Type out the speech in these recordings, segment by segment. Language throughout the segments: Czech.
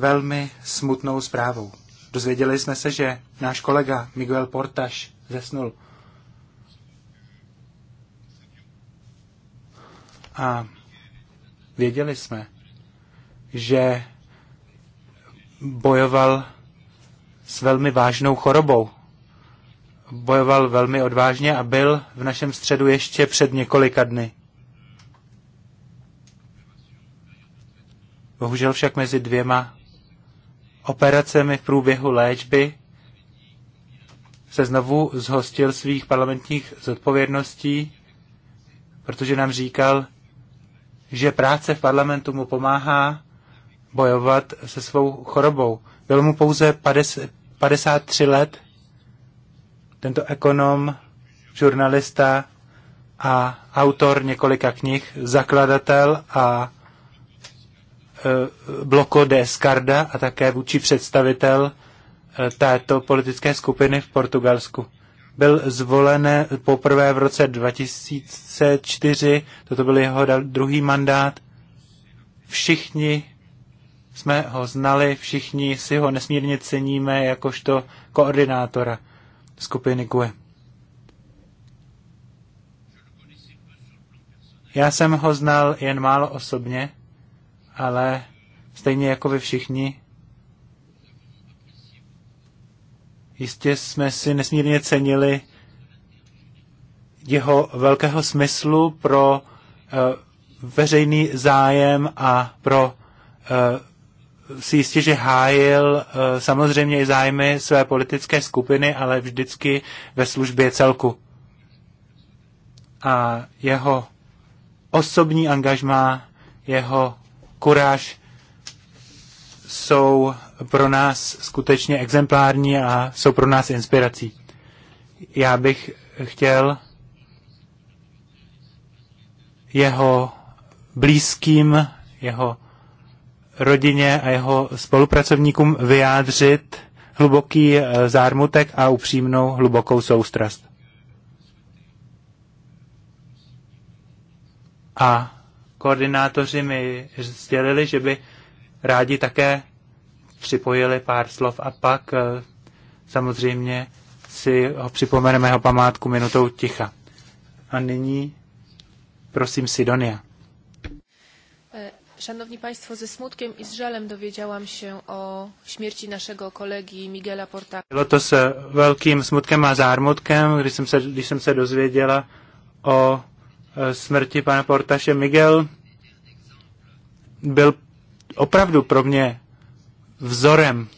velmi smutnou zprávou. Dozvěděli jsme se, že náš kolega Miguel Portaš zesnul. A věděli jsme, že bojoval s velmi vážnou chorobou. Bojoval velmi odvážně a byl v našem středu ještě před několika dny. Bohužel však mezi dvěma operacemi v průběhu léčby se znovu zhostil svých parlamentních zodpovědností, protože nám říkal, že práce v parlamentu mu pomáhá bojovat se svou chorobou. Bylo mu pouze 50, 53 let. Tento ekonom, žurnalista a autor několika knih, zakladatel a Eh, Bloko de Escarda a také vůči představitel eh, této politické skupiny v Portugalsku. Byl zvolen eh, poprvé v roce 2004, toto byl jeho druhý mandát. Všichni jsme ho znali, všichni si ho nesmírně ceníme jakožto koordinátora skupiny GUE. Já jsem ho znal jen málo osobně, ale stejně jako vy všichni, jistě jsme si nesmírně cenili jeho velkého smyslu pro eh, veřejný zájem a pro eh, si jistě, že hájil eh, samozřejmě i zájmy své politické skupiny, ale vždycky ve službě celku. A jeho osobní angažmá, jeho kuráž jsou pro nás skutečně exemplární a jsou pro nás inspirací. Já bych chtěl jeho blízkým, jeho rodině a jeho spolupracovníkům vyjádřit hluboký eh, zármutek a upřímnou hlubokou soustrast. A koordinátoři mi sdělili, že by rádi také připojili pár slov a pak eh, samozřejmě si ho připomeneme jeho památku minutou ticha. A nyní prosím Sidonia. E, Szanowni Państwo, ze smutkiem i z żalem dowiedziałam się o śmierci naszego kolegi Miguela Porta. Było to z e, velkým smutkem a zármutkem, když jsem se, když jsem se dozvěděla o Eh, smrti pana Portaše Miguel byl opravdu pro mě vzorem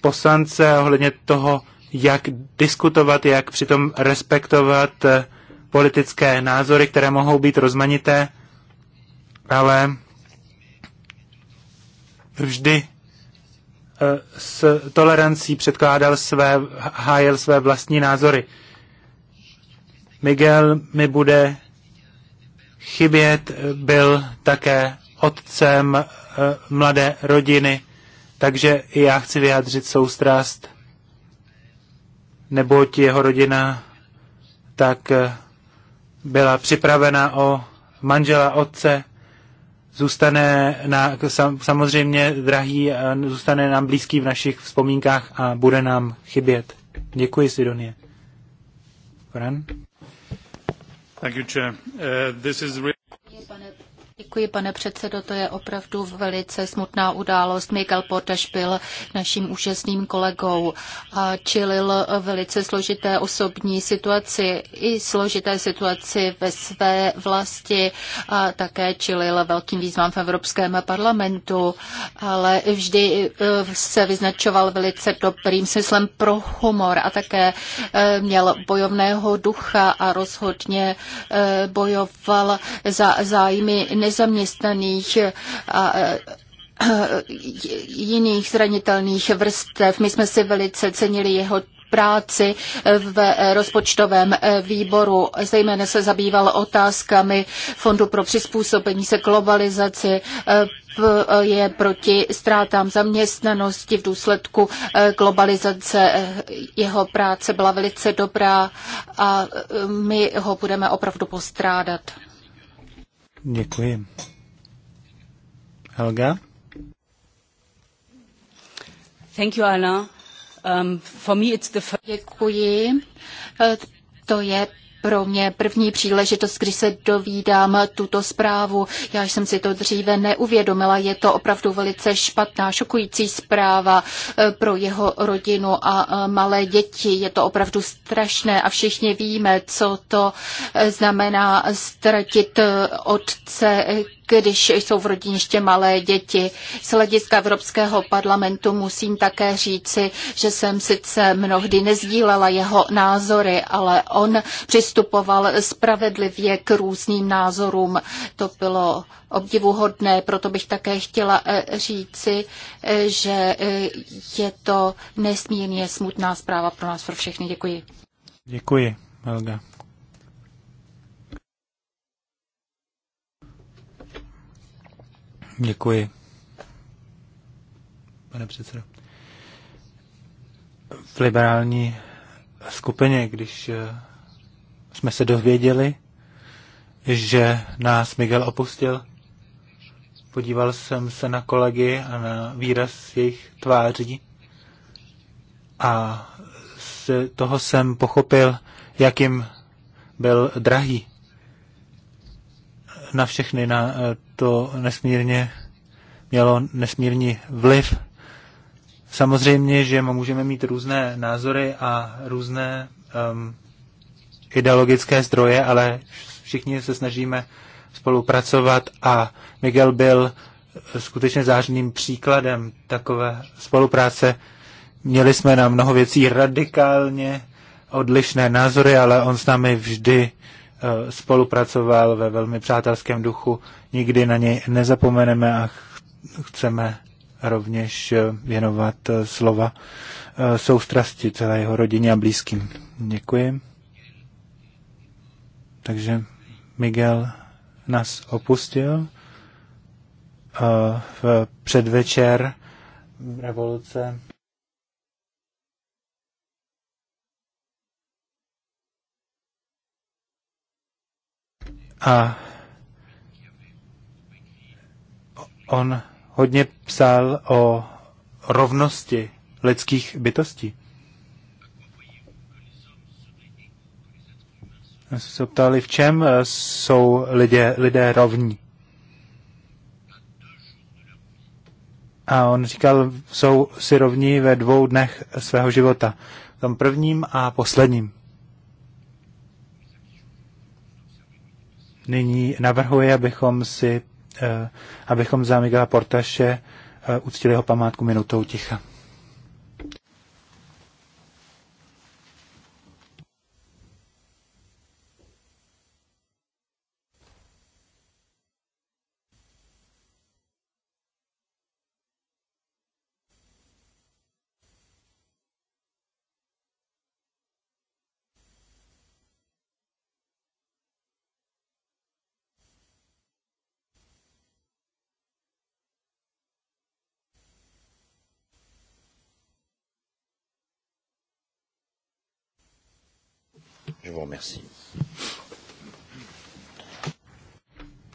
poslance ohledně toho, jak diskutovat, jak přitom respektovat eh, politické názory, které mohou být rozmanité, ale vždy eh, s tolerancí předkládal své, hájel své vlastní názory. Miguel mi bude chybět, byl také otcem eh, mladé rodiny, takže i já chci vyjádřit soustrast, neboť jeho rodina tak eh, byla připravena o manžela otce, zůstane na, samozřejmě drahý, eh, zůstane nám blízký v našich vzpomínkách a bude nám chybět. Děkuji, Sidonie. Koran? Thank you, Chair. Uh, this is... Děkuji, pane Děkuji, pane předsedo, to je opravdu velice smutná událost. Michael Portaš byl naším úžasným kolegou a čilil velice složité osobní situaci i složité situaci ve své vlasti a také čilil velkým výzvám v Evropském parlamentu, ale vždy eh, se vyznačoval velice dobrým smyslem pro humor a také eh, měl bojovného ducha a rozhodně eh, bojoval za zájmy nezaměstnaných a jiných zranitelných vrstev. My jsme si velice cenili jeho práci v rozpočtovém výboru. Zejména se zabýval otázkami Fondu pro přizpůsobení se globalizaci, je proti ztrátám zaměstnanosti v důsledku globalizace. Jeho práce byla velice dobrá a my ho budeme opravdu postrádat. Děkuji. Helga? Thank you, Anna. Um, for me it's the... first. Děkuji. To je pro mě první příležitost, když se dovídám tuto zprávu. Já jsem si to dříve neuvědomila. Je to opravdu velice špatná, šokující zpráva eh, pro jeho rodinu a eh, malé děti. Je to opravdu strašné a všichni víme, co to eh, znamená ztratit otce, když jsou v rodině ještě malé děti. Z hlediska Evropského parlamentu musím také říci, že jsem sice mnohdy nezdílela jeho názory, ale on přistupoval spravedlivě k různým názorům. To bylo obdivuhodné, proto bych také chtěla eh, říci, eh, že eh, je to nesmírně smutná zpráva pro nás, pro všechny. Děkuji. Děkuji, Helga. Děkuji, pane předsedo. V liberální skupině, když eh, jsme se dozvěděli, že nás Miguel opustil, podíval jsem se na kolegy a na výraz jejich tváří a z toho jsem pochopil, jak jim byl drahý na všechny, na eh, to nesmírně mělo nesmírný vliv. Samozřejmě, že můžeme mít různé názory a různé um, ideologické zdroje, ale všichni se snažíme spolupracovat a Miguel byl eh, skutečně zářným příkladem takové spolupráce. Měli jsme na mnoho věcí radikálně odlišné názory, ale on s námi vždy Eh, spolupracoval ve velmi přátelském duchu. Nikdy na něj nezapomeneme a ch chceme rovněž eh, věnovat eh, slova soustrasti celé jeho rodině a blízkým. Děkuji. Takže Miguel nás opustil v předvečer revoluce. A on hodně psal o rovnosti lidských bytostí. A se ptali, v čem eh, jsou lidé, lidé rovní. A on říkal, jsou si rovní ve dvou dnech svého života. V tom prvním a posledním. nyní navrhuji, abychom si, eh, abychom za Miguela Portaše eh, uctili jeho památku minutou ticha. Merci.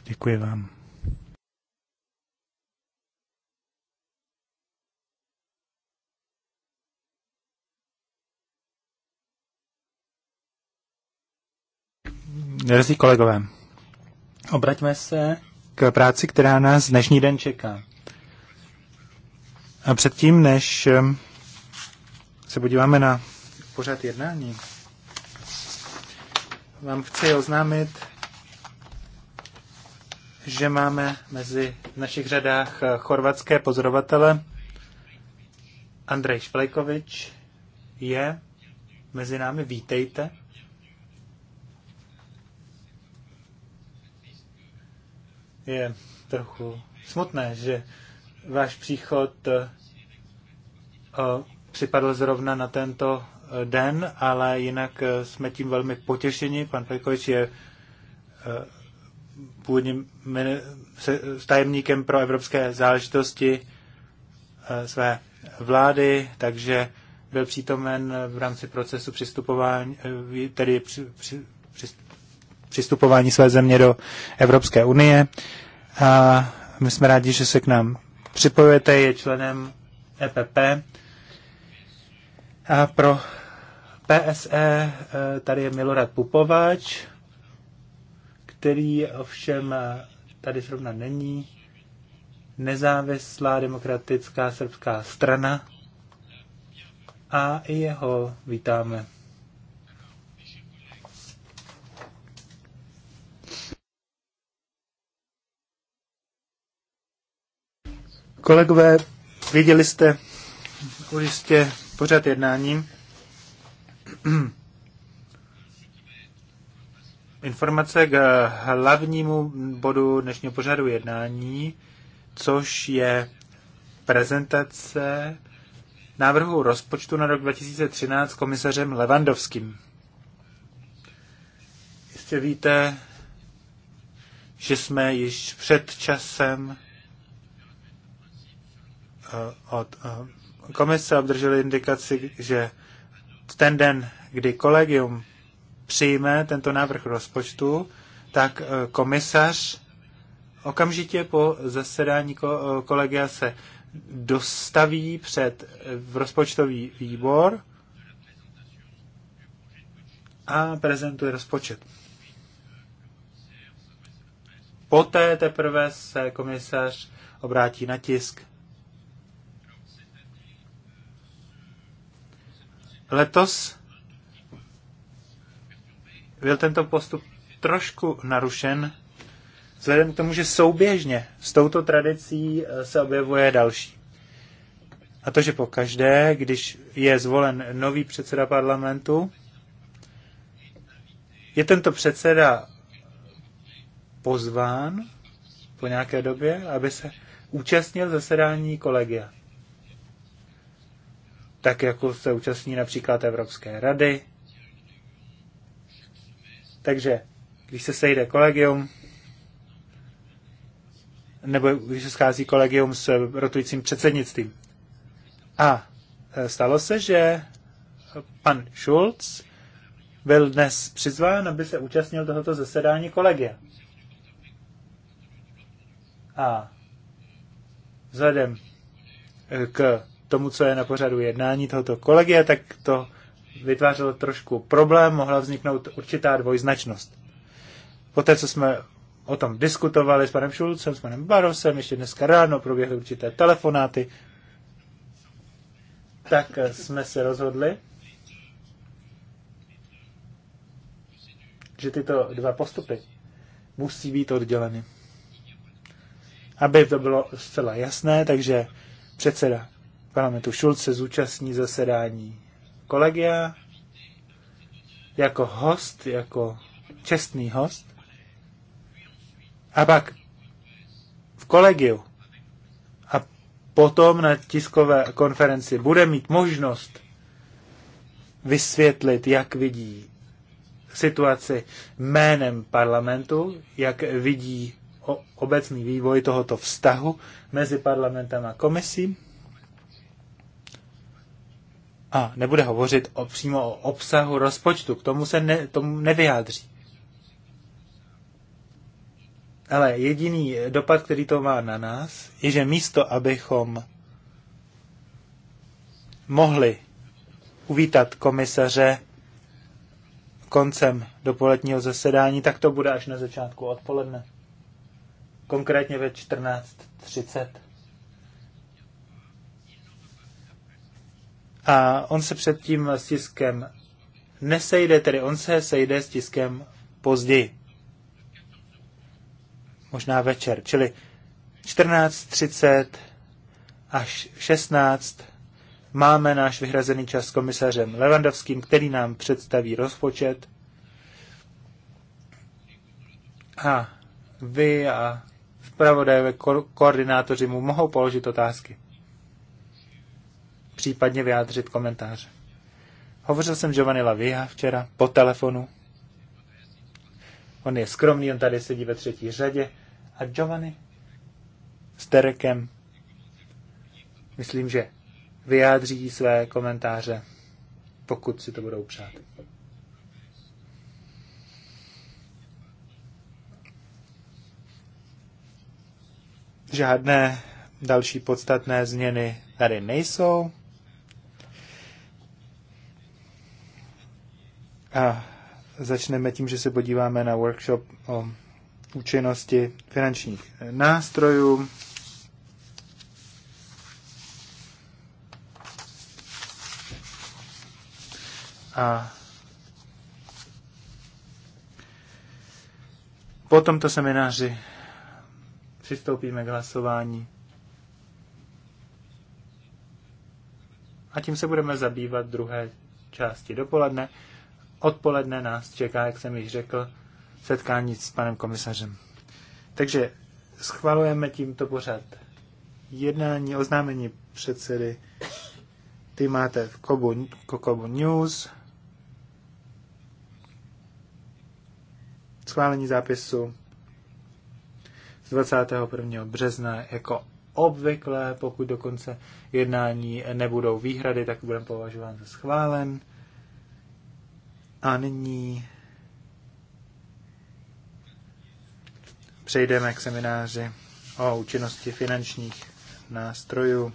Děkuji vám. Drazí kolegové, obraťme se k práci, která nás dnešní den čeká. A předtím, než se podíváme na pořád jednání, vám chci oznámit, že máme mezi v našich řadách eh, chorvatské pozorovatele. Andrej Šplejkovič je mezi námi. Vítejte. Je trochu smutné, že váš příchod eh, připadl zrovna na tento den, ale jinak eh, jsme tím velmi potěšeni. Pan Pejkovič je eh, původně tajemníkem pro evropské záležitosti eh, své vlády, takže byl přítomen v rámci procesu přistupování, tedy při, při, při, přistupování své země do Evropské unie. A my jsme rádi, že se k nám připojujete, je členem EPP. A pro PSE eh, tady je Milorad Pupovač, který ovšem eh, tady zrovna není. Nezávislá demokratická srbská strana a i jeho vítáme. Kolegové, viděli jste už jistě pořád jednáním. informace k hlavnímu bodu dnešního pořadu jednání, což je prezentace návrhu rozpočtu na rok 2013 komisařem Levandovským. Jistě víte, že jsme již před časem eh, od eh, komise obdrželi indikaci, že ten den, kdy kolegium přijme tento návrh rozpočtu, tak eh, komisař okamžitě po zasedání eh, kolegia se dostaví před eh, rozpočtový výbor a prezentuje rozpočet. Poté teprve se komisař obrátí na tisk Letos byl tento postup trošku narušen, vzhledem k tomu, že souběžně s touto tradicí eh, se objevuje další. A to, že po každé, když je zvolen nový předseda parlamentu, je tento předseda pozván po nějaké době, aby se účastnil zasedání kolegia tak jako se účastní například Evropské rady. Takže když se sejde kolegium, nebo když se schází kolegium s rotujícím předsednictvím. A e, stalo se, že pan Schulz byl dnes přizván, aby se účastnil tohoto zasedání kolegia. A vzhledem k tomu, co je na pořadu jednání tohoto kolegia, tak to vytvářelo trošku problém, mohla vzniknout určitá dvojznačnost. Poté, co jsme o tom diskutovali s panem Šulcem, s panem Barosem, ještě dneska ráno proběhly určité telefonáty, tak jsme se rozhodli, že tyto dva postupy musí být odděleny. Aby to bylo zcela jasné, takže předseda parlamentu Schulz se zúčastní zasedání kolegia jako host, jako čestný host. A pak v kolegiu a potom na tiskové konferenci bude mít možnost vysvětlit, jak vidí situaci jménem parlamentu, jak vidí obecný vývoj tohoto vztahu mezi parlamentem a komisím a nebude hovořit o, přímo o obsahu rozpočtu. K tomu se ne, tomu nevyjádří. Ale jediný dopad, který to má na nás, je, že místo, abychom mohli uvítat komisaře koncem dopoledního zasedání, tak to bude až na začátku odpoledne. Konkrétně ve 14.30. A on se předtím s tiskem nesejde, tedy on se sejde s tiskem později. Možná večer, čili 14.30 až 16 máme náš vyhrazený čas s komisařem Levandovským, který nám představí rozpočet. A vy a zpravodajové ko- koordinátoři mu mohou položit otázky případně vyjádřit komentáře. Hovořil jsem Giovanni Lavia včera po telefonu. On je skromný, on tady sedí ve třetí řadě. A Giovanni s Terekem, myslím, že vyjádří své komentáře, pokud si to budou přát. Žádné další podstatné změny tady nejsou. A začneme tím, že se podíváme na workshop o účinnosti finančních nástrojů. A po tomto semináři přistoupíme k hlasování. A tím se budeme zabývat druhé části dopoledne odpoledne nás čeká, jak jsem již řekl, setkání s panem komisařem. Takže schvalujeme tímto pořad jednání, oznámení předsedy. Ty máte v Kobu, Kokobu News. Schválení zápisu z 21. března jako obvykle, pokud dokonce jednání nebudou výhrady, tak budeme považován za schválen. A nyní přejdeme k semináři o účinnosti finančních nástrojů.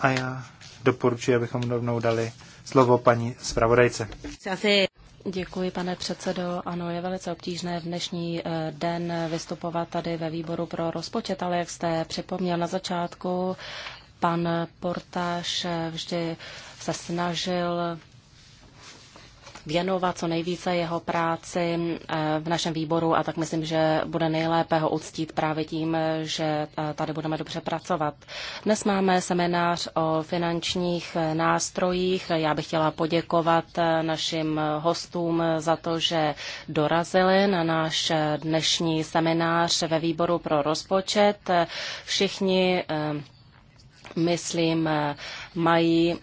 A já doporučuji, abychom rovnou dali slovo paní zpravodajce. Děkuji, pane předsedo. Ano, je velice obtížné v dnešní eh, den vystupovat tady ve výboru pro rozpočet, ale jak jste připomněl na začátku, Pan Portáš vždy se snažil věnovat co nejvíce jeho práci eh, v našem výboru a tak myslím, že bude nejlépe ho uctít právě tím, že eh, tady budeme dobře pracovat. Dnes máme seminář o finančních eh, nástrojích. Já bych chtěla poděkovat našim hostům za to, že dorazili na náš dnešní seminář ve výboru pro rozpočet. Všichni myslím, mají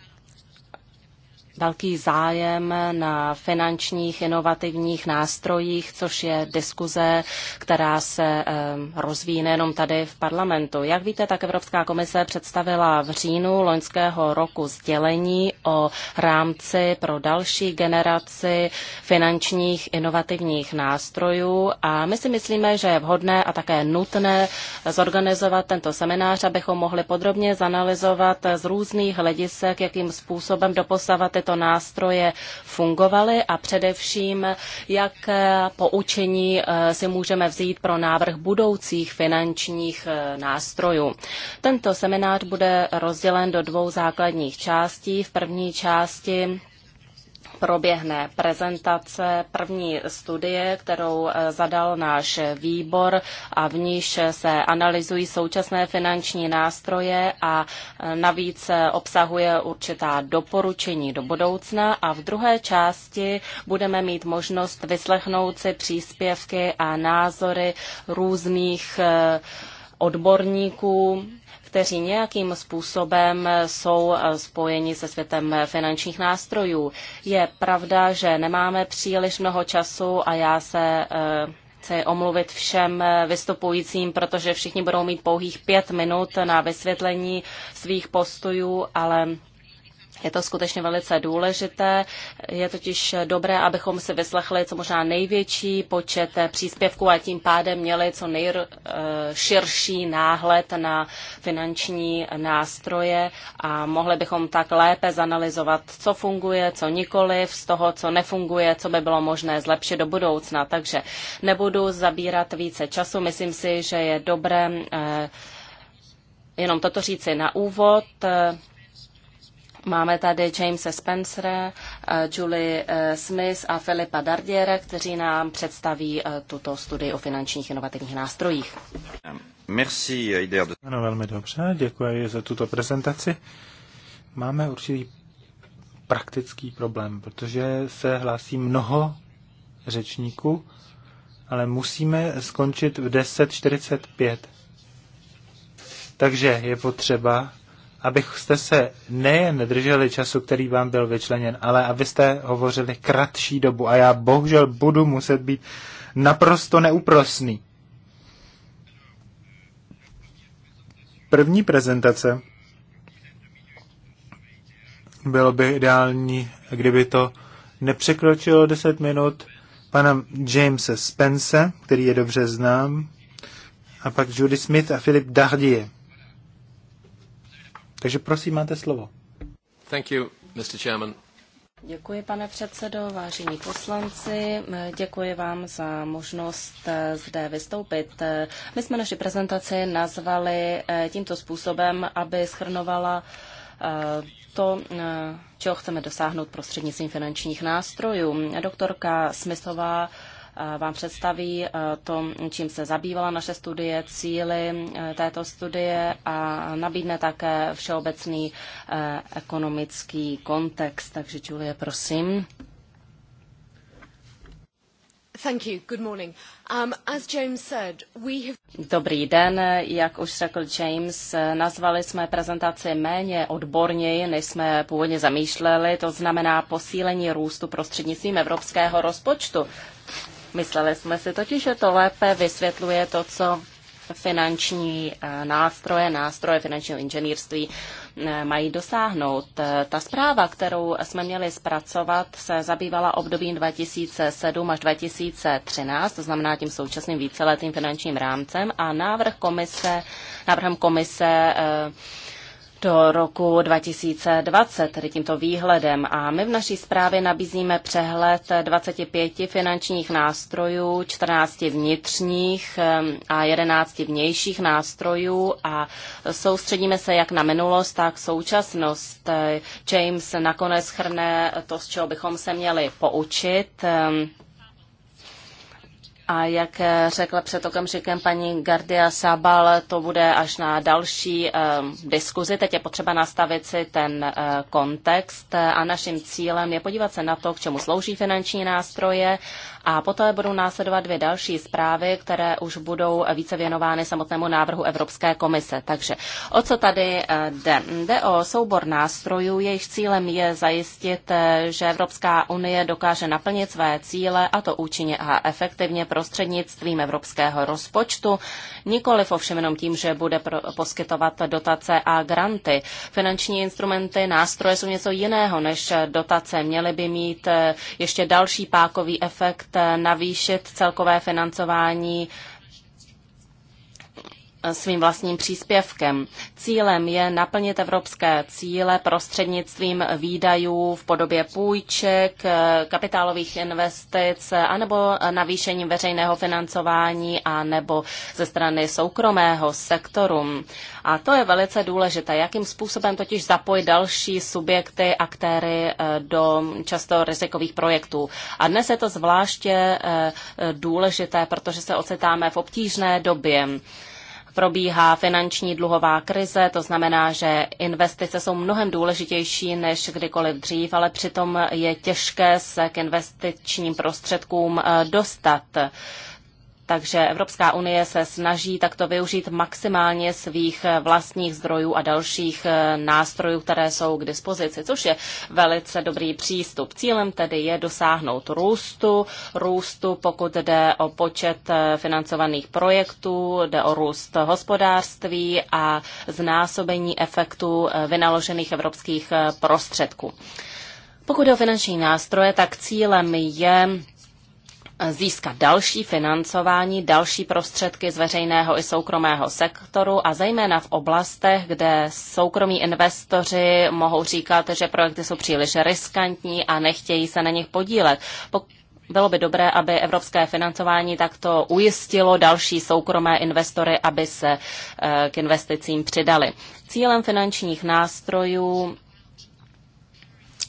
velký zájem na finančních inovativních nástrojích, což je diskuze, která se rozvíjí nejenom tady v parlamentu. Jak víte, tak Evropská komise představila v říjnu loňského roku sdělení o rámci pro další generaci finančních inovativních nástrojů a my si myslíme, že je vhodné a také nutné zorganizovat tento seminář, abychom mohli podrobně zanalizovat z různých hledisek, jakým způsobem doposavat tyto nástroje fungovaly a především, jak eh, poučení eh, si můžeme vzít pro návrh budoucích finančních eh, nástrojů. Tento seminář bude rozdělen do dvou základních částí. V první části proběhne prezentace první studie, kterou eh, zadal náš výbor a v níž se analyzují současné finanční nástroje a eh, navíc eh, obsahuje určitá doporučení do budoucna a v druhé části budeme mít možnost vyslechnout si příspěvky a názory různých odborníků kteří nějakým způsobem jsou eh, spojeni se světem finančních nástrojů. Je pravda, že nemáme příliš mnoho času a já se eh, chci omluvit všem eh, vystupujícím, protože všichni budou mít pouhých pět minut na vysvětlení svých postojů, ale je to skutečně velice důležité. Je totiž dobré, abychom si vyslechli co možná největší počet příspěvků a tím pádem měli co nejširší eh, náhled na finanční nástroje a mohli bychom tak lépe zanalizovat, co funguje, co nikoliv, z toho, co nefunguje, co by bylo možné zlepšit do budoucna. Takže nebudu zabírat více času. Myslím si, že je dobré eh, jenom toto říci na úvod. Máme tady Jamesa Spencera, eh, Julie eh, Smith a Filipa Dardiera, kteří nám představí eh, tuto studii o finančních inovativních nástrojích. Um, merci, Ano, velmi dobře, děkuji za tuto prezentaci. Máme určitý praktický problém, protože se hlásí mnoho řečníků, ale musíme skončit v 10.45. Takže je potřeba abyste se nejen drželi času, který vám byl vyčleněn, ale abyste hovořili kratší dobu. A já bohužel budu muset být naprosto neuprosný. První prezentace bylo by ideální, kdyby to nepřekročilo 10 minut pana Jamesa Spence, který je dobře znám, a pak Judy Smith a Filip Dardier. Takže prosím, máte slovo. Thank you, Mr. Chairman. Děkuji, pane předsedo, vážení poslanci. Děkuji vám za možnost zde vystoupit. My jsme naši prezentaci nazvali eh, tímto způsobem, aby schrnovala eh, to, eh, čeho chceme dosáhnout prostřednictvím finančních nástrojů. Doktorka Smithová vám představí eh, to, čím se zabývala naše studie, cíly eh, této studie a nabídne také všeobecný eh, ekonomický kontext. Takže Julie, prosím. Dobrý den, jak už řekl James, nazvali jsme prezentaci méně odborněji, než jsme původně zamýšleli, to znamená posílení růstu prostřednictvím evropského rozpočtu. Mysleli jsme si totiž, že to lépe vysvětluje to, co finanční eh, nástroje, nástroje finančního inženýrství eh, mají dosáhnout. Eh, ta zpráva, kterou jsme měli zpracovat, se zabývala obdobím 2007 až 2013, to znamená tím současným víceletým finančním rámcem a návrh komise, návrhem komise eh, do roku 2020, tedy tímto výhledem. A my v naší zprávě nabízíme přehled 25 finančních nástrojů, 14 vnitřních a 11 vnějších nástrojů a soustředíme se jak na minulost, tak současnost. James nakonec chrne to, z čeho bychom se měli poučit a jak eh, řekla před okamžikem paní Gardia Sabal, to bude až na další eh, diskuzi. Teď je potřeba nastavit si ten eh, kontext a naším cílem je podívat se na to, k čemu slouží finanční nástroje a poté budou následovat dvě další zprávy, které už budou více věnovány samotnému návrhu Evropské komise. Takže o co tady eh, jde? Jde o soubor nástrojů, jejich cílem je zajistit, eh, že Evropská unie dokáže naplnit své cíle a to účinně a efektivně prostřednictvím evropského rozpočtu, Nikoli ovšem jenom tím, že bude poskytovat dotace a granty. Finanční instrumenty, nástroje jsou něco jiného než dotace. Měly by mít eh, ještě další pákový efekt navýšit celkové financování svým vlastním příspěvkem. Cílem je naplnit evropské cíle prostřednictvím výdajů v podobě půjček, kapitálových investic, anebo navýšením veřejného financování a nebo ze strany soukromého sektoru. A to je velice důležité, jakým způsobem totiž zapojit další subjekty, aktéry eh, do často rizikových projektů. A dnes je to zvláště eh, důležité, protože se ocitáme v obtížné době probíhá finanční dluhová krize, to znamená, že investice jsou mnohem důležitější než kdykoliv dřív, ale přitom je těžké se k investičním prostředkům eh, dostat. Takže Evropská unie se snaží takto využít maximálně svých vlastních zdrojů a dalších eh, nástrojů, které jsou k dispozici, což je velice dobrý přístup. Cílem tedy je dosáhnout růstu, růstu pokud jde o počet eh, financovaných projektů, jde o růst hospodářství a znásobení efektu eh, vynaložených evropských prostředků. Pokud jde o finanční nástroje, tak cílem je získat další financování, další prostředky z veřejného i soukromého sektoru a zejména v oblastech, kde soukromí investoři mohou říkat, že projekty jsou příliš riskantní a nechtějí se na nich podílet. Bylo by dobré, aby evropské financování takto ujistilo další soukromé investory, aby se eh, k investicím přidali. Cílem finančních nástrojů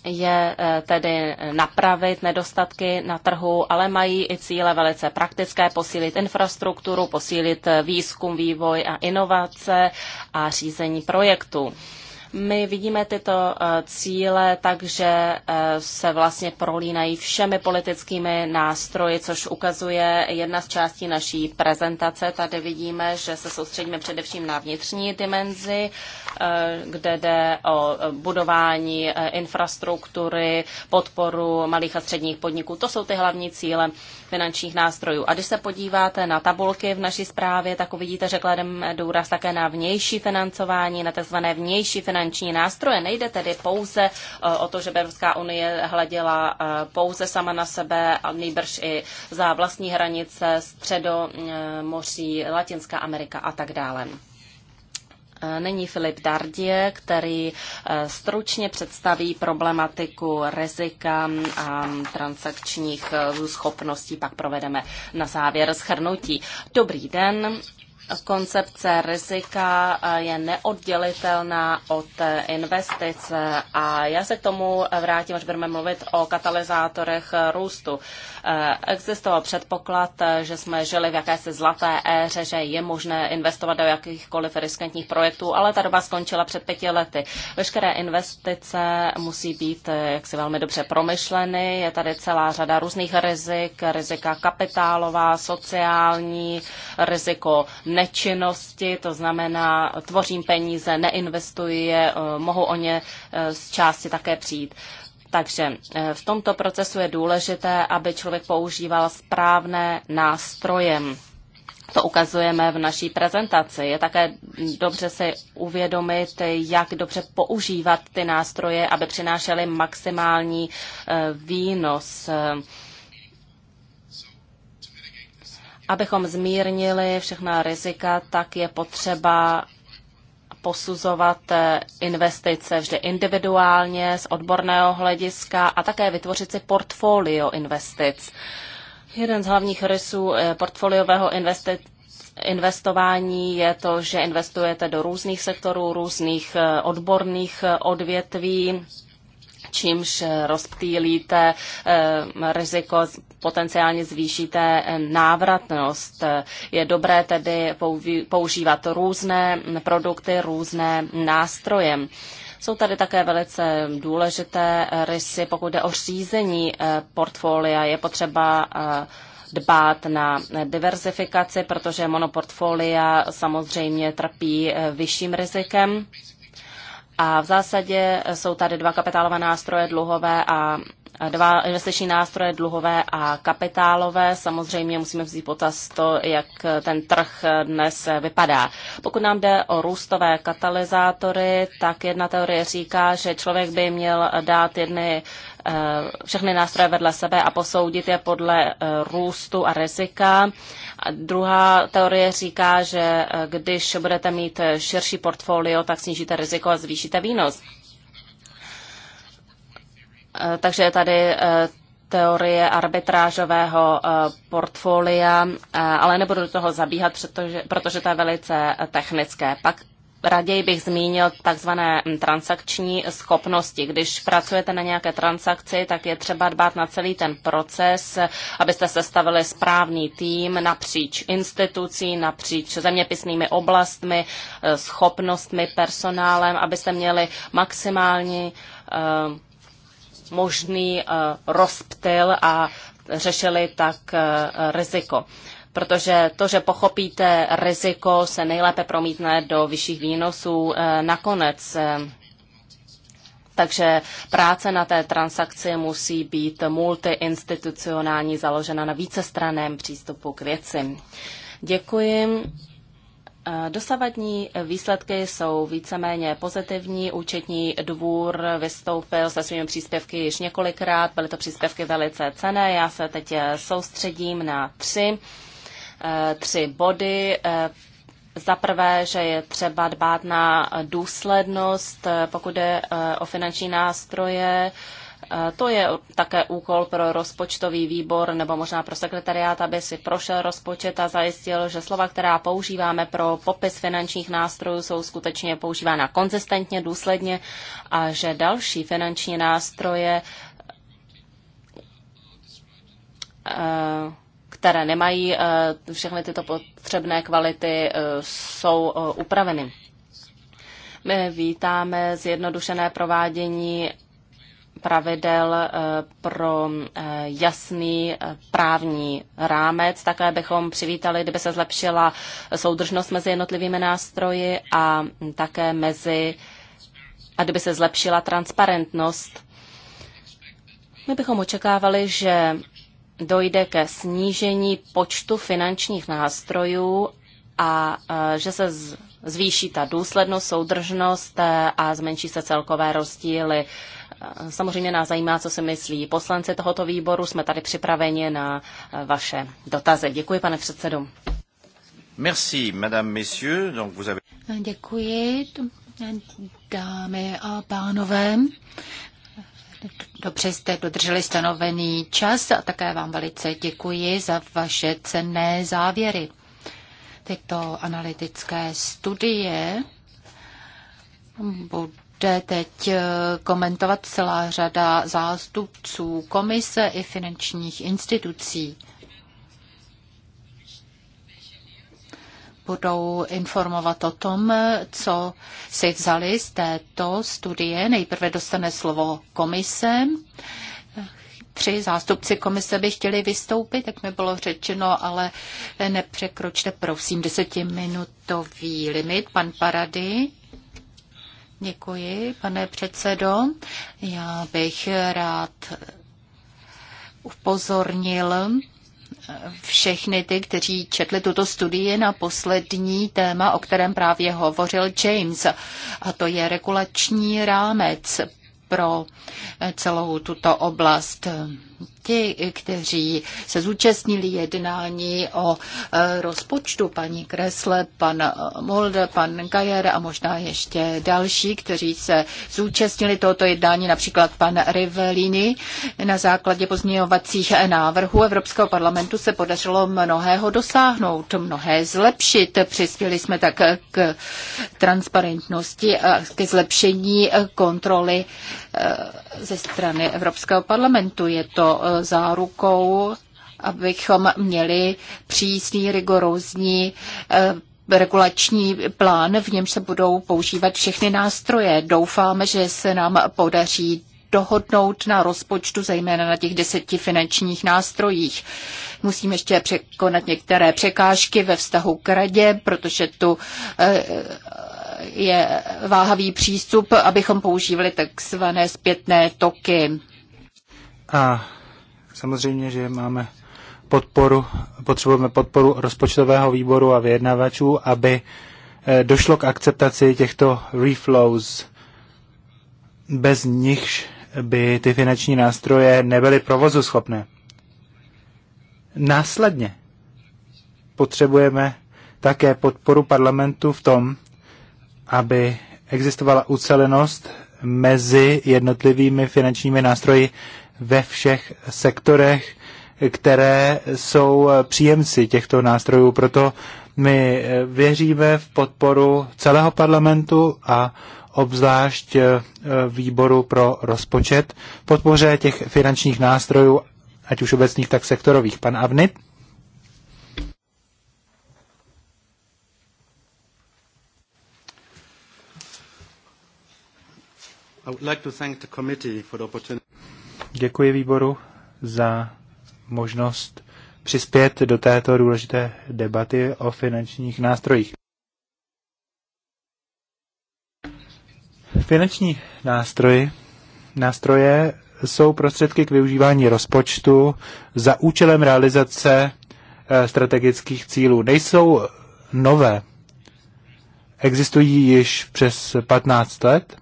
je eh, tedy napravit nedostatky na trhu, ale mají i cíle velice praktické, posílit infrastrukturu, posílit eh, výzkum, vývoj a inovace a řízení projektů. My vidíme tyto eh, cíle tak, že se vlastně prolínají všemi politickými nástroji, což ukazuje jedna z částí naší prezentace. Tady vidíme, že se soustředíme především na vnitřní dimenzi Eh, kde jde o eh, budování eh, infrastruktury, podporu malých a středních podniků. To jsou ty hlavní cíle finančních nástrojů. A když se podíváte na tabulky v naší zprávě, tak uvidíte, že klademe důraz také na vnější financování, na tzv. vnější finanční nástroje. Nejde tedy pouze o to, že Evropská unie hleděla pouze sama na sebe, a nejbrž i za vlastní hranice, moří, Latinská Amerika a tak dále. Eh, Nyní Filip Dardie, který eh, stručně představí problematiku rizika a mm, transakčních eh, schopností. Pak provedeme na závěr shrnutí. Dobrý den, koncepce rizika je neoddělitelná od investice a já se k tomu vrátím, až budeme mluvit o katalyzátorech růstu. Existoval předpoklad, že jsme žili v jakési zlaté éře, že je možné investovat do jakýchkoliv riskantních projektů, ale ta doba skončila před pěti lety. Veškeré investice musí být jaksi velmi dobře promyšleny, je tady celá řada různých rizik, rizika kapitálová, sociální, riziko nečinnosti, to znamená, tvořím peníze, neinvestuji je, eh, mohu o ně eh, z části také přijít. Takže eh, v tomto procesu je důležité, aby člověk používal správné nástroje. To ukazujeme v naší prezentaci. Je také dobře si uvědomit, jak dobře používat ty nástroje, aby přinášely maximální výnos abychom zmírnili všechna rizika, tak je potřeba posuzovat eh, investice vždy individuálně z odborného hlediska a také vytvořit si portfolio investic. Jeden z hlavních rysů eh, portfoliového investic, investování je to, že investujete do různých sektorů, různých eh, odborných odvětví, čímž rozptýlíte riziko potenciálně zvýšíte eh, návratnost. Je dobré tedy používat různé produkty, různé nástroje. Jsou tady také velice důležité rysy, pokud jde o řízení eh, portfolia. Je potřeba eh, dbát na diverzifikaci, protože monoportfolia samozřejmě trpí vyšším rizikem. A v zásadě jsou tady dva kapitálové nástroje, dluhové a dva investiční nástroje, dluhové a kapitálové. Samozřejmě musíme vzít potaz to, jak ten trh dnes vypadá. Pokud nám jde o růstové katalyzátory, tak jedna teorie říká, že člověk by měl dát jedny eh, všechny nástroje vedle sebe a posoudit je podle eh, růstu a rizika. A druhá teorie říká, že eh, když budete mít širší portfolio, tak snížíte riziko a zvýšíte výnos. Eh, takže je tady eh, teorie arbitrážového eh, portfolia, ale nebudu do toho zabíhat, protože, protože to je velice technické. Pak raději bych zmínil takzvané hm, transakční schopnosti. Když pracujete na nějaké transakci, tak je třeba dbát na celý ten proces, abyste sestavili správný tým napříč institucí, napříč zeměpisnými oblastmi, schopnostmi, personálem, abyste měli maximální uh, možný eh, rozptyl a řešili tak eh, riziko. Protože to, že pochopíte riziko, se nejlépe promítne do vyšších výnosů eh, nakonec. Takže práce na té transakci musí být multiinstitucionální, založena na vícestraném přístupu k věci. Děkuji. Eh, dosavadní výsledky jsou víceméně pozitivní. Účetní dvůr vystoupil se svými příspěvky již několikrát. Byly to příspěvky velice cené. Já se teď eh, soustředím na tři, eh, tři body. Za prvé, že je třeba dbát na důslednost, pokud jde o finanční nástroje. To je také úkol pro rozpočtový výbor nebo možná pro sekretariát, aby si prošel rozpočet a zajistil, že slova, která používáme pro popis finančních nástrojů, jsou skutečně používána konzistentně, důsledně a že další finanční nástroje eh, které nemají eh, všechny tyto potřebné kvality, eh, jsou upraveny. My vítáme zjednodušené provádění pravidel eh, pro eh, jasný eh, právní rámec. Také bychom přivítali, kdyby se zlepšila soudržnost mezi jednotlivými nástroji a také mezi a kdyby se zlepšila transparentnost. My bychom očekávali, že dojde ke snížení počtu finančních nástrojů a že se zvýší ta důslednost, soudržnost a zmenší se celkové rozdíly samozřejmě nás zajímá, co si myslí poslanci tohoto výboru. Jsme tady připraveni na vaše dotazy. Děkuji, pane předsedo. Merci, madame, messieurs. Donc vous avez... Děkuji, dámy a pánové. Dobře jste dodrželi stanovený čas a také vám velice děkuji za vaše cenné závěry. Tyto analytické studie budou bude teď eh, komentovat celá řada zástupců komise i finančních institucí. budou informovat o tom, co si vzali z této studie. Nejprve dostane slovo komise. Tři zástupci komise by chtěli vystoupit, jak mi bylo řečeno, ale nepřekročte prosím desetiminutový limit. Pan Parady. Děkuji, pane předsedo. Já bych rád upozornil všechny ty, kteří četli tuto studii na poslední téma, o kterém právě hovořil James, a to je regulační rámec pro celou tuto oblast ti, kteří se zúčastnili jednání o e, rozpočtu, paní Kresle, pan e, Mold, pan Gajer a možná ještě další, kteří se zúčastnili tohoto jednání, například pan Rivellini. Na základě pozměňovacích návrhů Evropského parlamentu se podařilo mnohého dosáhnout, mnohé zlepšit. Přispěli jsme tak k transparentnosti a ke zlepšení kontroly Eh, ze strany Evropského parlamentu. Je to eh, zárukou, abychom měli přísný, rigorózní eh, regulační plán, v němž se budou používat všechny nástroje. Doufáme, že se nám podaří dohodnout na rozpočtu, zejména na těch deseti finančních nástrojích. Musíme ještě překonat některé překážky ve vztahu k radě, protože tu je váhavý přístup, abychom používali takzvané zpětné toky. A samozřejmě, že máme podporu, potřebujeme podporu rozpočtového výboru a vyjednavačů, aby eh, došlo k akceptaci těchto reflows. Bez nichž by ty finanční nástroje nebyly provozuschopné. Následně potřebujeme také podporu parlamentu v tom, aby existovala ucelenost mezi jednotlivými finančními nástroji ve všech sektorech, které jsou příjemci těchto nástrojů. Proto my věříme v podporu celého parlamentu a obzvlášť eh, výboru pro rozpočet, podpoře těch finančních nástrojů, ať už obecných, tak sektorových. Pan Avnit? Děkuji výboru za možnost přispět do této důležité debaty o finančních nástrojích. Finanční nástroje, nástroje jsou prostředky k využívání rozpočtu za účelem realizace eh, strategických cílů. Nejsou nové. Existují již přes 15 let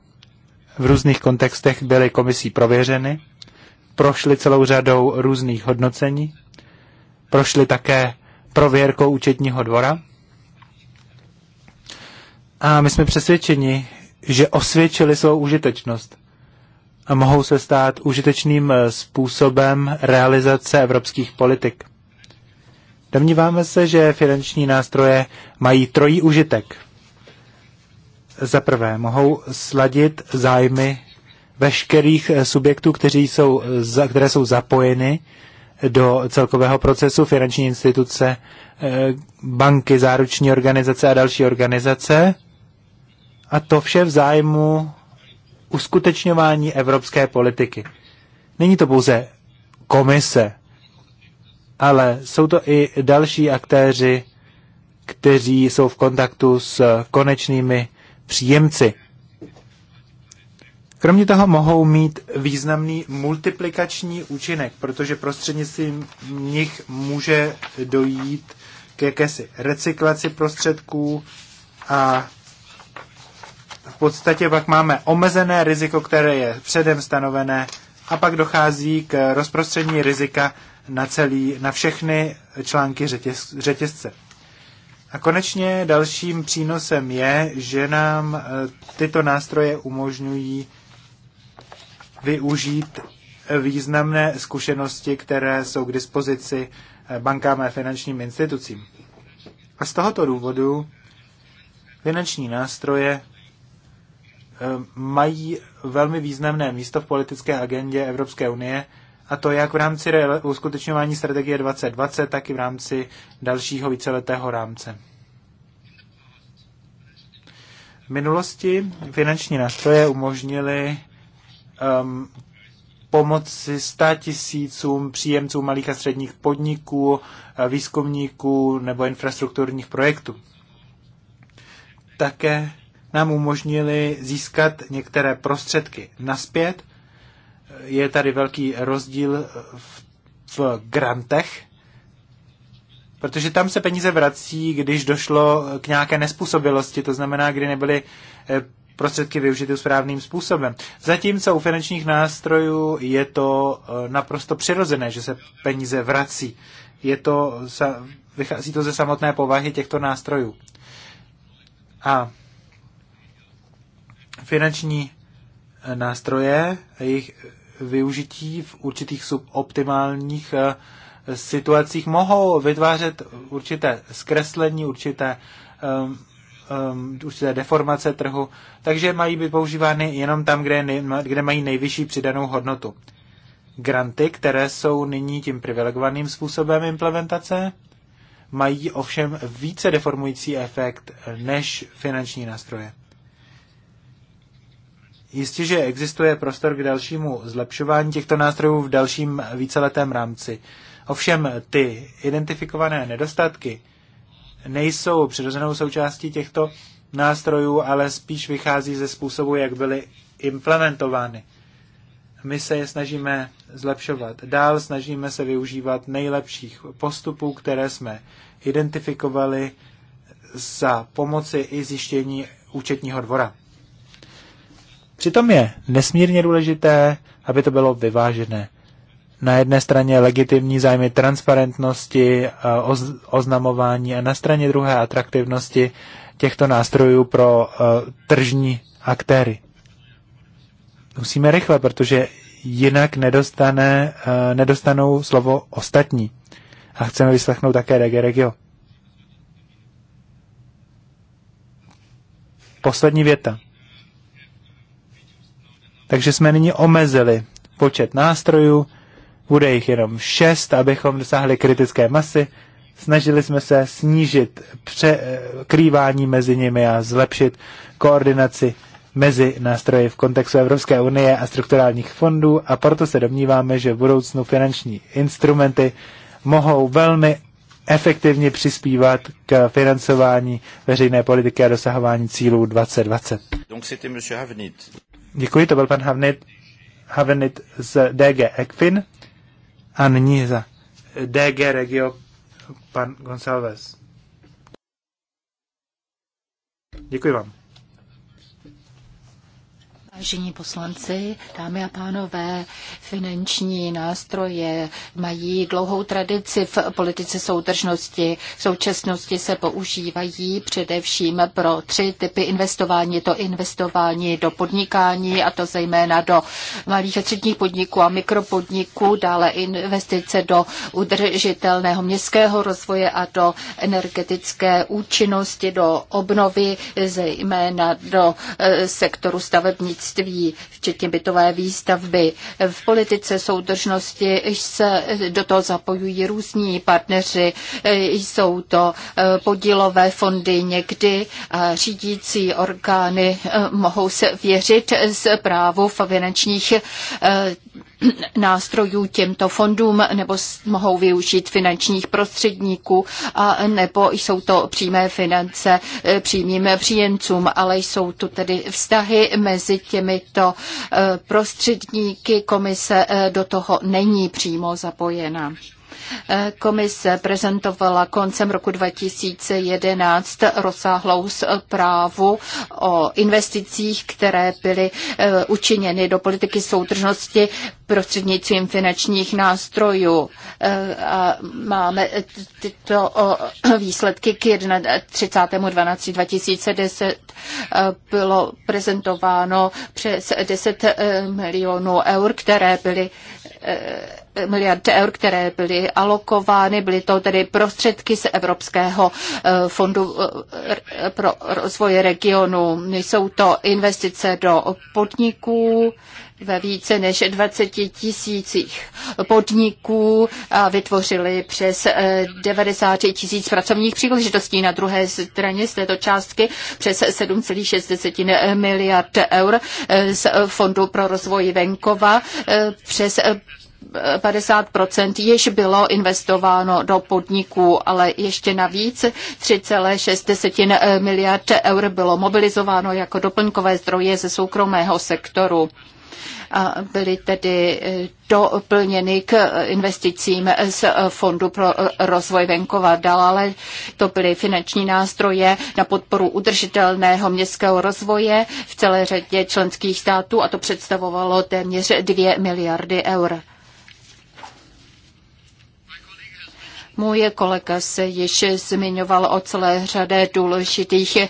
v různých kontextech byly komisí prověřeny, prošly celou řadou různých hodnocení, prošly také prověrkou účetního dvora. A my jsme přesvědčeni, že osvědčili svou užitečnost a mohou se stát užitečným eh, způsobem realizace evropských politik. Domníváme se, že finanční nástroje mají trojí užitek za prvé mohou sladit zájmy veškerých eh, subjektů, kteří jsou, eh, které jsou zapojeny do celkového procesu, finanční instituce, eh, banky, záruční organizace a další organizace. A to vše v zájmu uskutečňování evropské politiky. Není to pouze komise, ale jsou to i další aktéři, kteří jsou v kontaktu s konečnými příjemci. Kromě toho mohou mít významný multiplikační účinek, protože prostřednictvím nich může dojít k jakési recyklaci prostředků a v podstatě pak máme omezené riziko, které je předem stanovené a pak dochází k rozprostření rizika na, celý, na všechny články řetěz, řetězce. A konečně dalším přínosem je, že nám eh, tyto nástroje umožňují využít významné zkušenosti, které jsou k dispozici eh, bankám a finančním institucím. A z tohoto důvodu finanční nástroje eh, mají velmi významné místo v politické agendě Evropské unie a to jak v rámci uskutečňování strategie 2020, tak i v rámci dalšího víceletého rámce. V minulosti finanční nástroje umožnily um, pomoci 100 tisícům příjemců malých a středních podniků, eh, výzkumníků nebo infrastrukturních projektů. Také nám umožnili získat některé prostředky naspět je tady velký rozdíl v, v grantech, protože tam se peníze vrací, když došlo k nějaké nespůsobilosti, to znamená, kdy nebyly eh, prostředky využity správným způsobem. Zatímco u finančních nástrojů je to eh, naprosto přirozené, že se peníze vrací. Je to, vychází to ze samotné povahy těchto nástrojů. A finanční eh, nástroje, jejich využití v určitých suboptimálních eh, situacích mohou vytvářet určité zkreslení, určité, um, um, určité deformace trhu, takže mají být používány jenom tam, kde, nej, kde mají nejvyšší přidanou hodnotu. Granty, které jsou nyní tím privilegovaným způsobem implementace, mají ovšem více deformující efekt než finanční nástroje. Jistě, že existuje prostor k dalšímu zlepšování těchto nástrojů v dalším víceletém rámci. Ovšem ty identifikované nedostatky nejsou přirozenou součástí těchto nástrojů, ale spíš vychází ze způsobu, jak byly implementovány. My se je snažíme zlepšovat. Dál snažíme se využívat nejlepších postupů, které jsme identifikovali za pomoci i zjištění účetního dvora. Přitom je nesmírně důležité, aby to bylo vyvážené. Na jedné straně legitimní zájmy transparentnosti, eh, oznamování a na straně druhé atraktivnosti těchto nástrojů pro eh, tržní aktéry. Musíme rychle, protože jinak nedostane, eh, nedostanou slovo ostatní. A chceme vyslechnout také regio Regio. Poslední věta. Takže jsme nyní omezili počet nástrojů, bude jich jenom šest, abychom dosáhli kritické masy. Snažili jsme se snížit překrývání eh, mezi nimi a zlepšit koordinaci mezi nástroji v kontextu Evropské unie a strukturálních fondů a proto se domníváme, že v budoucnu finanční instrumenty mohou velmi efektivně přispívat k financování veřejné politiky a dosahování cílů 2020. Děkuji, to byl pan Havnit, Havnit z DG Ekfin a nyní za DG Regio pan González. Děkuji vám. Vážení poslanci, dámy a pánové, finanční nástroje mají dlouhou tradici v politice soudržnosti. V současnosti se používají především pro tři typy investování. To investování do podnikání, a to zejména do malých a středních podniků a mikropodniků, dále investice do udržitelného městského rozvoje a do energetické účinnosti, do obnovy, zejména do eh, sektoru stavebnictví vlastnictví, včetně bytové výstavby. V politice soudržnosti se do toho zapojují různí partneři, jsou to eh, podílové fondy někdy, řídící orgány eh, mohou se věřit z právu finančních eh, nástrojů těmto fondům, nebo mohou využít finančních prostředníků, a nebo jsou to přímé finance e, přímým příjemcům, ale jsou tu tedy vztahy mezi těmito e, prostředníky. Komise e, do toho není přímo zapojena. Komise prezentovala koncem roku 2011 rozsáhlou zprávu o investicích, které byly eh, učiněny do politiky soudržnosti prostřednictvím finančních nástrojů. Eh, a máme tyto výsledky k 31.12.2010 bylo prezentováno přes 10 eh, milionů eur, které byly miliard eur, které byly alokovány. Byly to tedy prostředky z Evropského eh, fondu eh, pro rozvoj regionu. Jsou to investice do podniků, ve více než 20 tisících podniků a vytvořili přes 90 eh, tisíc pracovních příležitostí. Na druhé straně z této částky přes 7,6 miliard eur z Fondu pro rozvoj venkova přes 50% již bylo investováno do podniků, ale ještě navíc 3,6 eh, miliard eur bylo mobilizováno jako doplňkové zdroje ze soukromého sektoru a byly tedy eh, doplněny k eh, investicím z Fondu pro rozvoj venkova. ale to byly finanční nástroje na podporu udržitelného městského rozvoje v celé řadě členských států a to představovalo téměř 2 miliardy eur. Můj kolega se již zmiňoval o celé řadě důležitých eh,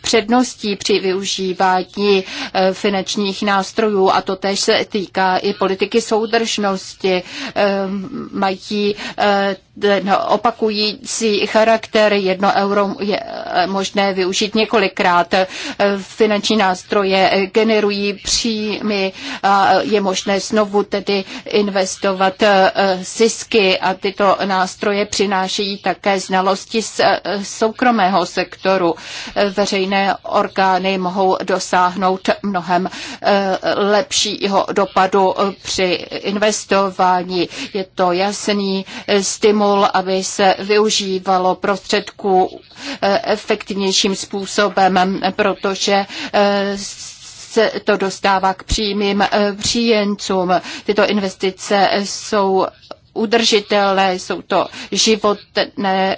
předností při využívání eh, finančních nástrojů a to tež se týká i politiky soudržnosti. Eh, mají ten opakující charakter. Jedno euro je eh, možné využít několikrát. Finanční nástroje generují příjmy a je možné znovu tedy investovat eh, zisky a tyto nástroje přinášejí také znalosti z eh, soukromého sektoru. Veřejné orgány mohou dosáhnout mnohem lepšího dopadu při investování. Je to jasný stimul stimul, aby se využívalo prostředků eh, efektivnějším způsobem, protože eh, se to dostává k přímým eh, příjemcům. Tyto investice jsou udržitelné, jsou to životné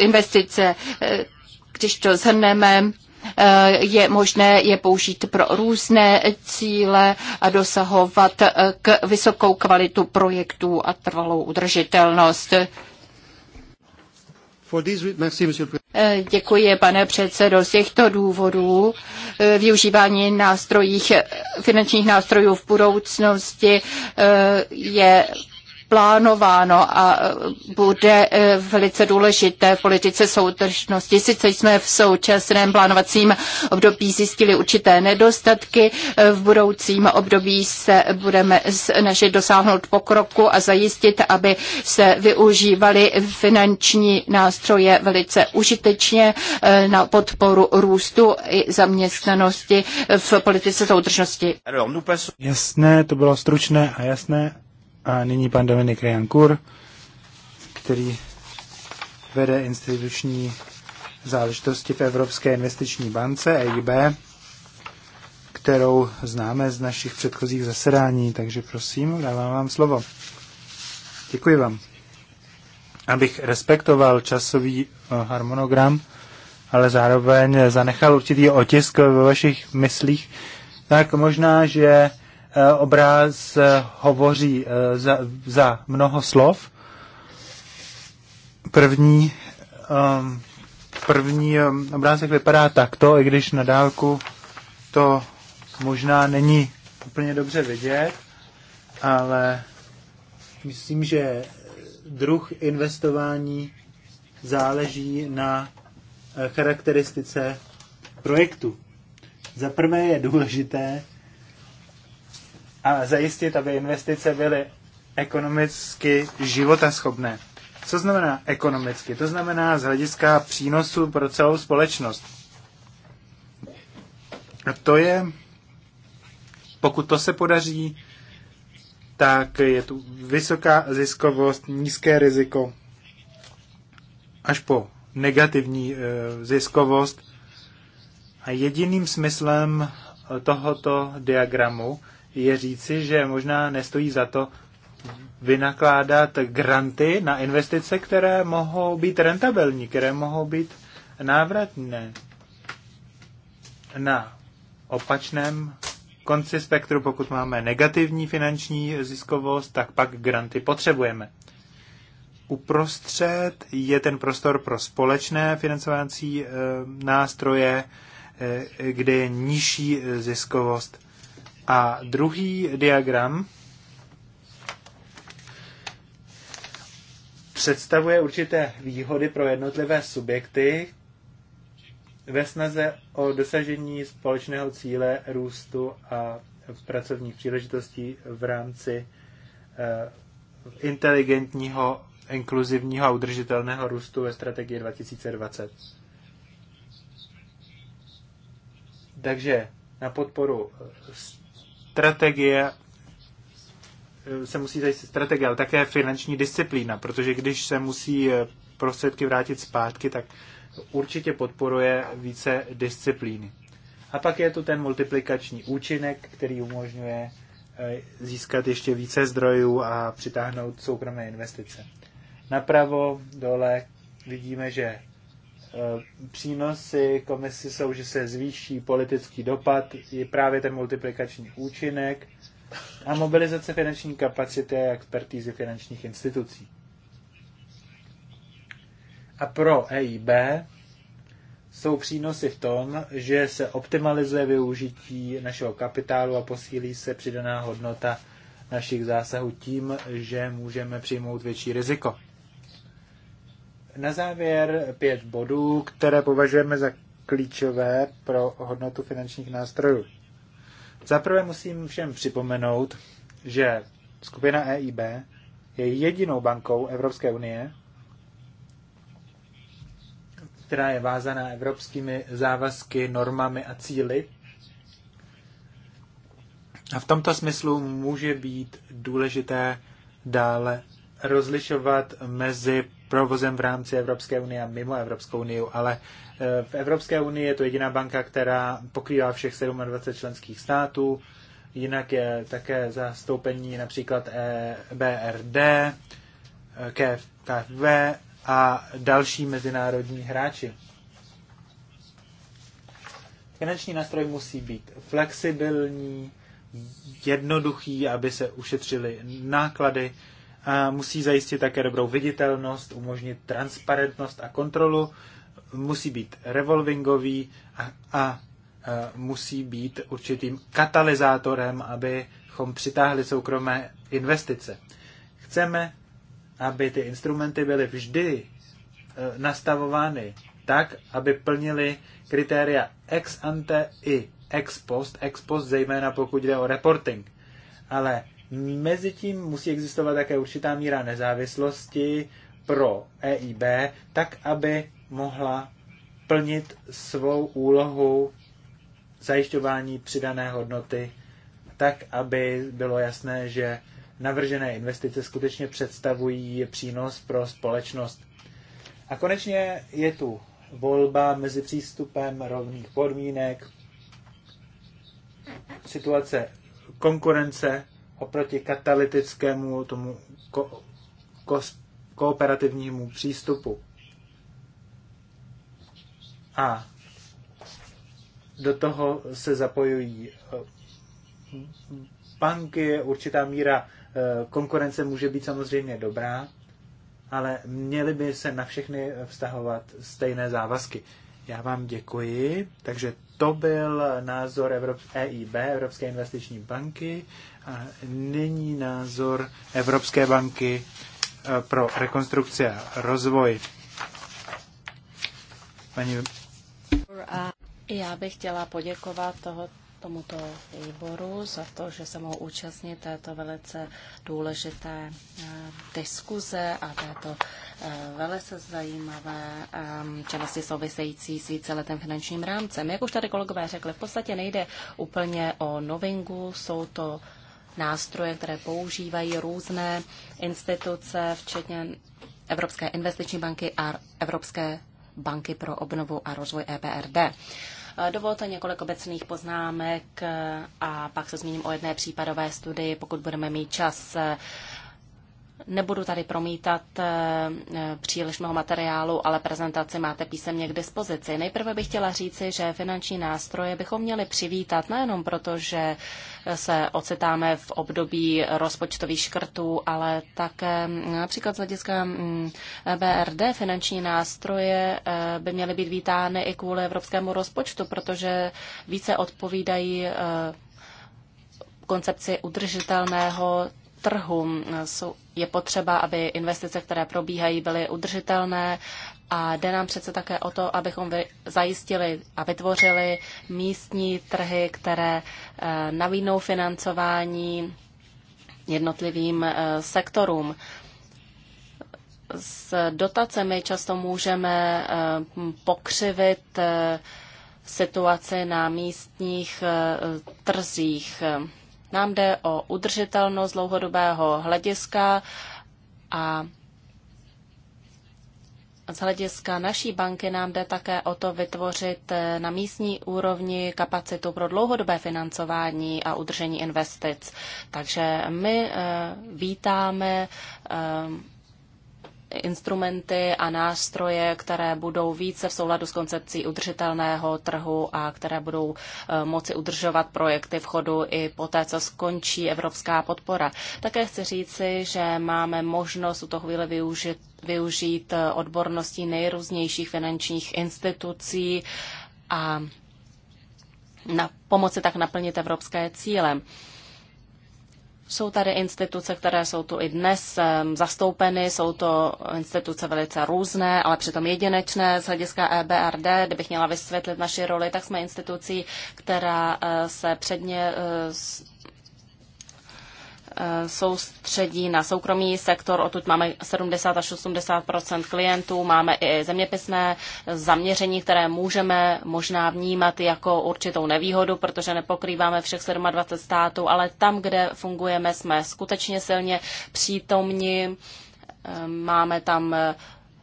investice. Když to zhrneme, Eh, je možné je použít pro různé cíle a dosahovat eh, k vysokou kvalitu projektů a trvalou udržitelnost. Eh, děkuji, pane předsedo. Z těchto důvodů využívání nástrojích, finančních nástrojů v budoucnosti je plánováno a bude eh, velice důležité v politice soudržnosti. Sice jsme v současném plánovacím období zjistili určité nedostatky, eh, v budoucím období se budeme snažit dosáhnout pokroku a zajistit, aby se využívaly finanční nástroje velice užitečně eh, na podporu růstu i zaměstnanosti v politice soudržnosti. Jasné, to bylo stručné a jasné. A nyní pan Dominik Riankur, který vede instituční záležitosti v Evropské investiční bance EIB, kterou známe z našich předchozích zasedání, takže prosím, dávám vám slovo. Děkuji vám. Abych respektoval časový eh, harmonogram, ale zároveň zanechal určitý otisk ve vašich myslích, tak možná, že Eh, obraz eh, hovoří eh, za, za mnoho slov. První, ehm, první ehm, obrázek vypadá takto, i když na dálku to možná není úplně dobře vidět, ale myslím, že druh investování záleží na charakteristice projektu. Za prvé je důležité a zajistit, aby investice byly ekonomicky životaschopné. Co znamená ekonomicky? To znamená z hlediska přínosu pro celou společnost. A to je, pokud to se podaří, tak je tu vysoká ziskovost, nízké riziko, až po negativní eh, ziskovost. A jediným smyslem tohoto diagramu je říci, že možná nestojí za to vynakládat granty na investice, které mohou být rentabilní, které mohou být návratné. Na opačném konci spektru, pokud máme negativní finanční ziskovost, tak pak granty potřebujeme. Uprostřed je ten prostor pro společné financovací eh, nástroje, eh, kde je nižší ziskovost a druhý diagram představuje určité výhody pro jednotlivé subjekty ve snaze o dosažení společného cíle růstu a pracovních příležitostí v rámci eh, inteligentního, inkluzivního a udržitelného růstu ve strategii 2020. Takže na podporu strategie eh, se musí zajistit strategie, ale také finanční disciplína, protože když se musí eh, prostředky vrátit zpátky, tak určitě podporuje více disciplíny. A pak je tu ten multiplikační účinek, který umožňuje eh, získat ještě více zdrojů a přitáhnout soukromé investice. Napravo dole vidíme, že Eh, přínosy komisi jsou, že se zvýší politický dopad, je právě ten multiplikační účinek a mobilizace finanční kapacity a expertízy finančních institucí. A pro EIB jsou přínosy v tom, že se optimalizuje využití našeho kapitálu a posílí se přidaná hodnota našich zásahů tím, že můžeme přijmout větší riziko. Na závěr pět bodů, které považujeme za klíčové pro hodnotu finančních nástrojů. Zaprvé musím všem připomenout, že skupina EIB je jedinou bankou Evropské unie, která je vázaná evropskými závazky, normami a cíly. A v tomto smyslu může být důležité dále rozlišovat mezi provozem v rámci Evropské unie a mimo Evropskou unii, ale eh, v Evropské unii je to jediná banka, která pokrývá všech 27 členských států, jinak je také zastoupení například eh, BRD, eh, KFV a další mezinárodní hráči. Finanční nástroj musí být flexibilní, jednoduchý, aby se ušetřily náklady a musí zajistit také dobrou viditelnost, umožnit transparentnost a kontrolu, musí být revolvingový a, a e, musí být určitým katalyzátorem, abychom přitáhli soukromé investice. Chceme, aby ty instrumenty byly vždy e, nastavovány tak, aby plnili kritéria ex ante i ex post, ex post zejména pokud jde o reporting. Ale Mezitím musí existovat také určitá míra nezávislosti pro EIB, tak aby mohla plnit svou úlohu zajišťování přidané hodnoty, tak aby bylo jasné, že navržené investice skutečně představují přínos pro společnost. A konečně je tu volba mezi přístupem rovných podmínek, situace konkurence oproti katalytickému tomu ko- ko- kooperativnímu přístupu. A do toho se zapojují eh, banky, určitá míra eh, konkurence může být samozřejmě dobrá, ale měly by se na všechny vztahovat stejné závazky. Já vám děkuji, takže to byl názor Evrop- EIB, Evropské investiční banky, a nyní názor Evropské banky e, pro rekonstrukci a rozvoj. Paní... Já bych chtěla poděkovat toho, tomuto výboru za to, že se mohou účastnit této velice důležité eh, diskuze a této eh, velice zajímavé eh, činnosti související s víceletým finančním rámcem. Jak už tady kolegové řekli, v podstatě nejde úplně o novinku, jsou to nástroje, které používají různé instituce, včetně Evropské investiční banky a Evropské banky pro obnovu a rozvoj EBRD. Dovolte několik obecných poznámek a pak se zmíním o jedné případové studii, pokud budeme mít čas. Nebudu tady promítat eh, příliš mnoho materiálu, ale prezentaci máte písemně k dispozici. Nejprve bych chtěla říci, že finanční nástroje bychom měli přivítat nejenom proto, že se ocitáme v období rozpočtových škrtů, ale také mm, například z hlediska mm, e BRD finanční nástroje eh, by měly být vítány i kvůli evropskému rozpočtu, protože více odpovídají eh, koncepci udržitelného trhu. Je potřeba, aby investice, které probíhají, byly udržitelné a jde nám přece také o to, abychom zajistili a vytvořili místní trhy, které eh, navínou financování jednotlivým eh, sektorům. S dotacemi často můžeme eh, pokřivit situaci na místních trzích. Nám jde o udržitelnost dlouhodobého hlediska a z hlediska naší banky nám jde také o to vytvořit eh, na místní úrovni kapacitu pro dlouhodobé financování a udržení investic. Takže my eh, vítáme eh, instrumenty a nástroje, které budou více v souladu s koncepcí udržitelného trhu a které budou eh, moci udržovat projekty v chodu i poté, co skončí evropská podpora. Také chci říci, že máme možnost u toho chvíli využít, využít eh, odborností nejrůznějších finančních institucí a na pomoci tak naplnit evropské cíle. Jsou tady instituce, které jsou tu i dnes zastoupeny, jsou to instituce velice různé, ale přitom jedinečné z hlediska EBRD. Kdybych měla vysvětlit naši roli, tak jsme institucí, která eh, se předně eh, Eh, soustředí na soukromý sektor, odtud máme 70 až 80 klientů, máme i zeměpisné zaměření, které můžeme možná vnímat jako určitou nevýhodu, protože nepokrýváme všech 27 států, ale tam, kde fungujeme, jsme skutečně silně přítomní, eh, máme tam eh,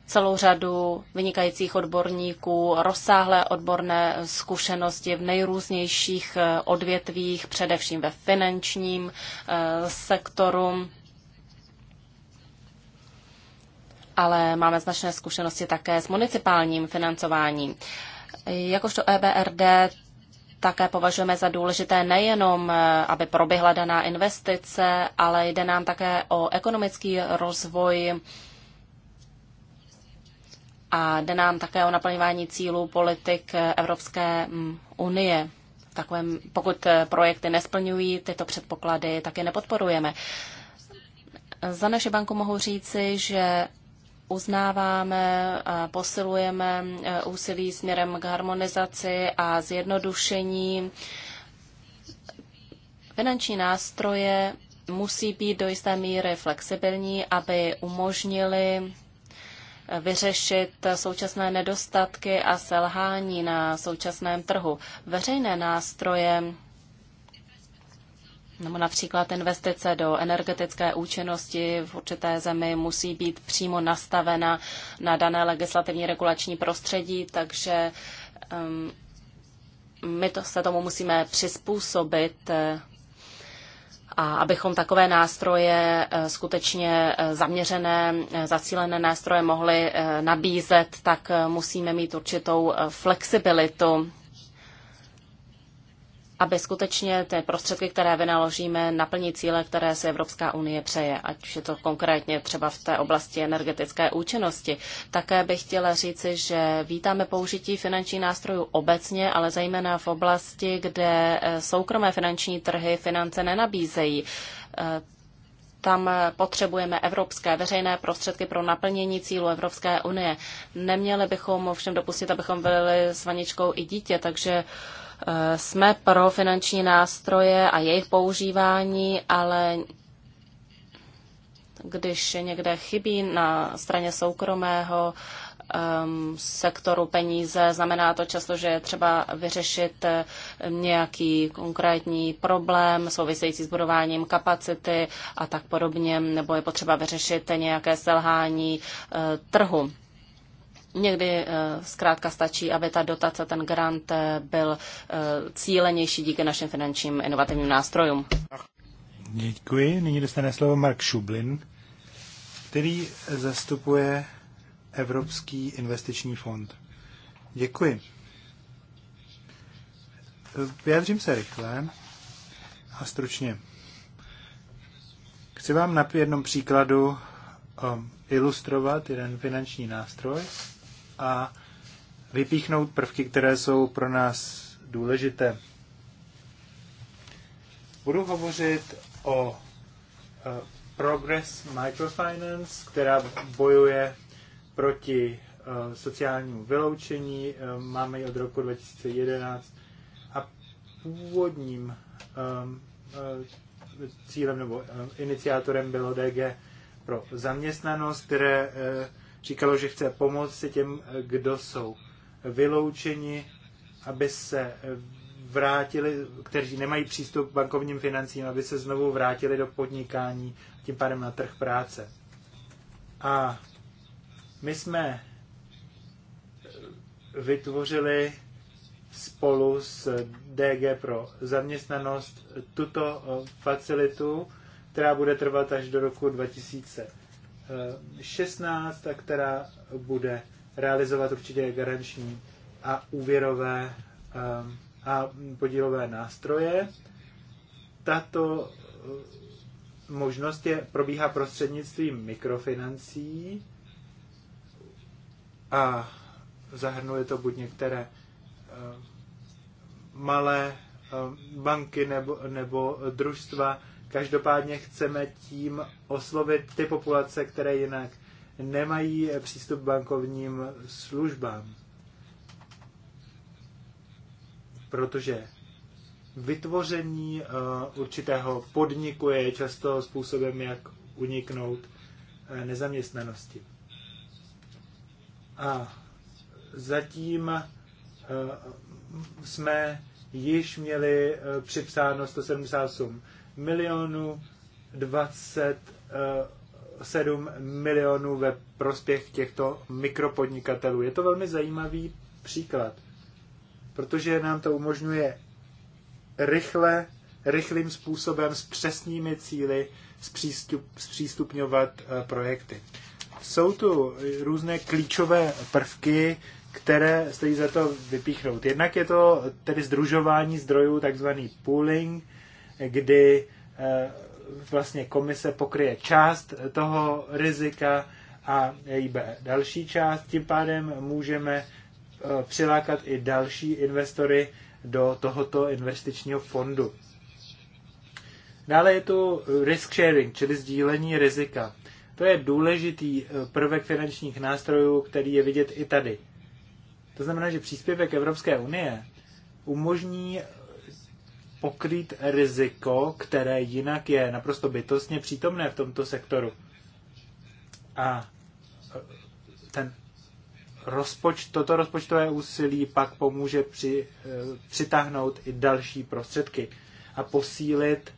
celou řadu vynikajících odborníků, rozsáhlé odborné zkušenosti v nejrůznějších eh, odvětvích, především ve finančním eh, sektoru. Ale máme značné zkušenosti také s municipálním financováním. Jakožto EBRD také považujeme za důležité nejenom, eh, aby proběhla daná investice, ale jde nám také o ekonomický rozvoj a jde nám také o naplňování cílů politik Evropské mm, unie. Takovém, pokud eh, projekty nesplňují tyto předpoklady, tak je nepodporujeme. Za naše banku mohu říci, že uznáváme a posilujeme eh, úsilí směrem k harmonizaci a zjednodušení. Finanční nástroje musí být do jisté míry flexibilní, aby umožnili vyřešit současné nedostatky a selhání na současném trhu. Veřejné nástroje nebo například investice do energetické účinnosti v určité zemi musí být přímo nastavena na dané legislativní regulační prostředí, takže um, my to, se tomu musíme přizpůsobit a abychom takové nástroje, eh, skutečně eh, zaměřené, eh, zacílené nástroje mohli nabízet, tak musíme mít určitou flexibilitu aby skutečně ty prostředky, které vynaložíme, naplní cíle, které se Evropská unie přeje, ať je to konkrétně třeba v té oblasti energetické účinnosti. Také bych chtěla říci, že vítáme použití finančních nástrojů obecně, ale zejména v oblasti, kde eh, soukromé finanční trhy finance nenabízejí. Eh, tam potřebujeme evropské veřejné prostředky pro naplnění cílu Evropské unie. Neměli bychom ovšem dopustit, abychom byli s vaničkou i dítě, takže uh, Eh, jsme pro finanční nástroje a jejich používání, ale když někde chybí na straně soukromého um, sektoru peníze. Znamená to často, že je třeba vyřešit eh, nějaký konkrétní problém související s budováním kapacity a tak podobně, nebo je potřeba vyřešit nějaké selhání uh, trhu. Někdy eh, zkrátka stačí, aby ta dotace, ten grant eh, byl eh, cílenější díky našim finančním inovativním nástrojům. Děkuji. Nyní dostane slovo Mark Šublin, který zastupuje Evropský investiční fond. Děkuji. Vyjadřím se rychle a stručně. Chci vám na jednom příkladu ilustrovat jeden finanční nástroj, a vypíchnout prvky, které jsou pro nás důležité. Budu hovořit o e, Progress Microfinance, která bojuje proti e, sociálnímu vyloučení. E, máme ji od roku 2011 a původním cílem nebo iniciátorem bylo DG pro zaměstnanost, které říkalo, že chce pomoci těm, kdo jsou vyloučeni, aby se vrátili, kteří nemají přístup k bankovním financím, aby se znovu vrátili do podnikání, tím pádem na trh práce. A my jsme vytvořili spolu s DG pro zaměstnanost tuto facilitu, která bude trvat až do roku 2020 16, která bude realizovat určitě garanční a úvěrové um, a podílové nástroje. Tato uh, možnost je, probíhá prostřednictvím mikrofinancí a zahrnuje to buď některé uh, malé uh, banky nebo, nebo družstva, Každopádně chceme tím oslovit ty populace, které jinak nemají přístup k bankovním službám. Protože vytvoření eh, určitého podniku je často způsobem, jak uniknout eh, nezaměstnanosti. A zatím eh, jsme již měli připsáno 178 milionů 27 eh, milionů ve prospěch těchto mikropodnikatelů. Je to velmi zajímavý příklad, protože nám to umožňuje rychle, rychlým způsobem s přesnými cíly zpřístupňovat eh, projekty. Jsou tu různé klíčové prvky, které stojí za to vypíchnout. Jednak je to tedy združování zdrojů, takzvaný pooling, kdy eh, vlastně komise pokryje část toho rizika a její další část. Tím pádem můžeme eh, přilákat i další investory do tohoto investičního fondu. Dále je tu risk sharing, čili sdílení rizika. To je důležitý eh, prvek finančních nástrojů, který je vidět i tady. To znamená, že příspěvek Evropské unie umožní pokrýt riziko, které jinak je naprosto bytostně přítomné v tomto sektoru. A e, ten rozpoč, toto rozpočtové úsilí pak pomůže při, e, přitáhnout i další prostředky a posílit.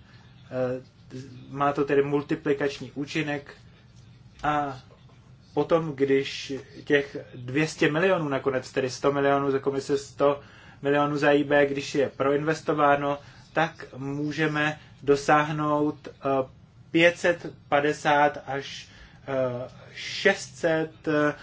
E, má to tedy multiplikační účinek a potom, když těch 200 milionů, nakonec tedy 100 milionů za komise 100 milionů za IB, e když je proinvestováno, tak můžeme dosáhnout 550 eh, až 600 eh, eh,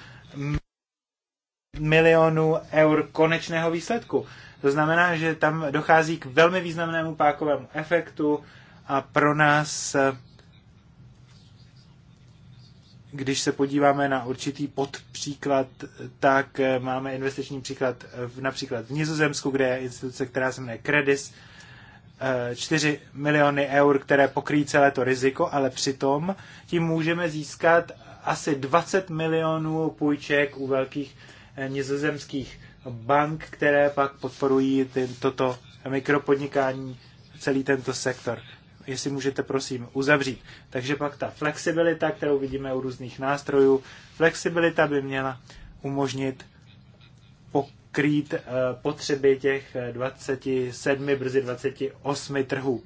milionů eur konečného výsledku. To znamená, že tam dochází k velmi významnému pákovému efektu a pro nás když se podíváme na určitý podpříklad, tak eh, máme investiční příklad v, například v Nizozemsku, kde je instituce, která se jmenuje Credis, 4 eh, miliony eur, které pokryjí celé to riziko, ale přitom tím můžeme získat asi 20 milionů půjček u velkých eh, nizozemských bank, které pak podporují ty, toto mikropodnikání, celý tento sektor jestli můžete, prosím, uzavřít. Takže pak ta flexibilita, kterou vidíme u různých nástrojů, flexibilita by měla umožnit pokrýt eh, potřeby těch 27, eh, brzy 28 trhů.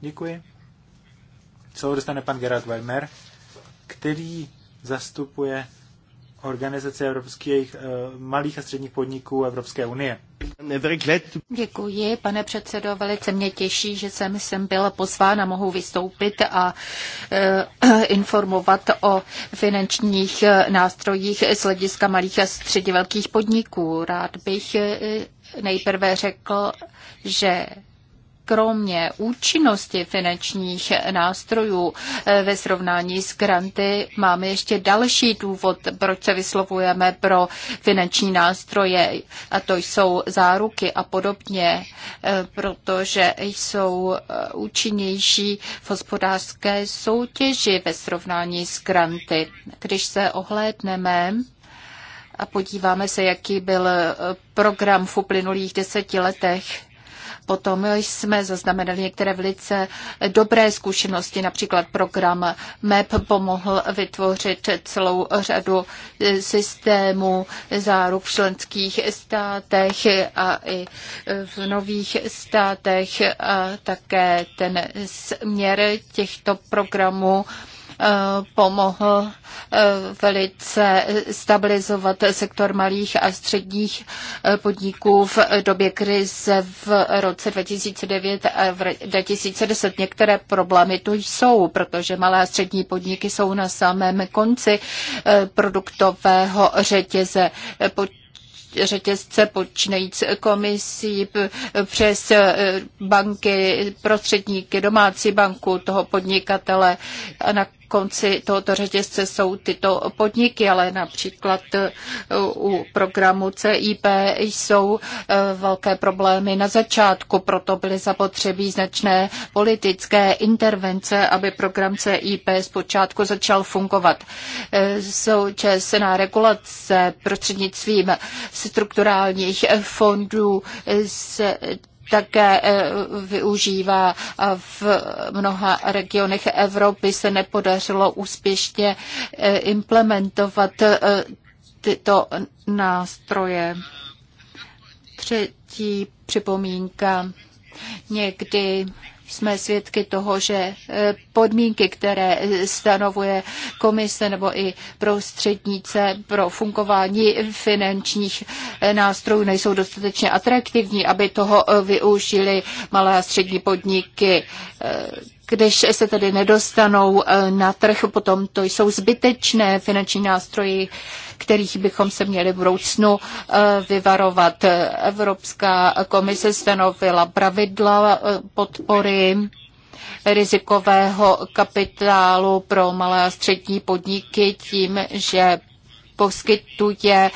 Děkuji. Co dostane pan Gerard Weimer, který zastupuje Organizace evropských eh, malých a středních podniků Evropské unie. Děkuji, pane předsedo, velice mě těší, že jsem sem byla pozvána, mohu vystoupit a e, informovat o finančních eh, nástrojích z hlediska malých a středně velkých podniků. Rád bych nejprve řekl, že kromě účinnosti finančních nástrojů eh, ve srovnání s granty máme ještě další důvod, proč se vyslovujeme pro finanční nástroje, a to jsou záruky a podobně, eh, protože jsou eh, účinnější v hospodářské soutěži ve srovnání s granty. Když se ohlédneme, a podíváme se, jaký byl program v uplynulých deseti letech, Potom jsme zaznamenali některé velice dobré zkušenosti, například program MEP pomohl vytvořit celou řadu systémů záruk v členských státech a i v nových státech a také ten směr těchto programů Eh, pomohl eh, velice stabilizovat sektor malých a středních eh, podniků v době krize v roce 2009 a v 2010. Některé problémy tu jsou, protože malé a střední podniky jsou na samém konci produktového řetěze řetězce počnejíc komisí přes banky, prostředníky, domácí banku toho podnikatele a na konci tohoto řetězce jsou tyto podniky, ale například eh, u programu CIP jsou eh, velké problémy na začátku, proto byly zapotřebí značné politické intervence, aby program CIP zpočátku začal fungovat. Eh, Současná regulace prostřednictvím strukturálních fondů se také eh, využívá. V mnoha regionech Evropy se nepodařilo úspěšně eh, implementovat eh, tyto nástroje. Třetí připomínka. Někdy jsme svědky toho, že e, podmínky, které stanovuje komise nebo i prostřednice pro fungování finančních e, nástrojů, nejsou dostatečně atraktivní, aby toho e, využili malé a střední podniky když se tedy nedostanou eh, na trh, potom to jsou zbytečné finanční nástroje, kterých bychom se měli v budoucnu eh, vyvarovat. Evropská komise stanovila pravidla eh, podpory rizikového kapitálu pro malé a střední podniky tím, že poskytuje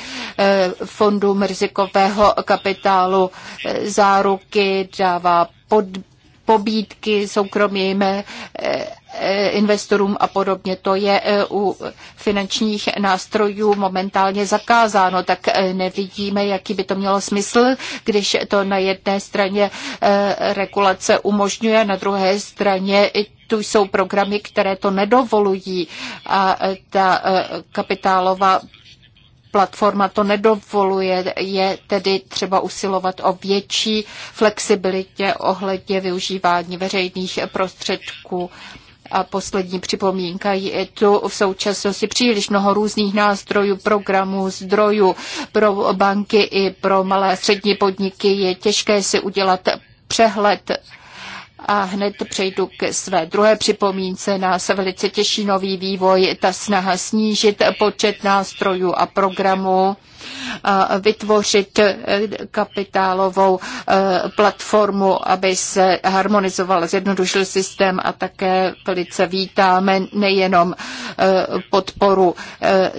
fondům rizikového kapitálu záruky, dává pod pobídky soukromým eh, eh, investorům a podobně. To je eh, u finančních nástrojů momentálně zakázáno, tak nevidíme, jaký by to mělo smysl, když to na jedné straně regulace umožňuje, na druhé straně tu jsou programy, které to nedovolují a ta kapitálová platforma to nedovoluje. Je tedy třeba usilovat o větší flexibilitě ohledně využívání veřejných prostředků. A poslední připomínka je tu v současnosti příliš mnoho různých nástrojů, programů, zdrojů pro banky i pro malé a střední podniky. Je těžké si udělat přehled a hned přejdu k své druhé připomínce. Nás velice těší nový vývoj, ta snaha snížit počet nástrojů a programů, a vytvořit eh, kapitálovou eh, platformu, aby se harmonizoval, zjednodušil systém a také velice vítáme nejenom eh, podporu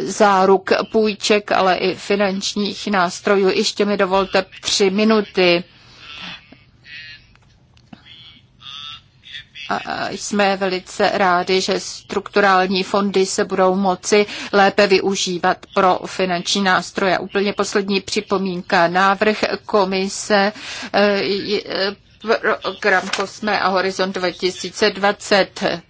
záruk půjček, ale i finančních nástrojů. Ještě mi dovolte tři minuty jsme velice rádi, že strukturální fondy se budou moci lépe využívat pro finanční nástroje. Úplně poslední připomínka. Návrh komise e, e, program Kosme a Horizon 2020 e,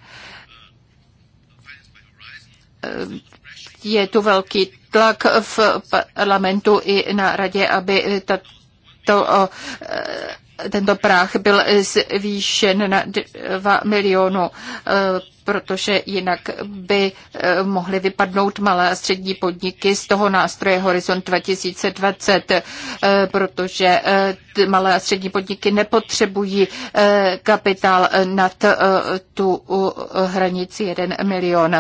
je tu velký tlak v parlamentu i na radě, aby tato tento práh byl zvýšen na 2 milionu eh, protože jinak by eh, mohly vypadnout malé a střední podniky z toho nástroje Horizont 2020, eh, protože eh, malé a střední podniky nepotřebují kapitál nad tu hranici 1 milion.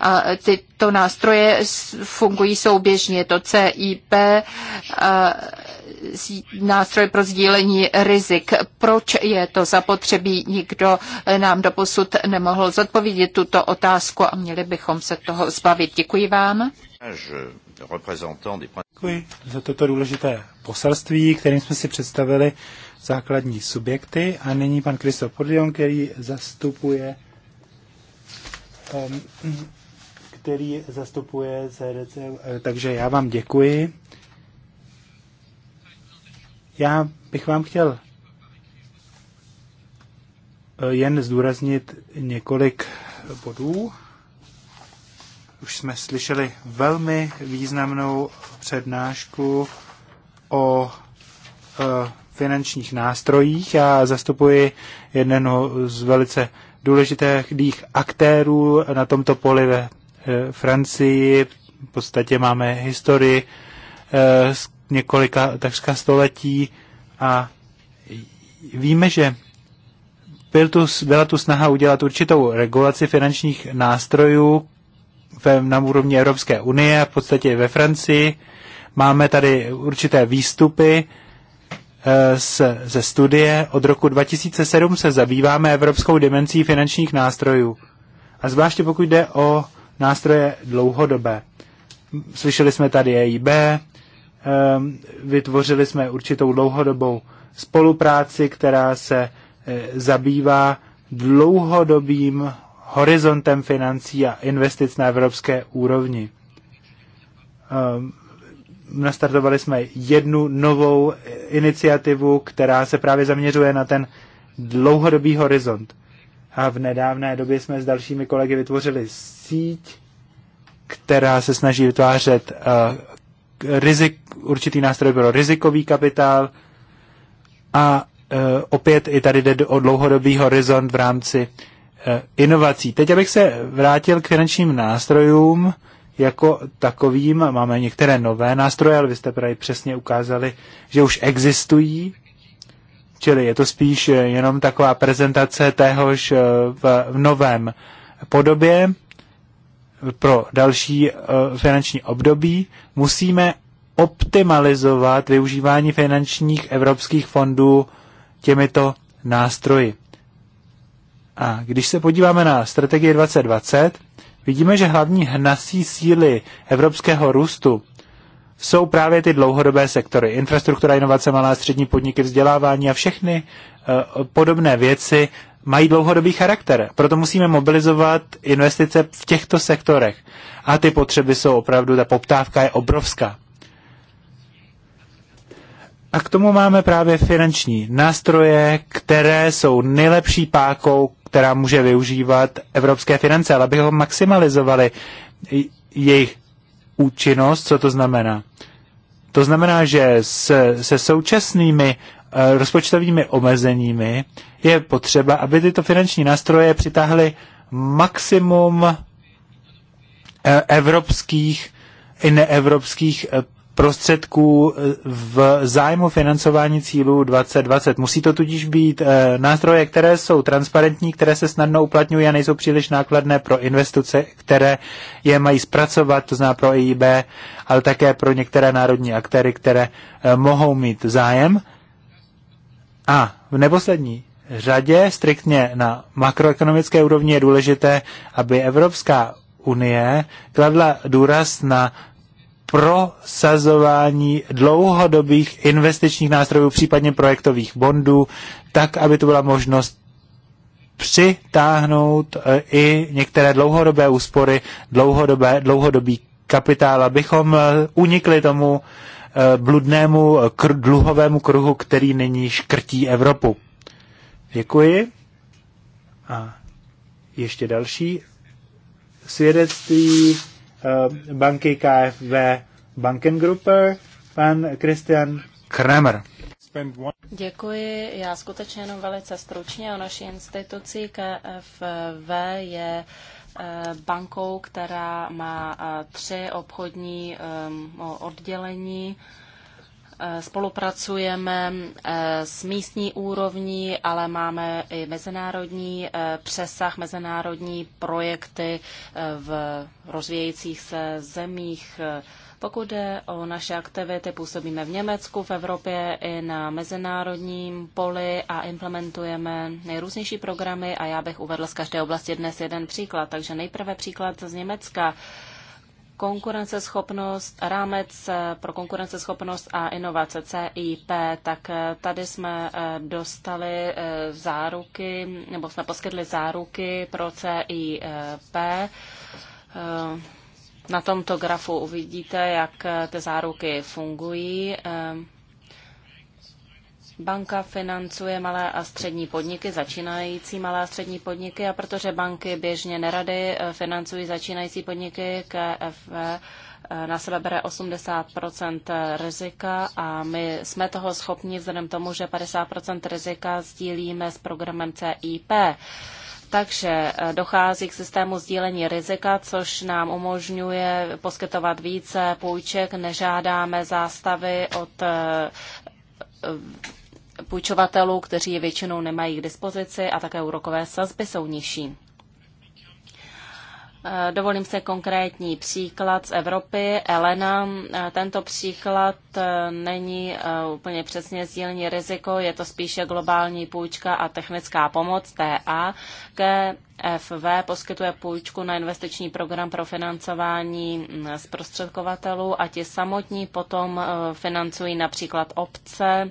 A tyto nástroje fungují souběžně, to CIP, nástroj pro sdílení rizik. Proč je to zapotřebí? Nikdo nám doposud nemohl zodpovědět zodpovědět tuto otázku a měli bychom se toho zbavit. Děkuji vám. Děkuji za toto důležité poselství, kterým jsme si představili základní subjekty. A nyní pan Kristof Podion, který zastupuje um, který zastupuje CDC. Takže já vám děkuji. Já bych vám chtěl Eh, jen zdůraznit několik bodů. Už jsme slyšeli velmi významnou přednášku o eh, finančních nástrojích. Já zastupuji jednoho z velice důležitých aktérů na tomto poli ve eh, Francii. V podstatě máme historii z několika takřka století a víme, že byl tu, byla tu snaha udělat určitou regulaci finančních nástrojů ve, na úrovni Evropské unie, v podstatě i ve Francii. Máme tady určité výstupy z, eh, ze studie. Od roku 2007 se zabýváme evropskou dimenzí finančních nástrojů. A zvláště pokud jde o nástroje dlouhodobé. Slyšeli jsme tady EIB, eh, vytvořili jsme určitou dlouhodobou spolupráci, která se Eh, zabývá dlouhodobým horizontem financí a investic na evropské úrovni. Ehm, nastartovali jsme jednu novou iniciativu, která se právě zaměřuje na ten dlouhodobý horizont. A v nedávné době jsme s dalšími kolegy vytvořili síť, která se snaží vytvářet uh, rizik, určitý nástroj pro rizikový kapitál a Eh, opět i tady jde o dlouhodobý horizont v rámci eh, inovací. Teď abych se vrátil k finančním nástrojům jako takovým. Máme některé nové nástroje, ale vy jste právě přesně ukázali, že už existují. Čili je to spíš eh, jenom taková prezentace téhož v, v novém podobě pro další finanční období. Musíme optimalizovat využívání finančních evropských fondů těmito nástroji. A když se podíváme na strategii 2020, vidíme, že hlavní hnací síly evropského růstu jsou právě ty dlouhodobé sektory. Infrastruktura, inovace, malá střední podniky, vzdělávání a všechny uh, podobné věci mají dlouhodobý charakter. Proto musíme mobilizovat investice v těchto sektorech. A ty potřeby jsou opravdu, ta poptávka je obrovská. A k tomu máme právě finanční nástroje, které jsou nejlepší pákou, která může využívat evropské finance, ale abychom maximalizovali jejich účinnost, co to znamená? To znamená, že se, se současnými eh, rozpočtovými omezeními je potřeba, aby tyto finanční nástroje přitáhly maximum eh, evropských i neevropských eh, prostředků eh, v zájmu financování cílů 2020. Musí to tudíž být eh, nástroje, které jsou transparentní, které se snadno uplatňují a nejsou příliš nákladné pro investice, které je mají zpracovat, to zná pro EIB, ale také pro některé národní aktéry, které eh, mohou mít zájem. A v neposlední řadě, striktně na makroekonomické úrovni, je důležité, aby Evropská unie kladla důraz na prosazování dlouhodobých investičních nástrojů, případně projektových bondů, tak, aby to byla možnost přitáhnout e, i některé dlouhodobé úspory, dlouhodobé, dlouhodobý kapitál, abychom e, unikli tomu e, bludnému kr- dluhovému kruhu, který nyní škrtí Evropu. Děkuji. A ještě další svědectví Eh, banky KFV Bankengruppe, pan Christian Kramer. Děkuji. Já skutečně jenom velice stručně o naší instituci KFV je eh, bankou, která má eh, tři obchodní oddělení Eh, spolupracujeme eh, s místní úrovní, ale máme i mezinárodní eh, přesah, mezinárodní projekty v rozvíjejících se zemích. Pokud jde o naše aktivity, působíme v Německu, v Evropě i na mezinárodním poli a implementujeme nejrůznější programy a já bych uvedl z každé oblasti dnes jeden příklad. Takže nejprve příklad z Německa konkurenceschopnost, rámec eh, pro konkurenceschopnost a inovace CIP, tak eh, tady jsme eh, dostali záruky, nebo jsme poskytli záruky pro CIP. Na tomto grafu uvidíte, jak ty záruky fungují. Banka financuje malé a střední podniky, začínající malé a střední podniky a protože banky běžně nerady eh, financují začínající podniky, KFV eh, na sebe bere 80 eh, rizika a my jsme toho schopni vzhledem tomu, že 50 rizika sdílíme s programem CIP. Takže dochází k systému sdílení rizika, což nám umožňuje poskytovat více půjček, nežádáme zástavy od půjčovatelů, kteří je většinou nemají k dispozici a také úrokové sazby jsou nižší. Eh, dovolím se konkrétní příklad z Evropy. Elena, eh, tento příklad eh, není úplně přesně sdílení riziko, je to spíše globální půjčka a technická pomoc TA. KFV poskytuje půjčku na investiční program pro financování mm, zprostředkovatelů a ti samotní potom financují například obce,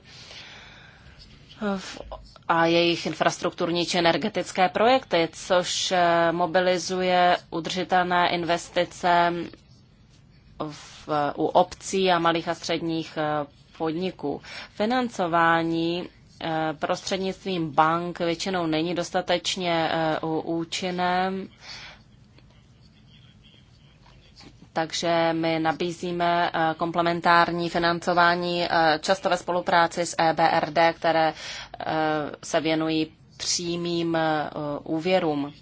a jejich infrastrukturní či energetické projekty, což eh, mobilizuje udržitelné investice v, u obcí a malých a středních eh, podniků. Financování eh, prostřednictvím bank většinou není dostatečně účinné takže my nabízíme eh, komplementární financování eh, často ve spolupráci s EBRD, které eh, se věnují přímým úvěrům.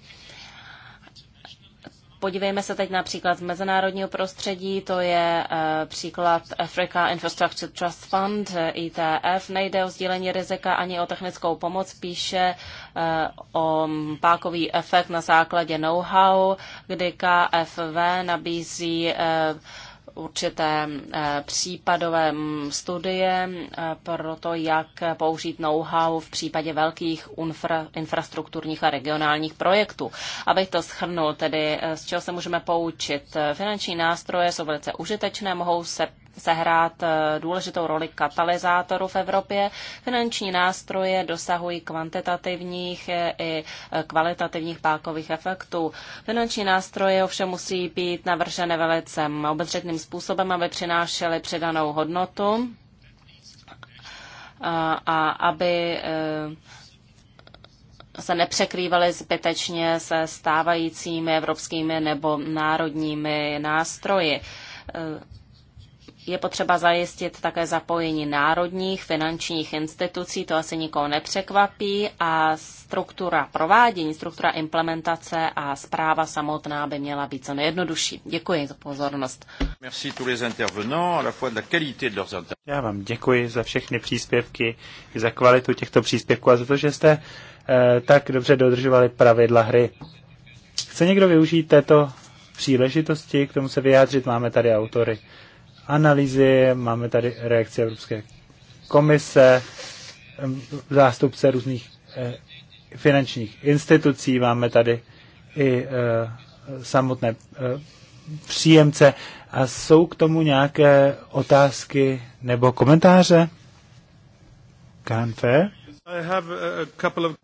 Podívejme se teď například z mezinárodního prostředí, to je eh, příklad Africa Infrastructure Trust Fund, ITF. Eh, e Nejde o sdílení rizika ani o technickou pomoc, píše eh, o pákový efekt na základě know-how, kdy KFV nabízí určité eh, případové mm, studie eh, pro to, jak použít know-how v případě velkých infra, infrastrukturních a regionálních projektů. Abych to schrnul, tedy eh, z čeho se můžeme poučit. Finanční nástroje jsou velice užitečné, mohou se sehrát eh, důležitou roli katalyzátoru v Evropě. Finanční nástroje dosahují kvantitativních eh, i eh, kvalitativních pákových efektů. Finanční nástroje ovšem musí být navrženy velice obezřetným způsobem, aby přinášely přidanou hodnotu a aby se nepřekrývaly zbytečně se stávajícími evropskými nebo národními nástroji je potřeba zajistit také zapojení národních finančních institucí, to asi nikoho nepřekvapí, a struktura provádění, struktura implementace a zpráva samotná by měla být co nejjednodušší. Děkuji za pozornost. Já vám děkuji za všechny příspěvky, za kvalitu těchto příspěvků a za to, že jste eh, tak dobře dodržovali pravidla hry. Chce někdo využít této příležitosti k tomu se vyjádřit? Máme tady autory analýzy, máme tady reakci Evropské komise, zástupce různých eh, finančních institucí, máme tady i eh, samotné eh, příjemce. A jsou k tomu nějaké otázky nebo komentáře? Kanfer?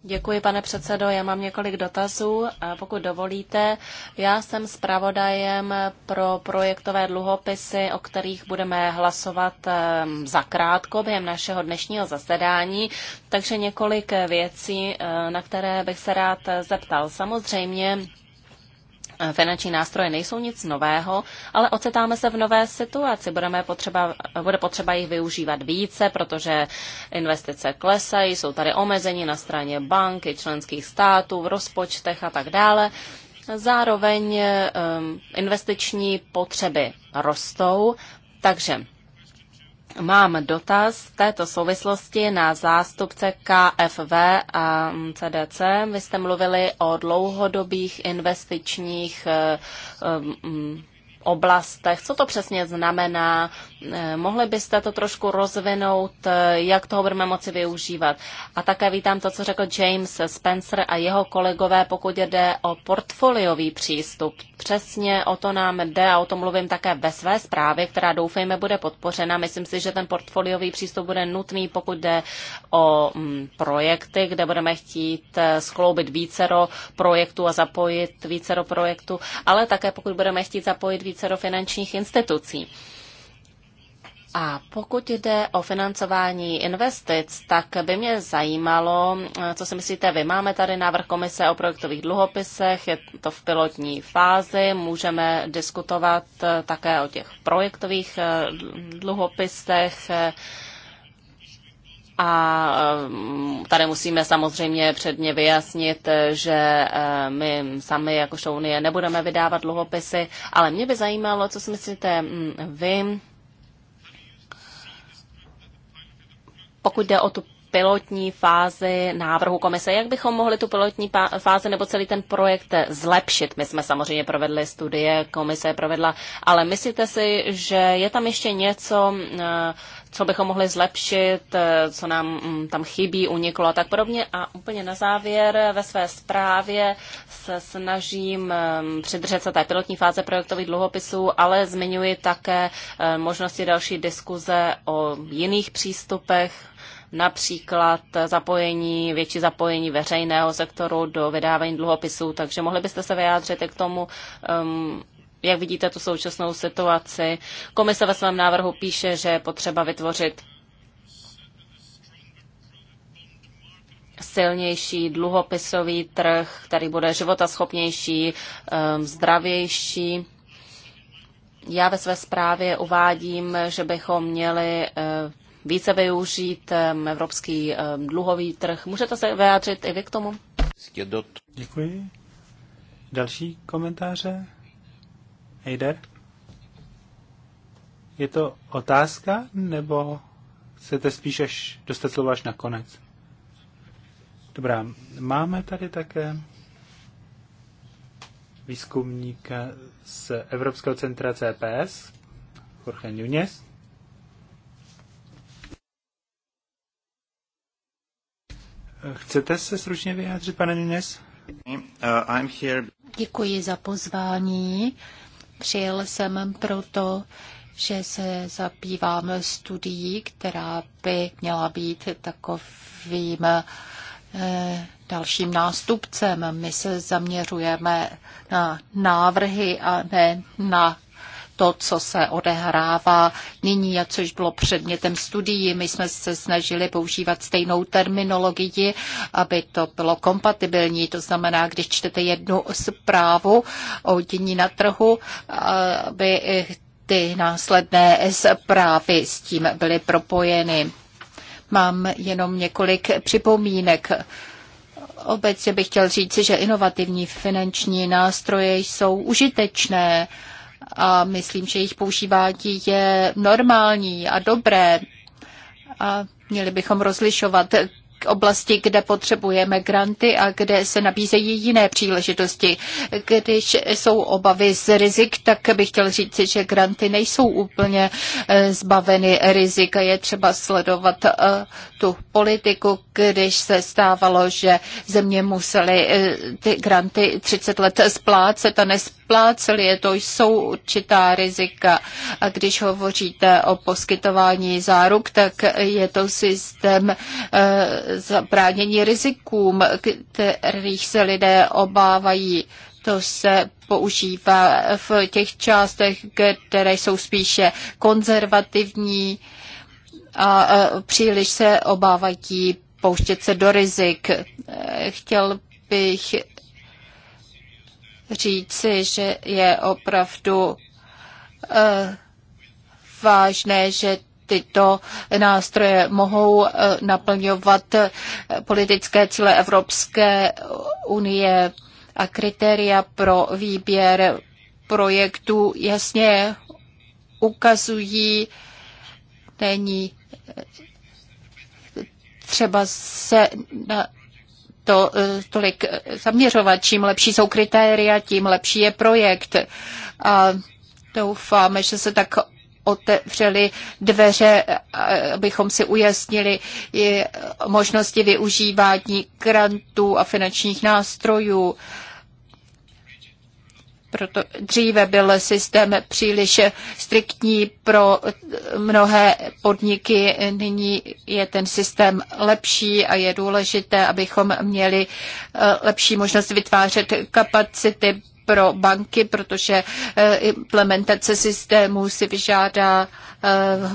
Děkuji, pane předsedo. Já mám několik dotazů. Pokud dovolíte, já jsem zpravodajem pro projektové dluhopisy, o kterých budeme hlasovat zakrátko během našeho dnešního zasedání. Takže několik věcí, eh, na které bych se rád eh, zeptal. Samozřejmě finanční nástroje nejsou nic nového, ale ocitáme se v nové situaci. Budeme potřeba, bude potřeba jich využívat více, protože investice klesají, jsou tady omezení na straně banky, členských států, v rozpočtech a tak dále. Zároveň ehm, investiční potřeby rostou, takže Mám dotaz v této souvislosti na zástupce KFV a CDC. Vy jste mluvili o dlouhodobých investičních eh, eh, mm, oblastech. Co to přesně znamená? Eh, mohli byste to trošku rozvinout, eh, jak toho budeme moci využívat? A také vítám to, co řekl James Spencer a jeho kolegové, pokud jde o portfoliový přístup. Přesně o to nám jde a o tom mluvím také ve své zprávě, která doufejme bude podpořena. Myslím si, že ten portfoliový přístup bude nutný, pokud jde o mm, projekty, kde budeme chtít eh, skloubit vícero projektů a zapojit vícero projektů, ale také pokud budeme chtít zapojit více vícero finančních institucí. A pokud jde o financování investic, tak by mě zajímalo, co si myslíte vy. Máme tady návrh komise o projektových dluhopisech, je to v pilotní fázi, můžeme diskutovat také o těch projektových eh, dluhopisech, eh, a mm, tady musíme samozřejmě předně vyjasnit, že e, my sami jako Šounie nebudeme vydávat dluhopisy, ale mě by zajímalo, co si myslíte mm, vy, pokud jde o tu pilotní fázi návrhu komise. Jak bychom mohli tu pilotní fázi nebo celý ten projekt zlepšit? My jsme samozřejmě provedli studie, komise je provedla, ale myslíte si, že je tam ještě něco, e, co bychom mohli zlepšit, eh, co nám mm, tam chybí, uniklo a tak podobně. A úplně na závěr eh, ve své zprávě se snažím eh, přidržet se té pilotní fáze projektových dluhopisů, ale zmiňuji také možnosti další diskuze o jiných přístupech, například zapojení, větší zapojení veřejného sektoru do vydávání dluhopisů, takže mohli byste se vyjádřit i k tomu, um, jak vidíte tu současnou situaci. Komise ve svém návrhu píše, že je potřeba vytvořit silnější dluhopisový trh, který bude životaschopnější, ehm, zdravější. Já ve své zprávě uvádím, že bychom měli eh, více využít ehm, evropský ehm, dluhový trh. Můžete se vyjádřit i vy k tomu? Děkuji. Další komentáře? Heider? Je to otázka, nebo chcete spíš až dostat slovo až konec? Dobrá, máme tady také výzkumníka z Evropského centra CPS, Jorge Núñez. Chcete se stručně vyjádřit, pane Nunes? Uh, Děkuji za pozvání. Přijel jsem proto, že se zabývám studií, která by měla být takovým eh, dalším nástupcem. My se zaměřujeme na návrhy a ne na to, co se odehrává nyní a což bylo předmětem studií. My jsme se snažili používat stejnou terminologii, aby to bylo kompatibilní. To znamená, když čtete jednu zprávu o dění na trhu, aby ty následné zprávy s tím byly propojeny. Mám jenom několik připomínek. Obecně bych chtěl říct, že inovativní finanční nástroje jsou užitečné a myslím, že jejich používání je normální a dobré. A měli bychom rozlišovat, oblasti, kde potřebujeme granty a kde se nabízejí jiné příležitosti. Když jsou obavy z rizik, tak bych chtěl říct, že granty nejsou úplně eh, zbaveny rizika. Je třeba sledovat eh, tu politiku, když se stávalo, že země musely eh, ty granty 30 let splácet a nespláceli je. To jsou určitá rizika. A když hovoříte o poskytování záruk, tak je to systém zabránění rizikům, kterých se lidé obávají. To se používá v těch částech, které jsou spíše konzervativní a příliš se obávají pouštět se do rizik. Chtěl bych říci, že je opravdu eh, vážné, že tyto nástroje mohou eh, naplňovat eh, politické cíle Evropské unie a kritéria pro výběr projektů jasně ukazují, není eh, třeba se na to tolik zaměřovat. Čím lepší jsou kritéria, tím lepší je projekt. A doufáme, že se tak otevřeli dveře, abychom si ujasnili možnosti využívání grantů a finančních nástrojů. Proto dříve byl systém příliš striktní pro mnohé podniky, nyní je ten systém lepší a je důležité, abychom měli lepší možnost vytvářet kapacity pro banky, protože eh, implementace systému si vyžádá eh,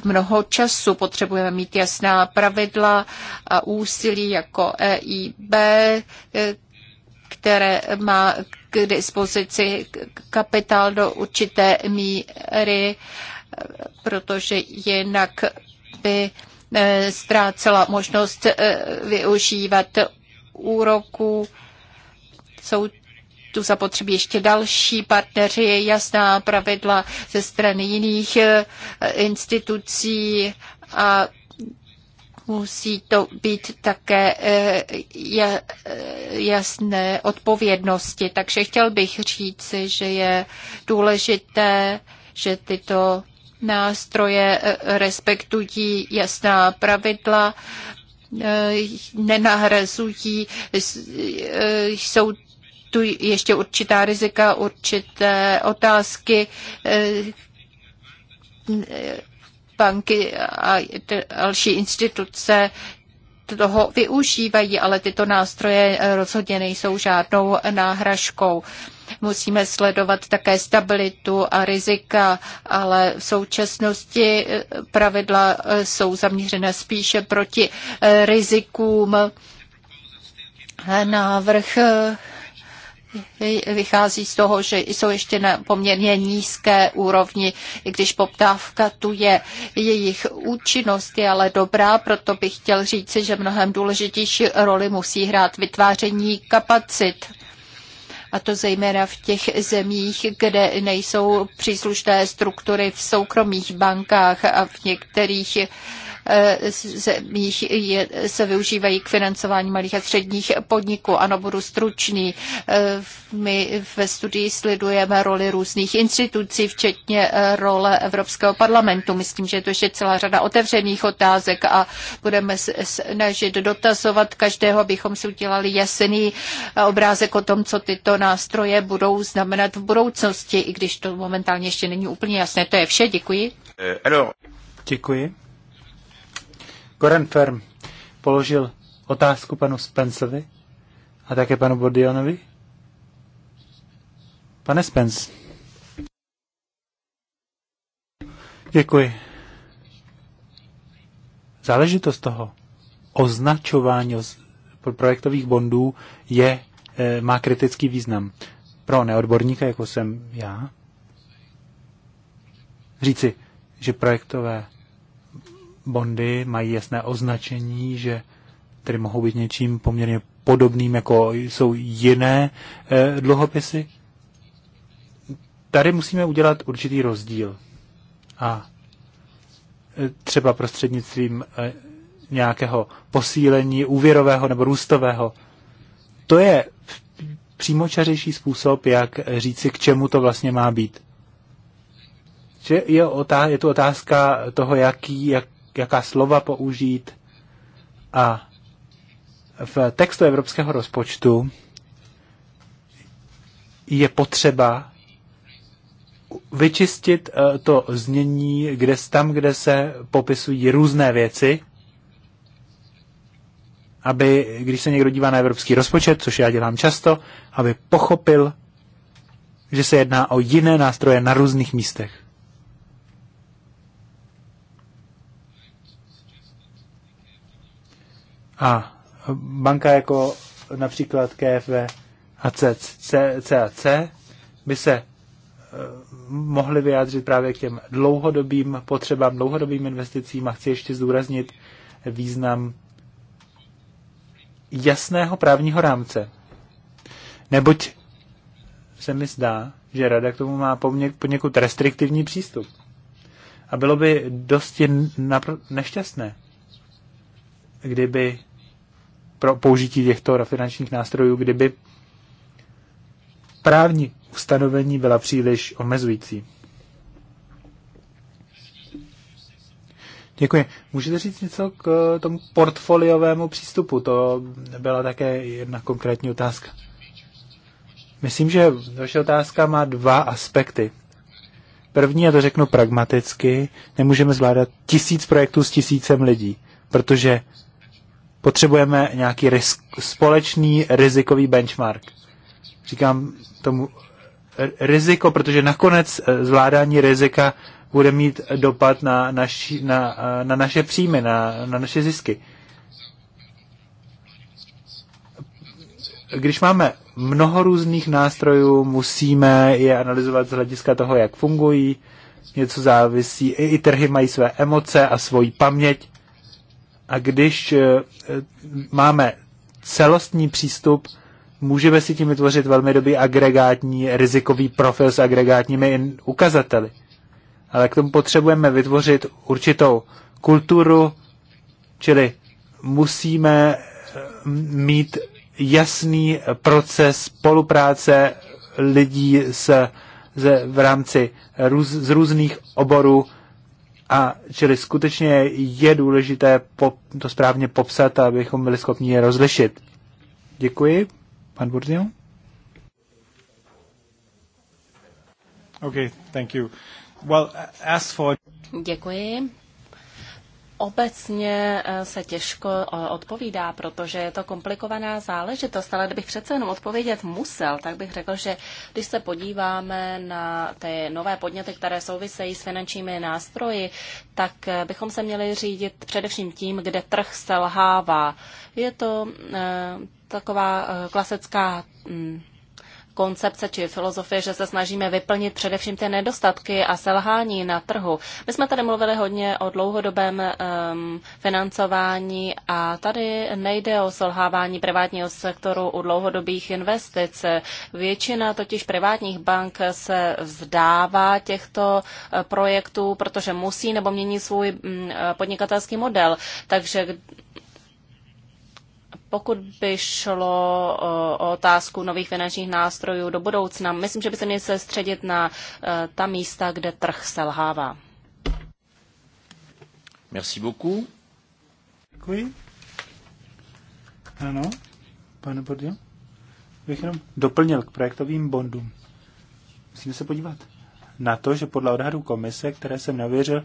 mnoho času. Potřebujeme mít jasná pravidla a úsilí jako EIB, eh, které má k dispozici kapitál do určité míry, protože jinak by ztrácela možnost využívat úroků. Jsou tu zapotřebí ještě další partneři, jasná pravidla ze strany jiných eh, institucí a musí to být také eh, eh, jasné odpovědnosti. Takže chtěl bych říct, že je důležité, že tyto nástroje respektují jasná pravidla, nenahrazují, jsou tu ještě určitá rizika, určité otázky, eh, banky a další instituce toho využívají, ale tyto nástroje rozhodně nejsou žádnou náhražkou. Musíme sledovat také stabilitu a rizika, ale v současnosti eh, pravidla eh, jsou zaměřena spíše proti rizikům. Návrh vychází z toho, že jsou ještě na poměrně nízké úrovni, i když poptávka tu je. Jejich účinnost je ale dobrá, proto bych chtěl říci, že mnohem důležitější roli musí hrát vytváření kapacit a to zejména v těch zemích, kde nejsou příslušné struktury v soukromých bankách a v některých Eh, zemích je, se využívají k financování malých a středních podniků. Ano, budu stručný. Eh, my ve studii sledujeme roli různých institucí, včetně eh, role Evropského parlamentu. Myslím, že to je celá řada otevřených otázek a budeme snažit dotazovat každého, abychom si udělali jasný obrázek o tom, co tyto nástroje budou znamenat v budoucnosti, i když to momentálně ještě není úplně jasné. To je vše, děkuji. Děkuji. Goran Ferm položil otázku panu Spenceovi a také panu Bordionovi. Pane Spence. Děkuji. Záležitost toho označování projektových bondů je, e, má kritický význam. Pro neodborníka, jako jsem já, říci, že projektové bondy mají jasné označení, že tedy mohou být něčím poměrně podobným, jako jsou jiné e, dluhopisy. Tady musíme udělat určitý rozdíl. A eh, třeba prostřednictvím e, nějakého posílení úvěrového nebo růstového. To je přímočařejší způsob, jak říci, k čemu to vlastně má být. Že je, otá- je tu otázka toho, jaký, jak, jaká slova použít. A v textu evropského rozpočtu je potřeba vyčistit eh, to znění, kde, tam, kde se popisují různé věci, aby, když se někdo dívá na evropský rozpočet, což já dělám často, aby pochopil, že se jedná o jiné nástroje na různých místech. A banka jako například KFV a CAC by se eh, mohly vyjádřit právě k těm dlouhodobým potřebám, dlouhodobým investicím a chci ještě zdůraznit význam jasného právního rámce. Neboť se mi zdá, že rada k tomu má poněkud restriktivní přístup. A bylo by dosti nešťastné, kdyby pro použití těchto finančních nástrojů, kdyby právní ustanovení byla příliš omezující. Děkuji. Můžete říct něco k tomu portfoliovému přístupu? To byla také jedna konkrétní otázka. Myslím, že vaše otázka má dva aspekty. První, já to řeknu pragmaticky, nemůžeme zvládat tisíc projektů s tisícem lidí, protože Potřebujeme nějaký risk, společný rizikový benchmark. Říkám tomu eh, riziko, protože nakonec eh, zvládání rizika bude mít dopad na, naši, na, eh, na naše příjmy, na, na naše zisky. Když máme mnoho různých nástrojů, musíme je analyzovat z hlediska toho, jak fungují, něco závisí, i, i trhy mají své emoce a svoji paměť. A když eh, eh, máme celostní přístup, můžeme si tím vytvořit velmi dobrý agregátní rizikový profil s agregátními ukazateli. Ale k tomu potřebujeme vytvořit určitou kulturu, čili musíme eh, mít jasný proces spolupráce lidí s, z, v rámci růz, z různých oborů a čili skutečně je důležité to správně popsat, abychom byli schopni je rozlišit. Děkuji. Pan Burzio? Okay, thank you. Well, as for... Děkuji obecně eh, se těžko eh, odpovídá, protože je to komplikovaná záležitost, ale kdybych přece jenom odpovědět musel, tak bych řekl, že když se podíváme na ty nové podněty, které souvisejí s finančními nástroji, tak eh, bychom se měli řídit především tím, kde trh selhává. Je to taková klasická mm, koncepce či filozofie, že se snažíme vyplnit především ty nedostatky a selhání na trhu. My jsme tady mluvili hodně o dlouhodobém um, financování a tady nejde o selhávání privátního sektoru u dlouhodobých investic. Většina totiž privátních bank se vzdává těchto eh, projektů, protože musí nebo mění svůj mm, eh, podnikatelský model. Takže pokud by šlo o otázku nových finančních nástrojů do budoucna, myslím, že by se měli se středit na e, ta místa, kde trh selhává. Merci beaucoup. Děkuji. Ano, pane Bordio. Bych jenom doplnil k projektovým bondům. Musíme se podívat na to, že podle odhadu komise, které jsem nevěřil,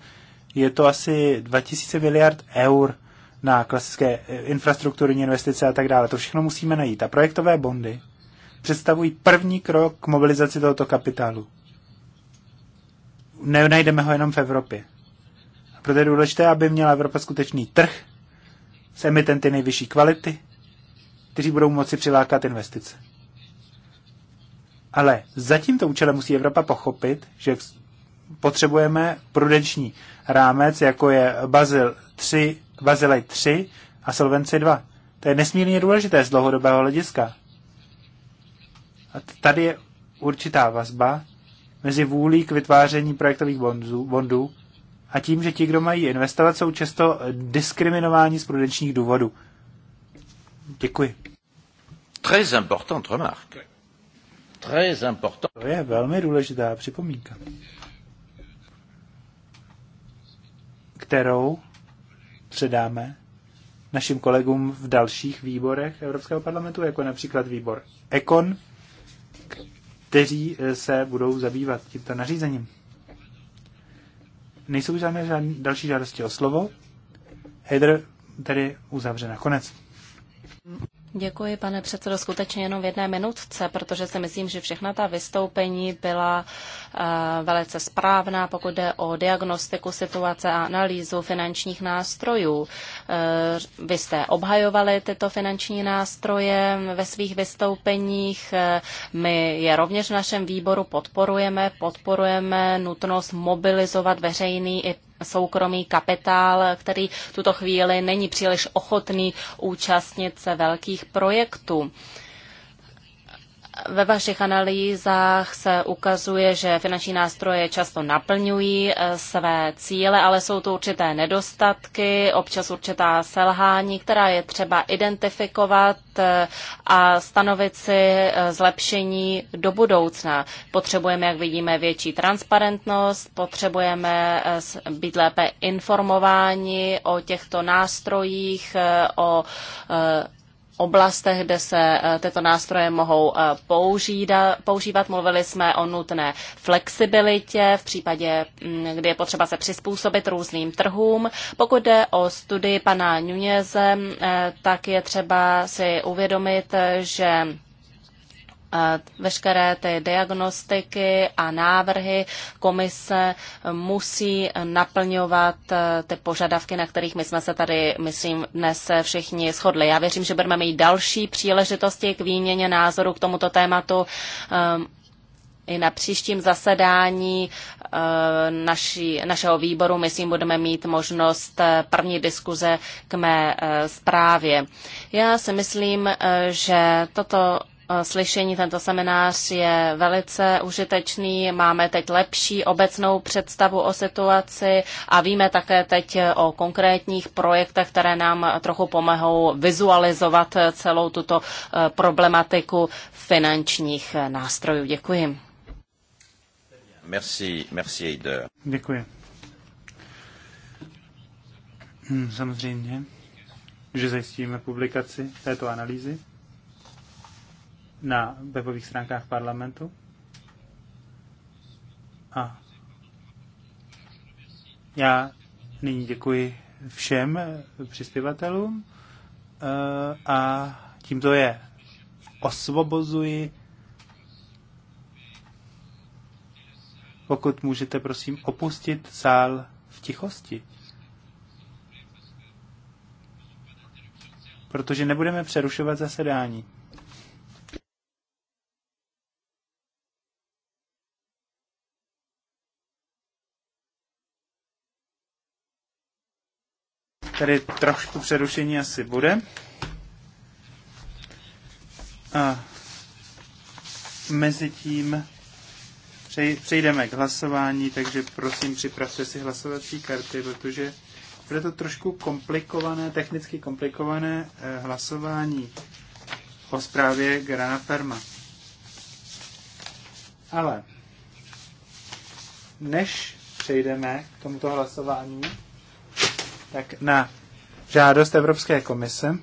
je to asi 2000 miliard eur na klasické eh, infrastrukturní investice a tak dále. To všechno musíme najít. A projektové bondy představují první krok k mobilizaci tohoto kapitálu. Nenajdeme ho jenom v Evropě. A proto je důležité, aby měla Evropa skutečný trh s emitenty nejvyšší kvality, kteří budou moci přilákat investice. Ale za tímto účelem musí Evropa pochopit, že potřebujeme prudenční rámec, jako je Bazil 3, Bazilej 3 a Solvenci 2. To je nesmírně důležité z dlouhodobého hlediska. A tady je určitá vazba mezi vůlí k vytváření projektových bondů, bondů a tím, že ti, kdo mají investovat, jsou často diskriminováni z prudenčních důvodů. Děkuji. Très importante remarque. Très important. To je velmi důležitá připomínka, kterou předáme našim kolegům v dalších výborech Evropského parlamentu, jako například výbor Econ, kteří eh, se budou zabývat tímto nařízením. Nejsou žádné žádný, další žádosti o slovo. Heather tedy uzavře nakonec. Děkuji, pane předsedo, skutečně jenom v jedné minutce, protože si myslím, že všechna ta vystoupení byla eh, velice správná, pokud jde o diagnostiku situace a analýzu finančních nástrojů. Eh, vy jste obhajovali tyto finanční nástroje ve svých vystoupeních. Eh, my je rovněž v našem výboru podporujeme. Podporujeme nutnost mobilizovat veřejný i soukromý kapitál, který v tuto chvíli není příliš ochotný účastnit se velkých projektů. Ve vašich analýzách se ukazuje, že finanční nástroje často naplňují eh, své cíle, ale jsou to určité nedostatky, občas určitá selhání, která je třeba identifikovat eh, a stanovit si eh, zlepšení do budoucna. Potřebujeme, jak vidíme, větší transparentnost, potřebujeme být lépe informováni o těchto nástrojích, o oblastech, kde se eh, tyto nástroje mohou eh, používat. Mluvili jsme o nutné flexibilitě v případě, mm, kdy je potřeba se přizpůsobit různým trhům. Pokud jde o studii pana Nuněze, eh, tak je třeba si uvědomit, že veškeré ty diagnostiky a návrhy komise musí naplňovat eh, ty požadavky, na kterých my jsme se tady, myslím, dnes eh, všichni shodli. Já věřím, že budeme mít další příležitosti k výměně názoru k tomuto tématu ehm, i na příštím zasedání eh, naší, našeho výboru, myslím, budeme mít možnost první diskuze k mé zprávě. Já si myslím, že toto slyšení, tento seminář je velice užitečný. Máme teď lepší obecnou představu o situaci a víme také teď o konkrétních projektech, které nám trochu pomohou vizualizovat celou tuto eh, problematiku finančních eh, nástrojů. Děkuji. Merci, merci Eider. Děkuji. Hm, samozřejmě, že zajistíme publikaci této analýzy na webových stránkách parlamentu. A já nyní děkuji všem přispěvatelům eh, a tímto je osvobozuji. Pokud můžete, prosím, opustit sál v tichosti. Protože nebudeme přerušovat zasedání. Tady trošku přerušení asi bude. A mezi tím přejdeme k hlasování, takže prosím připravte si hlasovací karty, protože bude to trošku komplikované, technicky komplikované eh, hlasování o zprávě Grana Ferma. Ale než přejdeme k tomuto hlasování, tak na žádost Evropské komise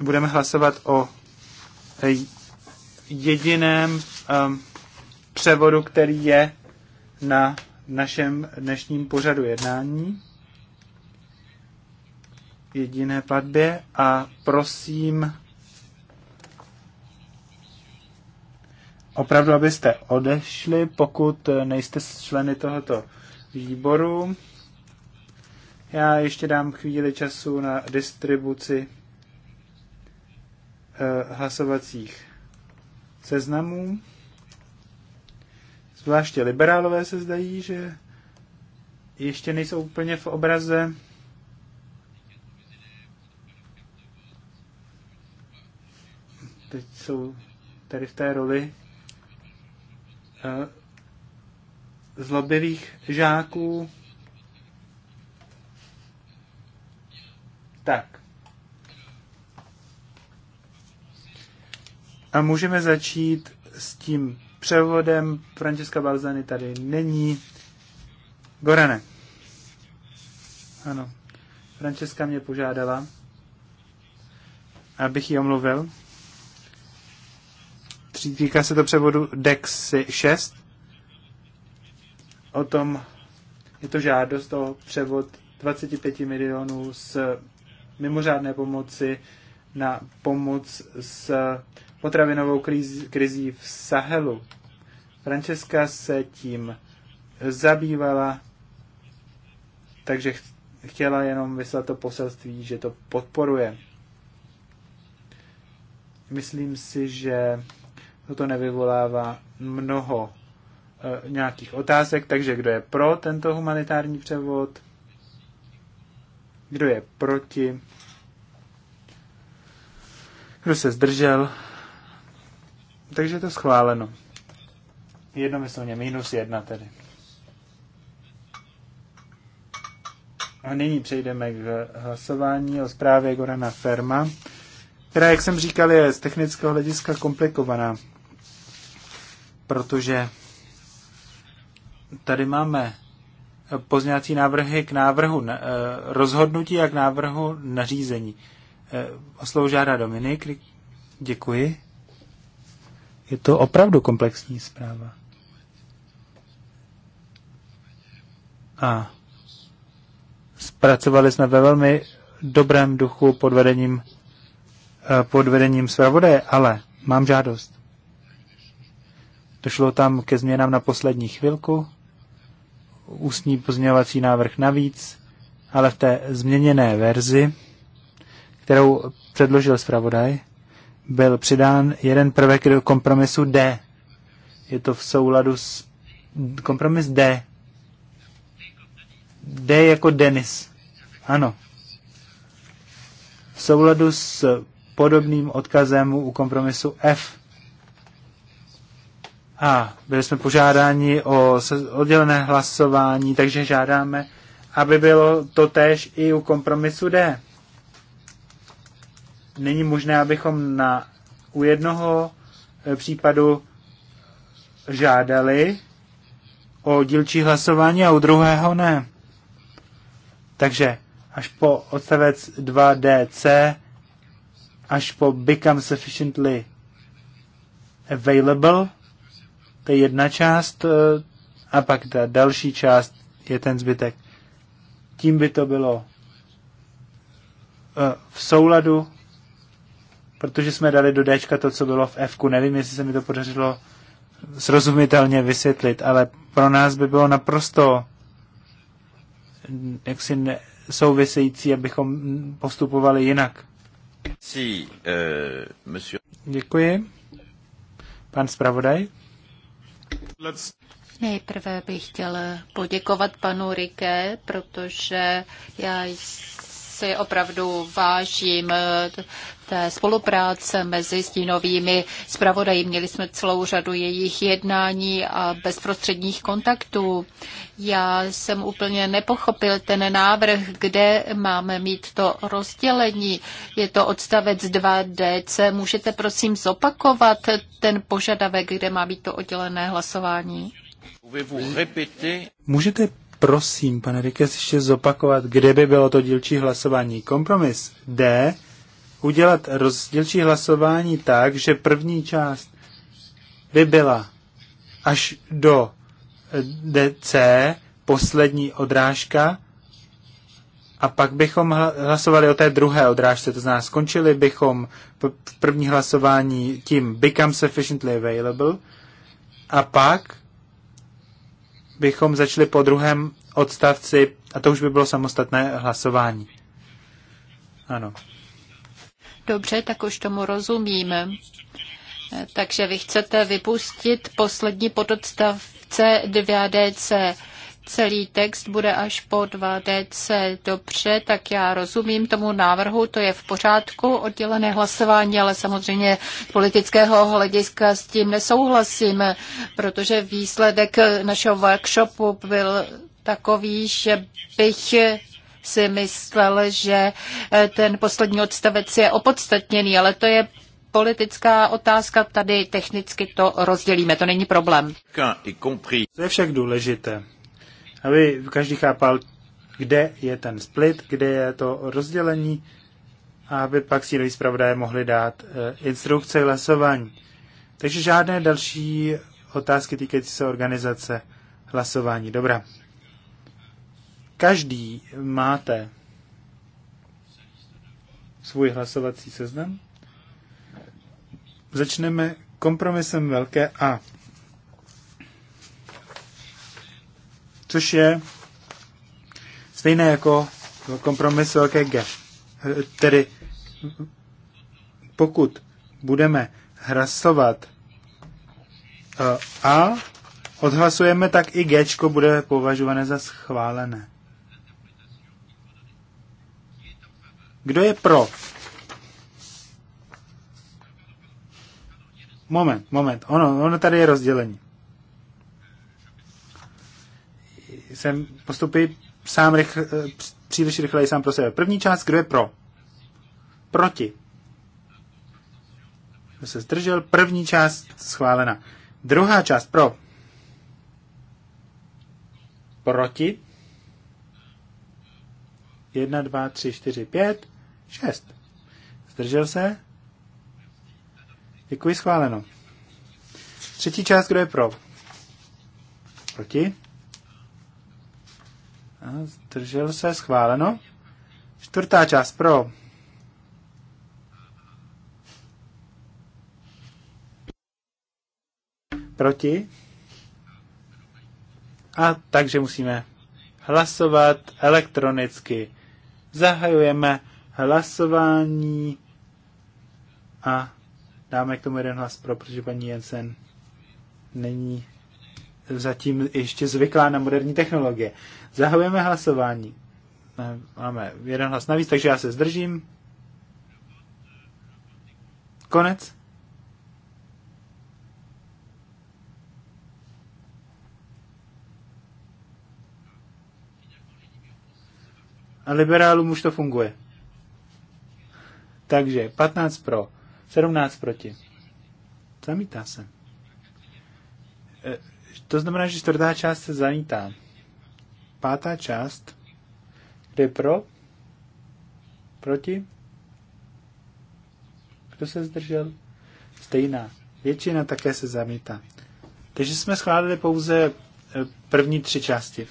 budeme hlasovat o eh, jediném um, převodu, který je na našem dnešním pořadu jednání. Jediné platbě a prosím opravdu, abyste odešli, pokud nejste členy tohoto výboru. Já ještě dám chvíli času na distribuci eh, hlasovacích seznamů. Zvláště liberálové se zdají, že ještě nejsou úplně v obraze. Teď jsou tady v té roli eh, zlobivých žáků. Tak. A můžeme začít s tím převodem. Francesca Balzany tady není. Gorane. Ano. Francesca mě požádala, abych ji omluvil. Týká se to převodu DEX 6 o tom, je to žádost o převod 25 milionů z mimořádné pomoci na pomoc s potravinovou krizi krizí v Sahelu. Francesca se tím zabývala, takže chtěla jenom vyslat to poselství, že to podporuje. Myslím si, že toto nevyvolává mnoho Eh, nějakých otázek, takže kdo je pro tento humanitární převod, kdo je proti, kdo se zdržel, takže je to schváleno. Jednomyslně minus jedna tedy. A nyní přejdeme k hlasování o zprávě Gorana Ferma, která, jak jsem říkal, je z technického hlediska komplikovaná, protože tady máme pozněcí návrhy k návrhu eh, rozhodnutí a k návrhu nařízení. Eh, Oslovu žádá Dominik. Děkuji. Je to opravdu komplexní zpráva. A zpracovali jsme ve velmi dobrém duchu pod vedením, eh, pod vedením zpravodaje, ale mám žádost. Došlo tam ke změnám na poslední chvilku ústní pozměňovací návrh navíc, ale v té změněné verzi, kterou předložil zpravodaj, byl přidán jeden prvek do kompromisu D. Je to v souladu s kompromis D. D jako Denis. Ano. V souladu s podobným odkazem u kompromisu F a byli jsme požádáni o oddělené hlasování, takže žádáme, aby bylo to též i u kompromisu D. Není možné, abychom na, u jednoho e, případu žádali o dílčí hlasování a u druhého ne. Takže až po odstavec 2DC, až po become sufficiently available, to je jedna část eh, a pak ta další část je ten zbytek. Tím by to bylo eh, v souladu, protože jsme dali do D to, co bylo v F. -ku. Nevím, jestli se mi to podařilo srozumitelně vysvětlit, ale pro nás by bylo naprosto mm, jaksi ne, související, abychom postupovali jinak. Si, eh, monsieur. Děkuji. Pan zpravodaj. Nejprve bych chtěl poděkovat panu Rike, protože já si opravdu vážím té spolupráce mezi stínovými zpravodaji. Měli jsme celou řadu jejich jednání a bezprostředních kontaktů. Já jsem úplně nepochopil ten návrh, kde máme mít to rozdělení. Je to odstavec 2DC. Můžete prosím zopakovat ten požadavek, kde má být to oddělené hlasování? Můžete prosím, pane Rikes, ještě zopakovat, kde by bylo to dílčí hlasování? Kompromis D udělat rozdělčí hlasování tak, že první část by byla až do eh, DC, poslední odrážka, a pak bychom hlasovali o té druhé odrážce, to znamená, skončili bychom v první hlasování tím become sufficiently available a pak bychom začali po druhém odstavci a to už by bylo samostatné hlasování. Ano dobře, tak už tomu rozumím. Takže vy chcete vypustit poslední pododstavce 2DC. Celý text bude až po 2DC. Dobře, tak já rozumím tomu návrhu, to je v pořádku, oddělené hlasování, ale samozřejmě z politického hlediska s tím nesouhlasím, protože výsledek našeho workshopu byl takový, že bych si myslel, že eh, ten poslední odstavec je opodstatněný, ale to je politická otázka, tady technicky to rozdělíme, to není problém. Co je však důležité, aby každý chápal, kde je ten split, kde je to rozdělení, a aby pak síloví zpravodaje mohli dát eh, instrukce k hlasování. Takže žádné další otázky týkající se organizace hlasování. Dobrá. Každý máte svůj hlasovací seznam. Začneme kompromisem velké A, což je stejné jako kompromis velké G. Tedy pokud budeme hlasovat eh, A, odhlasujeme, tak i G bude považované za schválené. Kdo je pro? Moment, moment. Ono, ono tady je rozdělení. Jsem postupy sám rychl, eh, příliš rychleji sám pro sebe. První část, kdo je pro? Proti. Kdo se zdržel? První část schválena. Druhá část pro. Proti. 1, 2, 3, 4, 5. 6. Zdržel se? Děkuji, schváleno. Třetí část, kdo je pro? Proti? A zdržel se, schváleno. Čtvrtá část, pro. Proti? A takže musíme hlasovat elektronicky. Zahajujeme hlasování a dáme k tomu jeden hlas pro, protože paní Jensen není zatím ještě zvyklá na moderní technologie. Zahajujeme hlasování. Eh, Máme jeden hlas navíc, takže já se zdržím. Konec. A liberálům už to funguje. Takže 15 pro, 17 proti. Zamítá se. E, to znamená, že čtvrtá část se zamítá. Pátá část, kde pro, proti, kdo se zdržel, stejná. Většina také se zamítá. Takže jsme schválili pouze e, první tři části.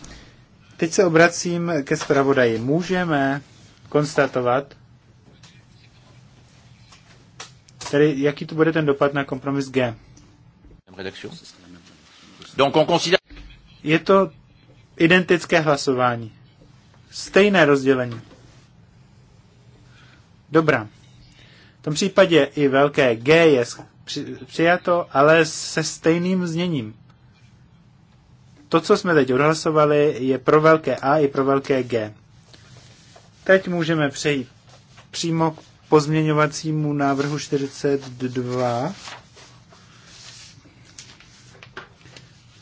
Teď se obracím ke zpravodaji. Můžeme konstatovat, Tedy jaký to bude ten dopad na kompromis G? Je to identické hlasování. Stejné rozdělení. Dobrá. V tom případě i velké G je přijato, ale se stejným zněním. To, co jsme teď odhlasovali, je pro velké A i pro velké G. Teď můžeme přejít přímo k pozměňovacímu návrhu 42.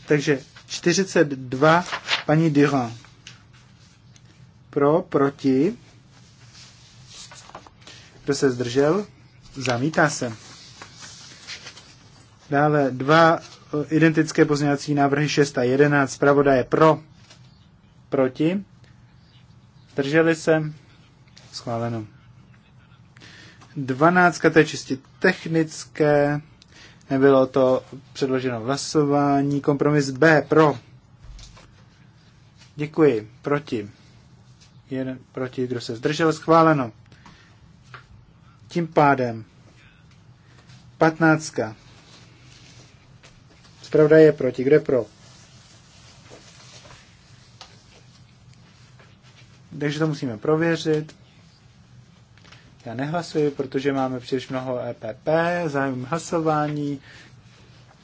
Takže 42 paní Durand. Pro, proti. Kdo se zdržel? Zamítá se. Dále dva eh, identické pozměňovací návrhy 6 a 11. je pro, proti. Zdrželi se. Schváleno. 12, to je čistě technické, nebylo to předloženo hlasování. Kompromis B pro. Děkuji. Proti. Jeden proti, kdo se zdržel, schváleno. Tím pádem 15. Zpravda je proti. Kde pro? Takže to musíme prověřit. Já nehlasuji, protože máme příliš mnoho EPP, zájem hlasování,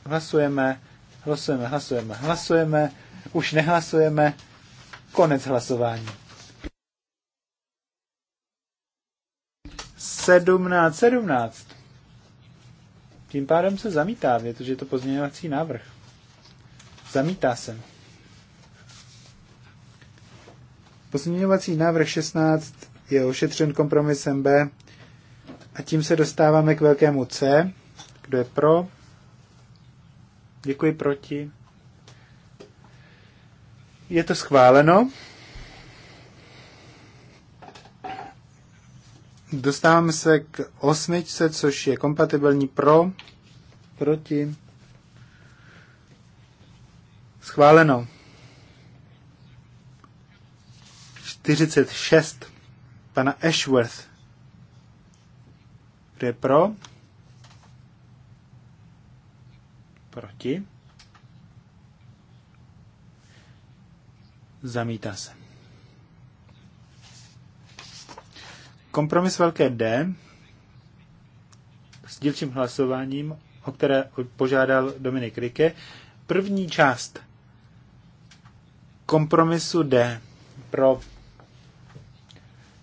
hlasujeme, hlasujeme, hlasujeme, hlasujeme, už nehlasujeme, konec hlasování. 17, 17. Tím pádem se zamítá, protože je to pozměňovací návrh. Zamítá se. Pozměňovací návrh 16 je ošetřen kompromisem B. A tím se dostáváme k velkému C. Kdo je pro? Děkuji proti. Je to schváleno. Dostáváme se k osmičce, což je kompatibilní pro, proti. Schváleno. 46 pana Ashworth. Kdo je pro? Proti? Zamítá se. Kompromis velké D s dílčím hlasováním, o které požádal Dominik Rike. První část kompromisu D pro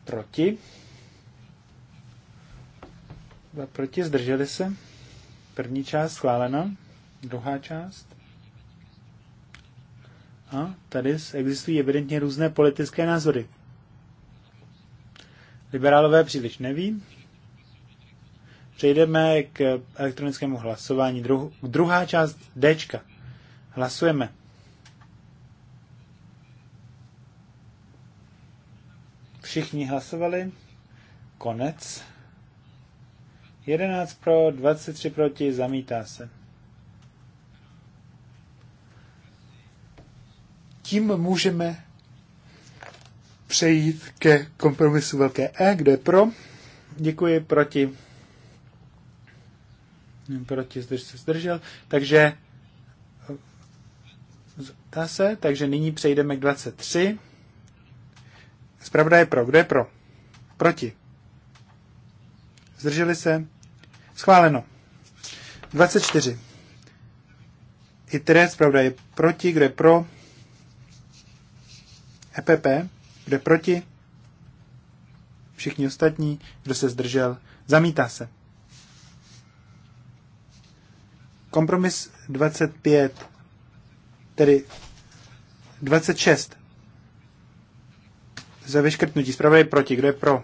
proti. Dva proti, zdrželi se. První část schválena, druhá část. A tady existují evidentně různé politické názory. Liberálové příliš neví. Přejdeme k elektronickému hlasování. druhá část D. Hlasujeme. Všichni hlasovali. Konec. 11 pro, 23 proti, zamítá se. Tím můžeme přejít ke kompromisu velké E, kde je pro. Děkuji, proti. Proti zdrž se zdržel. Takže ta se, takže nyní přejdeme k 23. Zpravda je pro. Kdo je pro? Proti. Zdrželi se? Schváleno. 24. ITRE, zpravda je proti. Kdo je pro? EPP. Kdo je proti? Všichni ostatní. Kdo se zdržel? Zamítá se. Kompromis 25, tedy 26 za vyškrtnutí. je proti. Kdo je pro?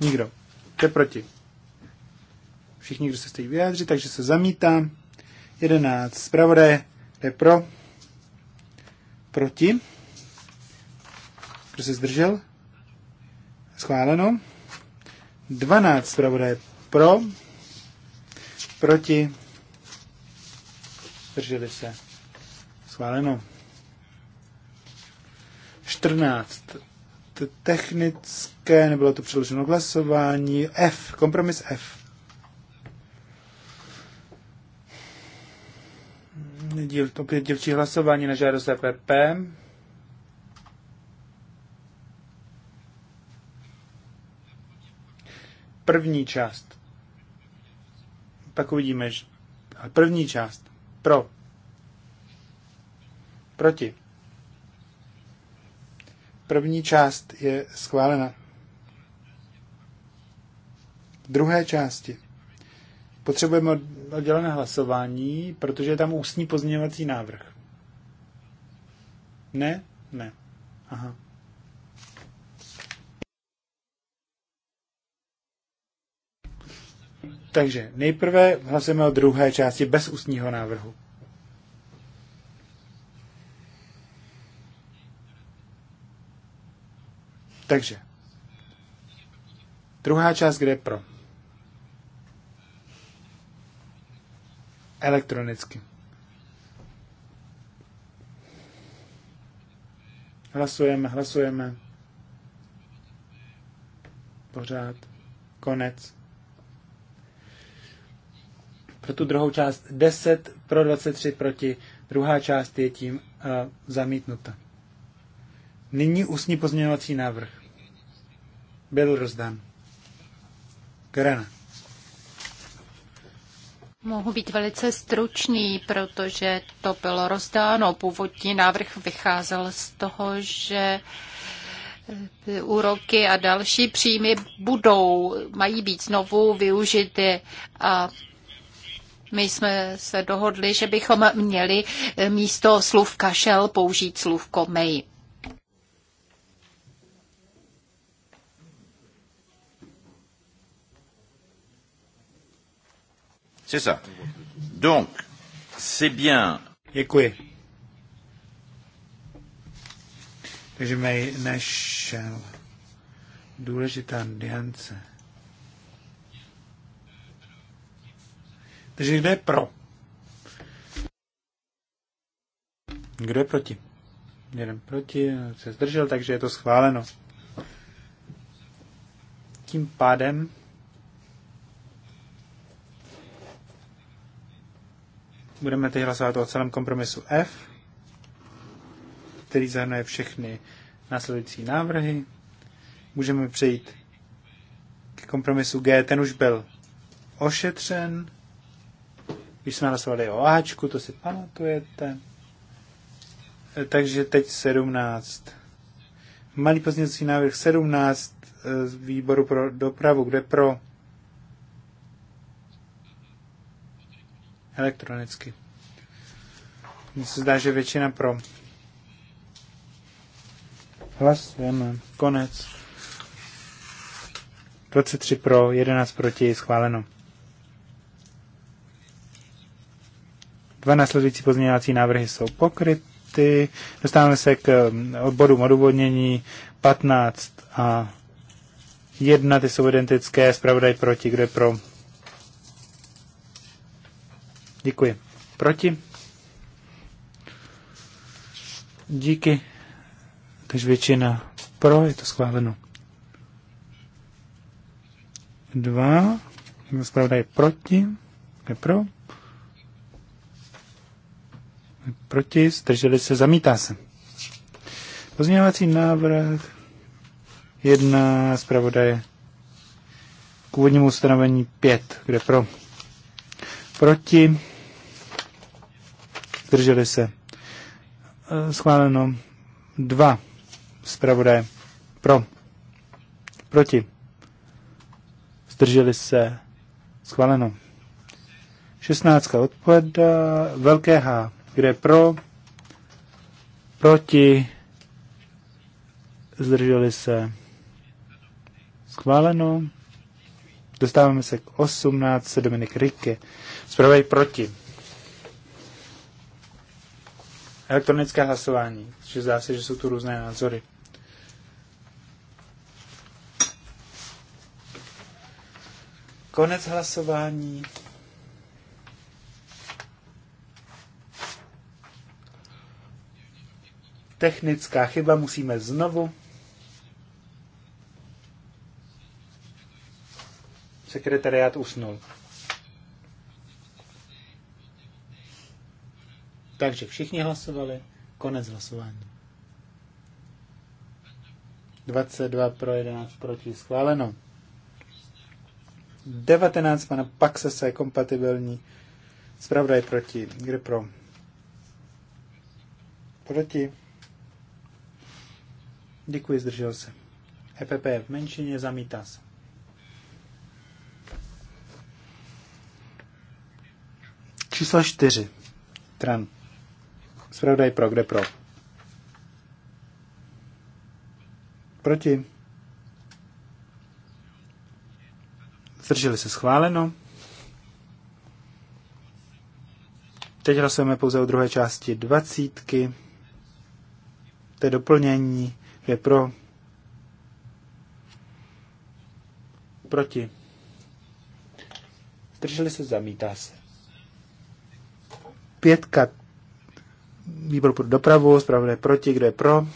Nikdo. Kdo je proti? Všichni, kdo se chtějí vyjádřit, takže se zamítá. 11. Zpravodaj. je pro? Proti. Kdo se zdržel? Schváleno. 12. Zpravodaj pro. Proti. Zdrželi se. Schváleno. 14 technické, nebylo to přeloženo hlasování. F, kompromis F. Díl, opět dělčí hlasování na žádost EPP. První část. Pak uvidíme, že první část. Pro. Proti. První část je schválena. V druhé části potřebujeme oddělené hlasování, protože je tam ústní pozměňovací návrh. Ne? Ne. Aha. Takže nejprve hlasujeme o druhé části bez ústního návrhu. Takže. Druhá část, kde je pro. Elektronicky. Hlasujeme, hlasujeme. Pořád. Konec. Pro tu druhou část 10 pro 23 proti. Druhá část je tím uh, zamítnuta. Nyní ústní pozměňovací návrh byl rozdán. Grana. Mohu být velice stručný, protože to bylo rozdáno. Původní návrh vycházel z toho, že úroky a další příjmy budou, mají být znovu využity a my jsme se dohodli, že bychom měli místo slůvka šel použít slůvko may. C'est ça. Donc, c'est bien. Děkuji. Takže mají našel důležitá diance. Takže kdo je pro? Kdo je proti? Jeden proti, se zdržel, takže je to schváleno. Tím pádem Budeme teď hlasovat o celém kompromisu F, který zahrnuje všechny následující návrhy. Můžeme přejít k kompromisu G, ten už byl ošetřen. Když jsme hlasovali o Ačku, to si pamatujete. E, takže teď 17. Malý pozměňovací návrh 17 e, z výboru pro dopravu, kde pro elektronicky. Mně se zdá, že většina pro. Hlasujeme. Konec. 23 pro, 11 proti, schváleno. Dva následující pozměňovací návrhy jsou pokryty. Dostáváme se k um, odboru odůvodnění 15 a 1, ty jsou identické, Spravodaj proti, kde pro Děkuji. Proti? Díky. Takže většina pro, je to schváleno. Dva. Zpravda je proti. Je pro. Je proti. strželi se. Zamítá se. Pozměňovací návrh. Jedna. Zpravodaje. K úvodnímu ustanovení pět. Kde pro? Proti zdrželi se. Eh, schváleno dva zpravodaje pro, proti, zdrželi se. Schváleno. 16. Odpada velké H, kde pro, proti, zdrželi se. Schváleno. Dostáváme se k 18. Dominik Rike. Zpravodaj proti. Elektronické hlasování, což zdá se, že jsou tu různé názory. Konec hlasování. Technická chyba, musíme znovu. Sekretariát usnul. Takže všichni hlasovali. Konec hlasování. 22 pro 11 proti schváleno. 19 pana Paxese je kompatibilní. je proti. Kde pro? Proti. Děkuji, zdržel se. EPP v menšině zamítá se. Číslo 4. Tran. Zpravodaj pro, kde pro? Proti? Zdrželi se schváleno. Teď hlasujeme pouze o druhé části dvacítky. To je doplnění. Je pro. Proti. Zdrželi se, zamítá se. Pětka výbor pro dopravu, zpravodaj proti, kdo je pro?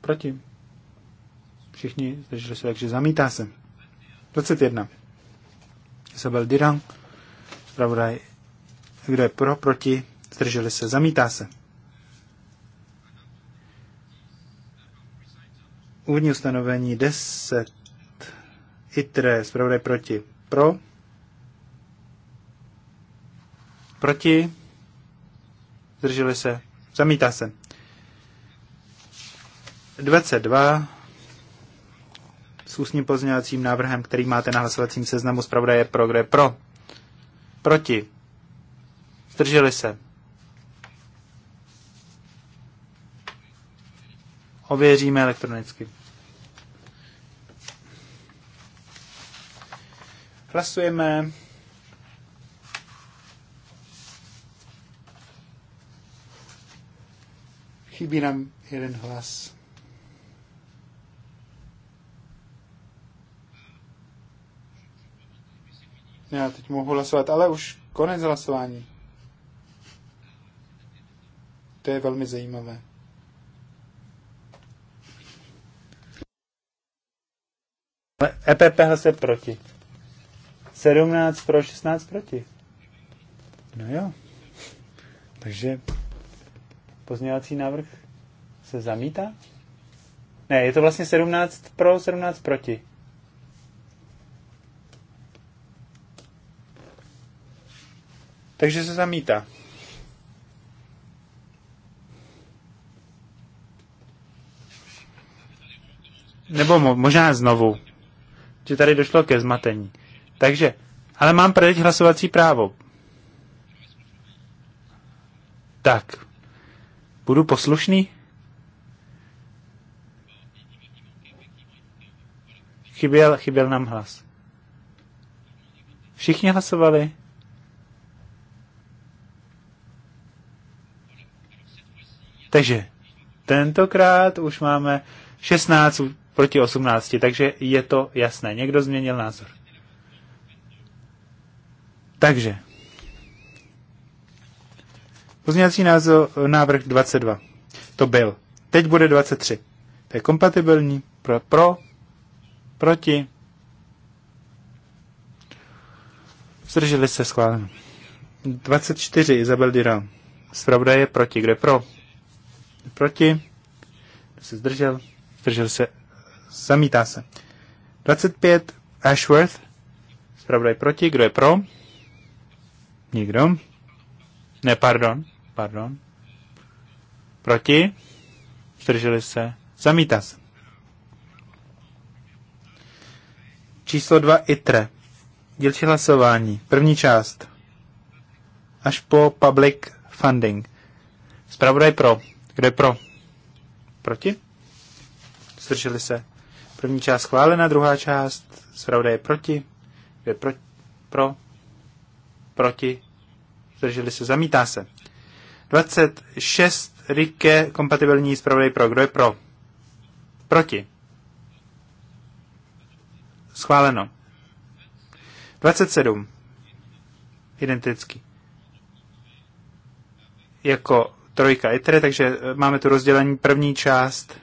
Proti. Všichni zdrželi se, takže zamítá se. 21. Isabel Diran, zpravodaj, kdo je pro, proti, zdrželi se, zamítá se. Úvodní ustanovení 10. ITRE, zpravodaj proti, pro, proti, zdrželi se, zamítá se. 22 s ústním pozměňovacím návrhem, který máte na hlasovacím seznamu zpravodaje pro, kde pro, proti, zdrželi se. Ověříme elektronicky. Hlasujeme. Chybí nám jeden hlas. Já teď mohu hlasovat, ale už konec hlasování. To je velmi zajímavé. EPP hlasuje proti. 17 pro, 16 proti. No jo. Takže Pozměňovací návrh se zamítá? Ne, je to vlastně 17 pro, 17 proti. Takže se zamítá. Nebo mo- možná znovu, že tady došlo ke zmatení. Takže, ale mám teď hlasovací právo. Tak, Budu poslušný? Chyběl, chyběl nám hlas. Všichni hlasovali? Takže tentokrát už máme 16 proti 18, takže je to jasné. Někdo změnil názor. Takže Pozměňovací návrh 22. To byl. Teď bude 23. To je kompatibilní pro, pro proti. Zdrželi se schváleno. 24. Izabel Dira. Spravda je proti. Kde pro? Proti. Kdo se zdržel? Zdržel se. Zamítá se. 25. Ashworth. Spravda je proti. Kdo je pro? Nikdo. Ne, pardon. Pardon. Proti? Zdrželi se. Zamítá se. Číslo 2 ITRE. Dělčí hlasování. První část. Až po public funding. Zpravodaj pro. Kdo je pro? Proti? Zdrželi se. První část chválená. druhá část. Zpravodaj je proti. Kdo je pro? pro? Proti? Zdrželi se. Zamítá se. 26 Rike kompatibilní zpravodaj pro. Kdo je pro? Proti. Schváleno. 27. Identický. Jako trojka itre, takže e, máme tu rozdělení první část.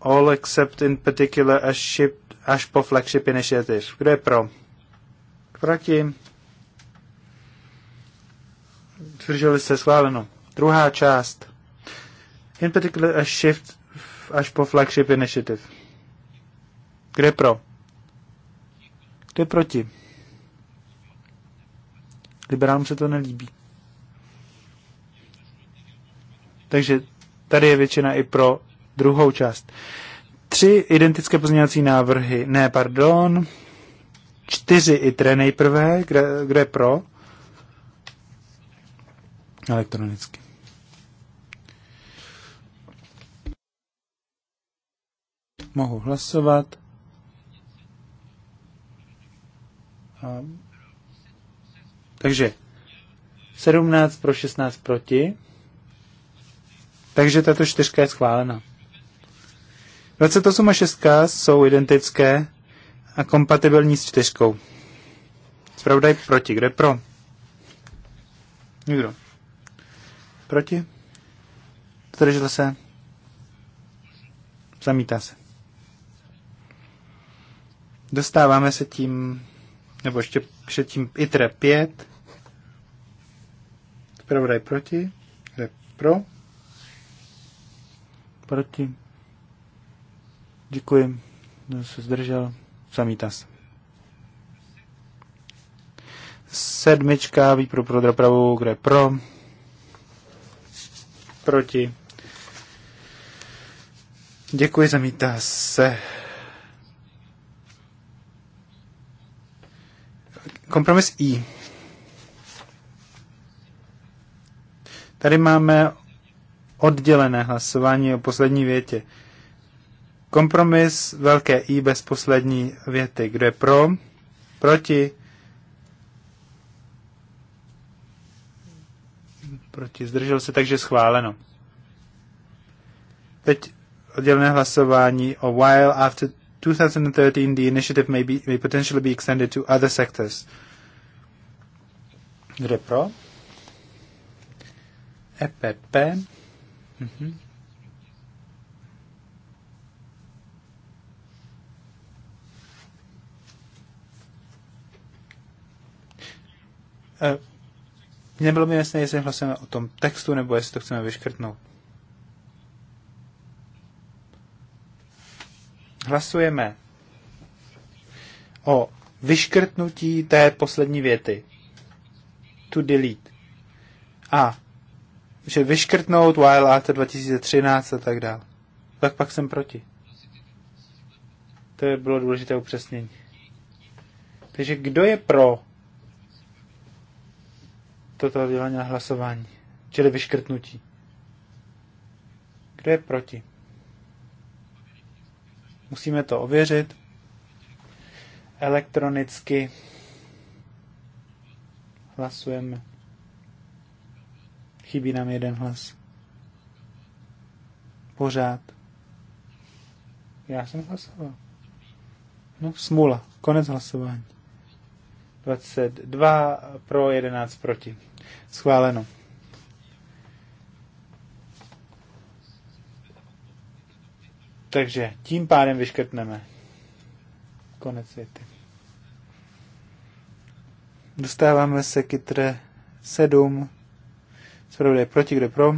All except in particular a ship, až po flagship initiative. Kdo je pro? Proti. Zdrželi se schváleno. Druhá část. In particular a shift až po flagship initiative. Kde pro? Kde proti? Liberálům se to nelíbí. Takže tady je většina i pro druhou část. Tři identické pozměňovací návrhy. Ne, pardon. Čtyři i nejprve, kde, kde pro? elektronicky. Mohu hlasovat. A... Takže 17 pro 16 proti. Takže tato čtyřka je schválena. 28 a 6 jsou identické a kompatibilní s čtyřkou. Spravodaj proti. Kde pro? Nikdo. Proti? Zdržel se? Zamítá se. Dostáváme se tím, nebo ještě předtím ITRE 5. Zpravodaj proti. Kde pro? Proti. Děkuji. No, se zdržel? Zamítá se. Sedmička, výpro pro dopravu, kde pro? proti. Děkuji, zamítá se. Kompromis I. Tady máme oddělené hlasování o poslední větě. Kompromis velké I bez poslední věty. Kdo je pro? Proti? proti, zdržel se, takže schváleno. Teď oddělené hlasování o while after 2013 the initiative may, be, may potentially be extended to other sectors. Kde pro? EPP. Mhm. Uh, Nebylo mi jasné, jestli hlasujeme o tom textu, nebo jestli to chceme vyškrtnout. Hlasujeme o vyškrtnutí té poslední věty. To delete. A že vyškrtnout while after 2013 a tak dále. Tak pak jsem proti. To je bylo důležité upřesnění. Takže kdo je pro toto vydělání na hlasování, čili vyškrtnutí. Kdo je proti? Musíme to ověřit elektronicky. Hlasujeme. Chybí nám jeden hlas. Pořád. Já jsem hlasoval. No, smůla. Konec hlasování. 22 pro, 11 proti. Schváleno. Takže tím pádem vyškrtneme. Konec věty. Dostáváme se k itre 7. je proti, kde pro?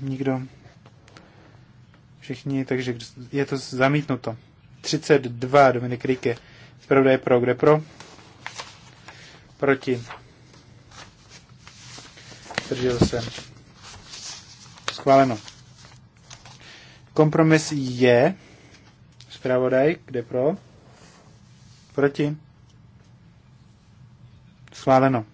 Nikdo. Všichni, takže je to zamítnuto. 32 Dominik Rike. je pro, kde pro? Proti zdržel se. Schváleno. Kompromis je. Zpravodaj, kde pro? Proti. Schváleno.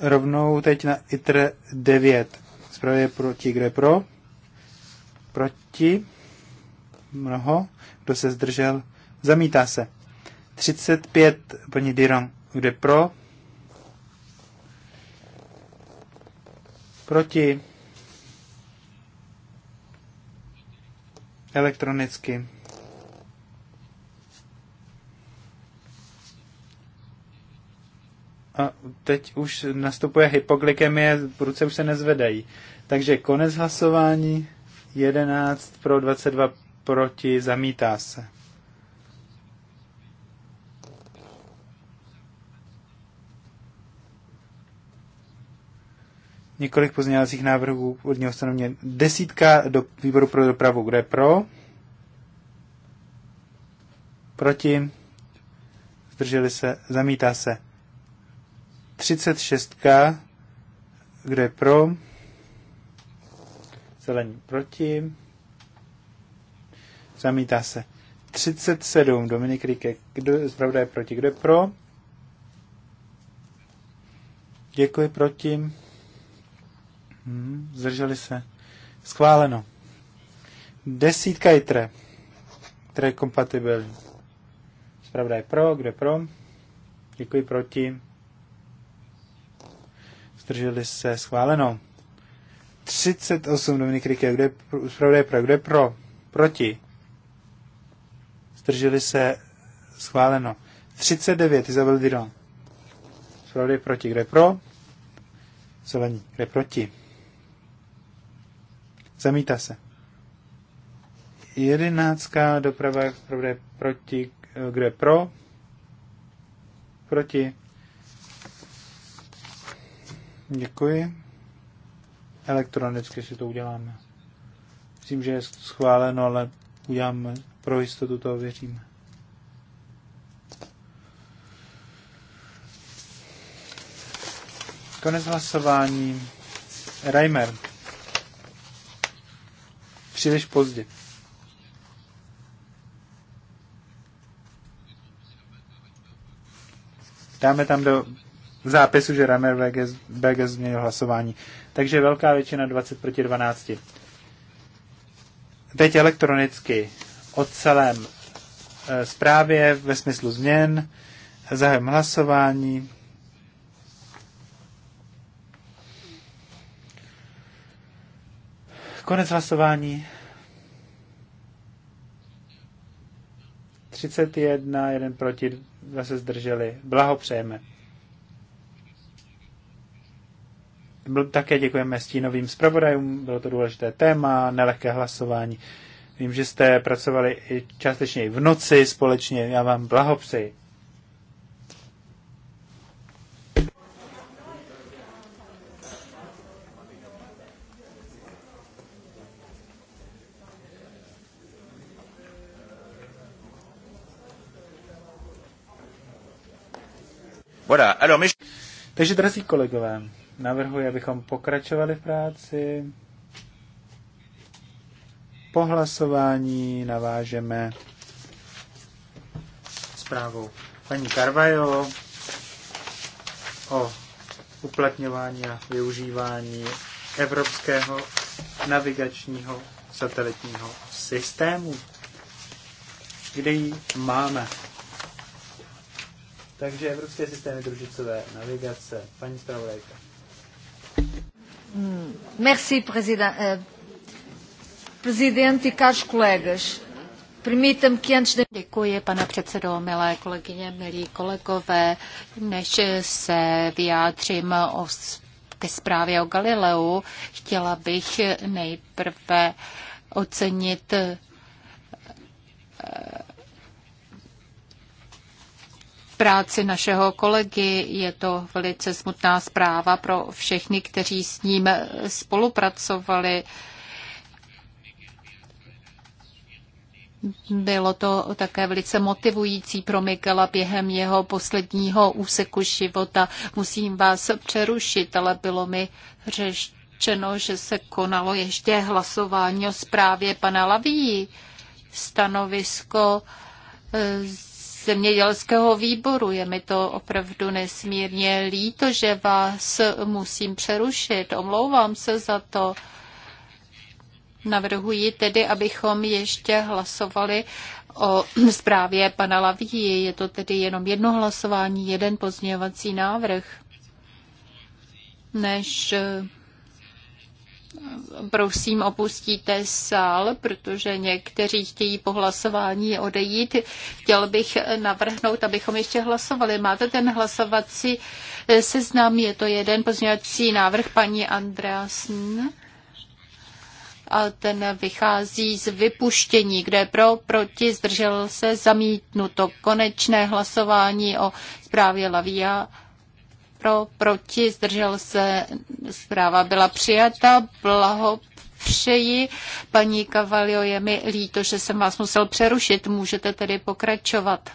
Rovnou teď na ITR 9. Zpravodaj proti, kde pro? Proti. Mnoho. Kdo se zdržel? Zamítá se. 35, paní Diron, kde pro? Proti. Elektronicky. A teď už nastupuje hypoglykemie, ruce už se nezvedají. Takže konec hlasování, 11 pro 22 proti, zamítá se. několik pozměňovacích návrhů od něho stanovně. Desítka do výboru pro dopravu, kde je pro, proti, zdrželi se, zamítá se. 36, kde je pro, zelení proti, zamítá se. 37, Dominik Ríke, kdo, zpravda je proti, kdo je pro, děkuji proti, Hmm, zdrželi se. Schváleno. Desítka jitre. tre. je kompatibilní. Spravda je pro, kde pro. Děkuji proti. Zdrželi se. Schváleno. 38 Dominik Rike, kde zpravda je pro, kde pro. Proti. Zdrželi se. Schváleno. 39 Izabel Diron. Zpravda je proti, kde pro. Zelení, kde proti Zamítá se. Jedenáctka doprava, pravda je proti, kdo je pro, proti. Děkuji. Elektronicky si to uděláme. Myslím, že je schváleno, ale uděláme pro jistotu toho věříme. Konec hlasování. Reimer příliš pozdě. Dáme tam do zápisu, že Ramer BG změnil hlasování. Takže velká většina 20 proti 12. Teď elektronicky o celém eh, zprávě ve smyslu změn. Zahajujem hlasování. Konec hlasování. 31, jeden proti, dva se zdrželi. Blahopřejeme. Také děkujeme stínovým zpravodajům, bylo to důležité téma, nelehké hlasování. Vím, že jste pracovali i částečně i v noci společně, já vám blahopřeji. Voda. Ano, myš... Takže, drazí kolegové, navrhuji, abychom pokračovali v práci. Po hlasování navážeme zprávou paní Carvajo o uplatňování a využívání evropského navigačního satelitního systému, kde ji máme. Takže evropské systémy družicové navigace. Paní zpravodajka. Hmm. Merci, prezident. Eh, prezident i caros colegas. Děkuji, pane předsedo, milé kolegyně, milí kolegové. Než se vyjádřím o, ke zprávě o Galileu, chtěla bych nejprve ocenit eh, práci našeho kolegy. Je to velice smutná zpráva pro všechny, kteří s ním spolupracovali. Bylo to také velice motivující pro Miguela během jeho posledního úseku života. Musím vás přerušit, ale bylo mi řečeno, že se konalo ještě hlasování o zprávě pana Laví. Stanovisko z zemědělského výboru. Je mi to opravdu nesmírně líto, že vás musím přerušit. Omlouvám se za to. Navrhuji tedy, abychom ještě hlasovali o zprávě pana Laví. Je to tedy jenom jedno hlasování, jeden pozměňovací návrh. Než prosím opustíte sál, protože někteří chtějí po hlasování odejít. Chtěl bych navrhnout, abychom ještě hlasovali. Máte ten hlasovací seznam, je to jeden pozměňovací návrh paní Andreasen a ten vychází z vypuštění, kde pro, proti, zdržel se zamítnuto konečné hlasování o zprávě Lavia pro, proti, zdržel se, zpráva byla přijata, blaho přeji. Paní Kavalio, je mi líto, že jsem vás musel přerušit. Můžete tedy pokračovat.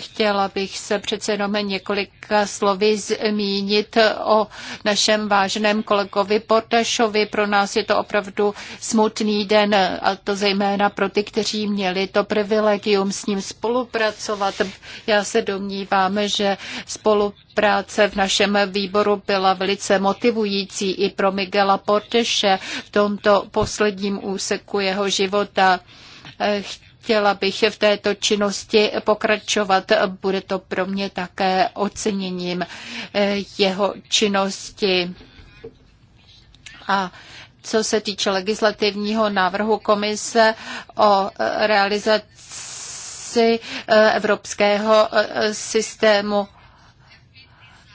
Chtěla bych se přece jenom několika slovy zmínit o našem váženém kolegovi Portašovi. Pro nás je to opravdu smutný den, a to zejména pro ty, kteří měli to privilegium s ním spolupracovat. Já se domnívám, že spolupráce v našem výboru byla velice motivující i pro Miguela Porteše v tomto posledním úseku jeho života chtěla bych v této činnosti pokračovat. Bude to pro mě také oceněním jeho činnosti. A co se týče legislativního návrhu komise o realizaci evropského systému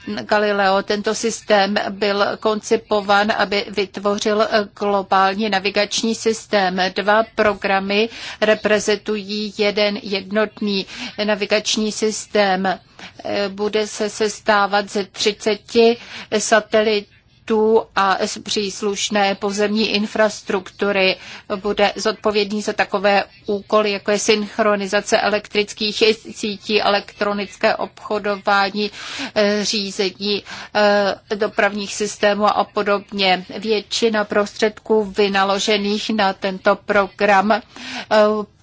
Galileo. Tento systém byl koncipovan, aby vytvořil globální navigační systém. Dva programy reprezentují jeden jednotný navigační systém. Bude se sestávat ze 30 satelitů projektů a z příslušné pozemní infrastruktury bude zodpovědný za takové úkoly, jako je synchronizace elektrických sítí, elektronické obchodování, eh, řízení eh, dopravních systémů a podobně. Většina prostředků vynaložených na tento program eh,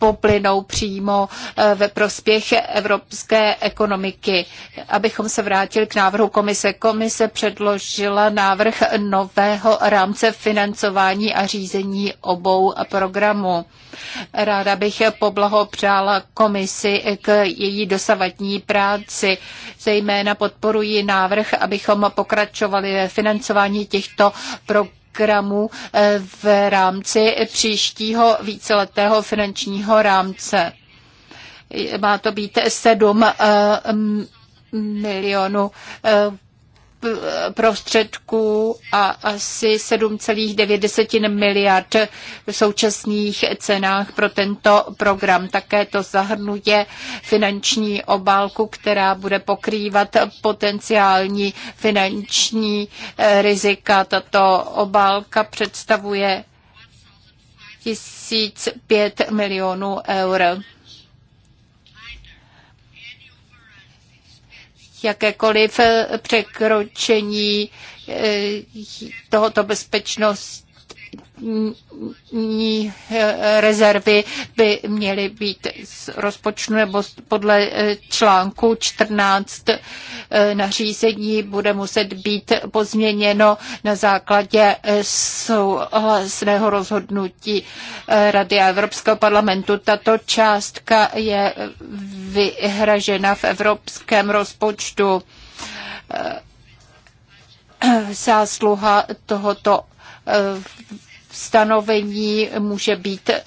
poplynou přímo eh, ve prospěch evropské ekonomiky. Abychom se vrátili k návrhu komise. Komise předložila návrh nového rámce financování a řízení obou programů. Ráda bych poblahopřála komisi k její dosavadní práci. Zejména podporuji návrh, abychom pokračovali ve financování těchto programů programů eh, v rámci příštího víceletého finančního rámce. Má to být 7 eh, milionů eh, prostředků a asi 7,9 miliard v současných cenách pro tento program. Také to zahrnuje finanční obálku, která bude pokrývat potenciální finanční eh, rizika. Tato obálka představuje 1005 milionů eur. jakékoliv eh, překročení eh, tohoto bezpečnost státní rezervy by měly být z rozpočtu nebo podle eh, článku 14 eh, nařízení bude muset být pozměněno na základě eh, souhlasného rozhodnutí Rady a Evropského parlamentu. Tato částka je vyhražena v evropském rozpočtu zásluha tohoto stanovení může být eh,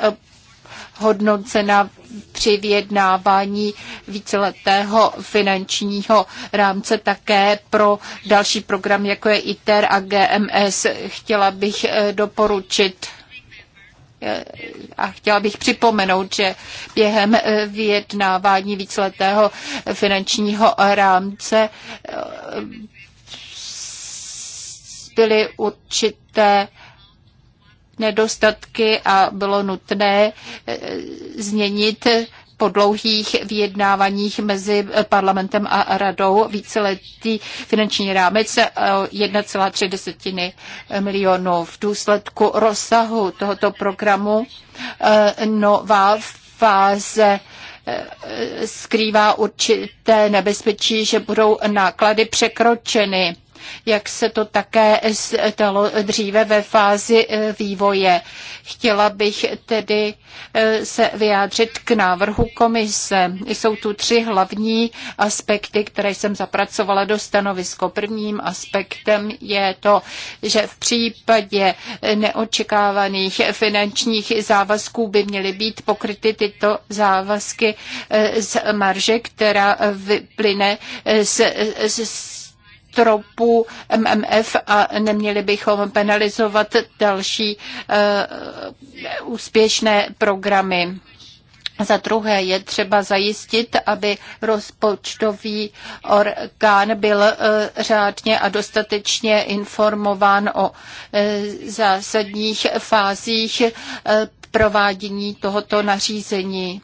hodnocena při vyjednávání víceletého finančního rámce také pro další program, jako je ITER a GMS. Chtěla bych eh, doporučit eh, a chtěla bych připomenout, že během vyjednávání víceletého finančního rámce byly určité nedostatky a bylo nutné eh, změnit po dlouhých vyjednávaních mezi parlamentem a radou víceletý finanční rámec 1,3 milionů. V důsledku rozsahu tohoto programu eh, nová fáze eh, skrývá určité nebezpečí, že budou náklady překročeny jak se to také stalo dříve ve fázi eh, vývoje. Chtěla bych tedy eh, se vyjádřit k návrhu komise. Jsou tu tři hlavní aspekty, které jsem zapracovala do stanovisko. Prvním aspektem je to, že v případě neočekávaných finančních závazků by měly být pokryty tyto závazky eh, z marže, která vyplyne z, z stropu MMF a neměli bychom penalizovat další eh, úspěšné programy. Za druhé je třeba zajistit, aby rozpočtový orgán byl eh, řádně a dostatečně informován o eh, zásadních fázích provádění tohoto nařízení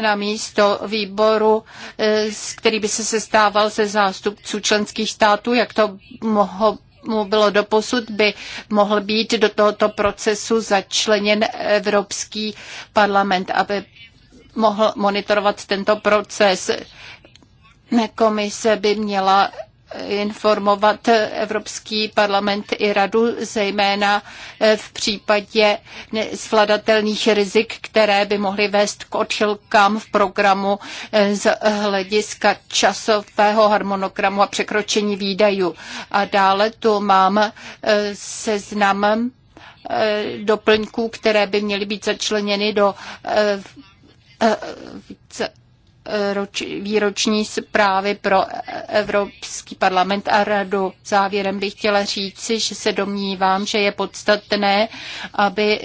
na místo výboru, eh, který by se sestával ze zástupců členských států, jak to mohlo mu bylo doposud, by mohl být do tohoto procesu začleněn Evropský parlament, aby mohl monitorovat tento proces. Komise by měla informovat Evropský parlament i radu, zejména eh, v případě zvladatelných rizik, které by mohly vést k odchylkám v programu eh, z hlediska časového harmonogramu a překročení výdajů. A dále tu mám eh, seznam doplňků, které by měly být začleněny do roč, výroční zprávy pro Evropský parlament a radu. Závěrem bych chtěla říci, že se domnívám, že je podstatné, aby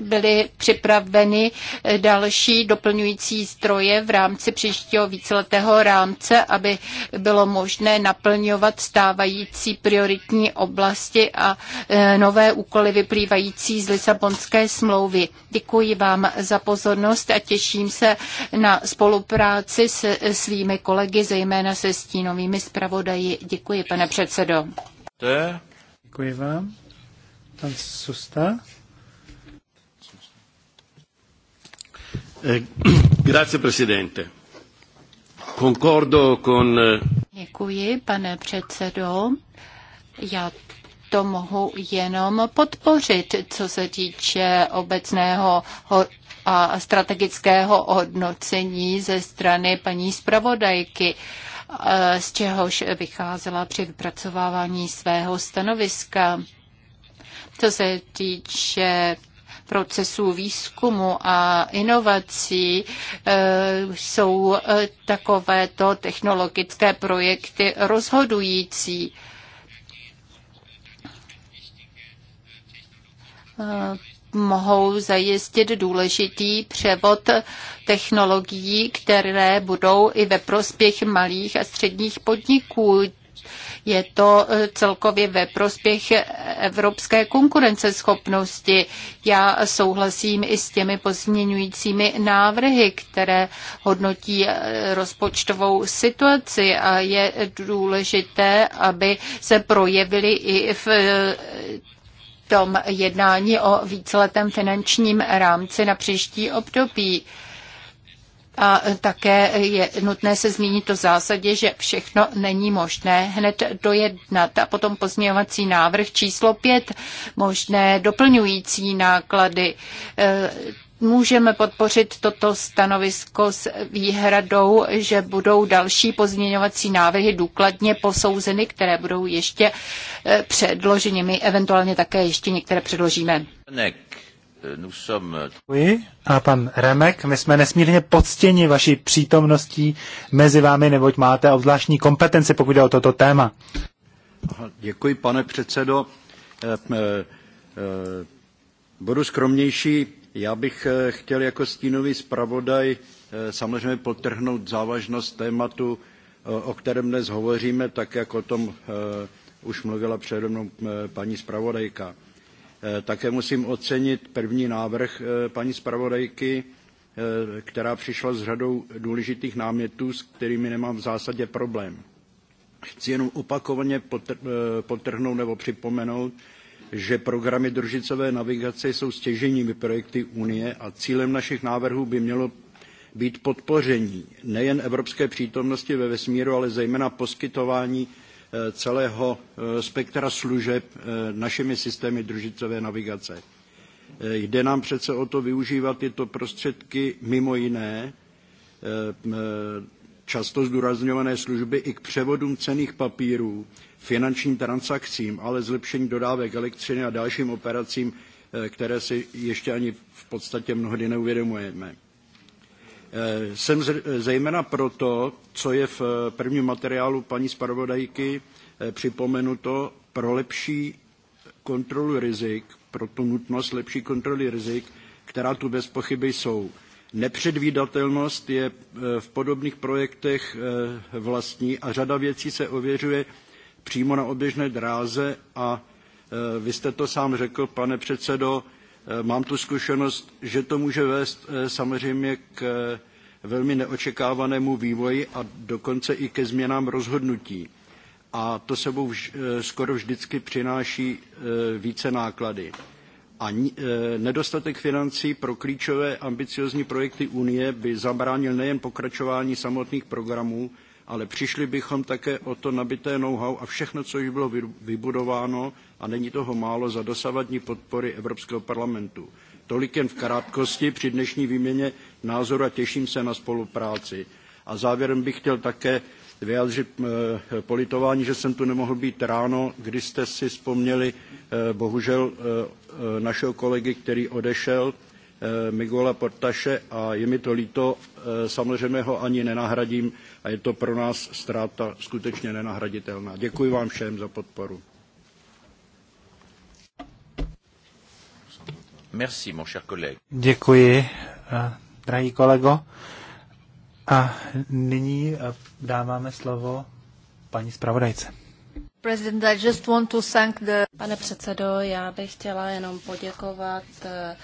byly připraveny eh, další doplňující zdroje v rámci příštího víceletého rámce, aby bylo možné naplňovat stávající prioritní oblasti a eh, nové úkoly vyplývající z Lisabonské smlouvy. Děkuji vám za pozornost a těším se na spolupráci s eh, svými kolegy, zejména se stínovými zpravodaji. Děkuji, pane předsedo. Děkuji vám. Pan Susta. Eh, eh, Děkuji, pane předsedo. Já to mohu jenom podpořit, co se týče obecného a strategického hodnocení ze strany paní zpravodajky, eh, z čehož vycházela při vypracovávání svého stanoviska. Co se týče procesů výzkumu a inovací eh, jsou eh, takovéto technologické projekty rozhodující. Eh, mohou zajistit důležitý převod technologií, které budou i ve prospěch malých a středních podniků. Je to e, celkově ve prospěch evropské konkurenceschopnosti. Já souhlasím i s těmi pozměňujícími návrhy, které hodnotí e, rozpočtovou situaci a je důležité, aby se projevily i v e, tom jednání o víceletém finančním rámci na příští období. A také je nutné se zmínit o zásadě, že všechno není možné hned dojednat. A potom pozměňovací návrh číslo pět, možné doplňující náklady e, můžeme podpořit toto stanovisko s výhradou, že budou další pozměňovací návrhy důkladně posouzeny, které budou ještě e, předloženy. My eventuálně také ještě některé předložíme. Nek. Děkuji. A pan Remek, my jsme nesmírně poctěni vaší přítomností mezi vámi, neboť máte obzvláštní kompetenci, pokud jde o toto téma. Děkuji, pane předsedo. Eh, eh, eh, budu skromnější. Já bych chtěl jako stínový zpravodaj samozřejmě potrhnout závažnost tématu, o kterém dnes hovoříme, tak jak o tom už mluvila přede mnou paní zpravodajka. Eh, také musím ocenit první návrh eh, paní zpravodajky, eh, která přišla s řadou důležitých námětů, s kterými nemám v zásadě problém. Chci jenom opakovaně potrhnout nebo připomenout, že programy družicové navigace jsou stěženími projekty Unie a cílem našich návrhů by mělo být podpoření nejen evropské přítomnosti ve vesmíru, ale zejména poskytování Eh, celého eh, spektra služeb eh, našimi systémy družicové navigace. Jde nám přece o to využívat tyto prostředky mimo jiné často zdůrazňované služby i k převodům cených papírů, finančním transakcím, ale zlepšení dodávek elektřiny a dalším operacím, které si ještě ani v podstatě mnohdy neuvědomujeme. Eh, jsem zejména proto, co je v eh, prvním materiálu paní zpravodajky eh, připomenuto pro lepší kontrolu rizik, pro tu nutnost lepší kontroly rizik, která tu bez pochyby jsou. Nepředvídatelnost je v podobných projektech vlastní a řada věcí se ověřuje přímo na oběžné dráze a vy jste to sám řekl, pane předsedo, Eh, mám tu zkušenost, že to může vést eh, samozřejmě k eh, velmi neočekávanému vývoji a dokonce i ke změnám rozhodnutí. A to sebou vž, skoro vždycky přináší více náklady. A nedostatek financí pro klíčové ambiciozní projekty Unie by zabránil nejen pokračování samotných programů, ale přišli bychom také o to nabité know-how a všechno, co již bylo vybudováno, a není toho málo za dosavadní podpory Evropského parlamentu. Tolik jen v krátkosti při dnešní výměně názoru a těším se na spolupráci. A závěrem bych chtěl také vyjádřit eh, politování, že jsem tu nemohl být ráno, kdy jste si vzpomněli eh, bohužel eh, našeho kolegy, který odešel, Eh, Miguela Portaše a je mi to líto, eh, samozřejmě ho ani nenahradím a je to pro nás ztráta skutečně nenahraditelná. Děkuji vám všem za podporu. Merci, mon cher collègue. Děkuji, eh, drahý kolego. A nyní dáváme slovo paní zpravodajce. Pane předsedo, já bych chtěla jenom poděkovat eh,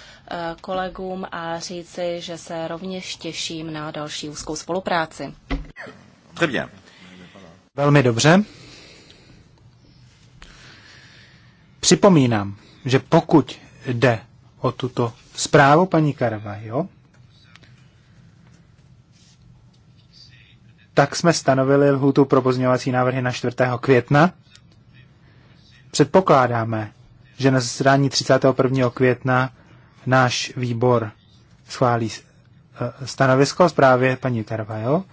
kolegům a říci, že se rovněž těším na další úzkou spolupráci. Velmi dobře. Připomínám, že pokud jde o tuto zprávu paní Karvajo, tak jsme stanovili lhůtu pro pozměňovací návrhy na 4. května Předpokládáme, že na zasedání 31. května náš výbor schválí eh, stanovisko o zprávě paní Tarvajo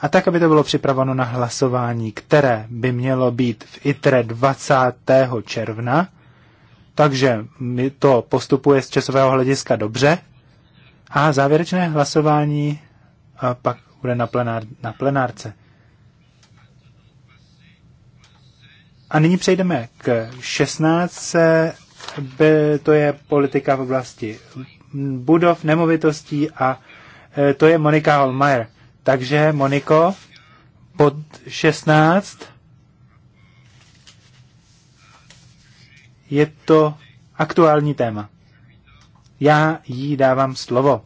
a tak, aby to bylo připraveno na hlasování, které by mělo být v ITRE 20. června. Takže mi to postupuje z časového hlediska dobře. A závěrečné hlasování eh, pak bude na, plenár, na plenárce. A nyní přejdeme k 16. To je politika v oblasti budov, nemovitostí a e, to je Monika Holmeier. Takže Moniko, pod 16 je to aktuální téma. Já jí dávám slovo.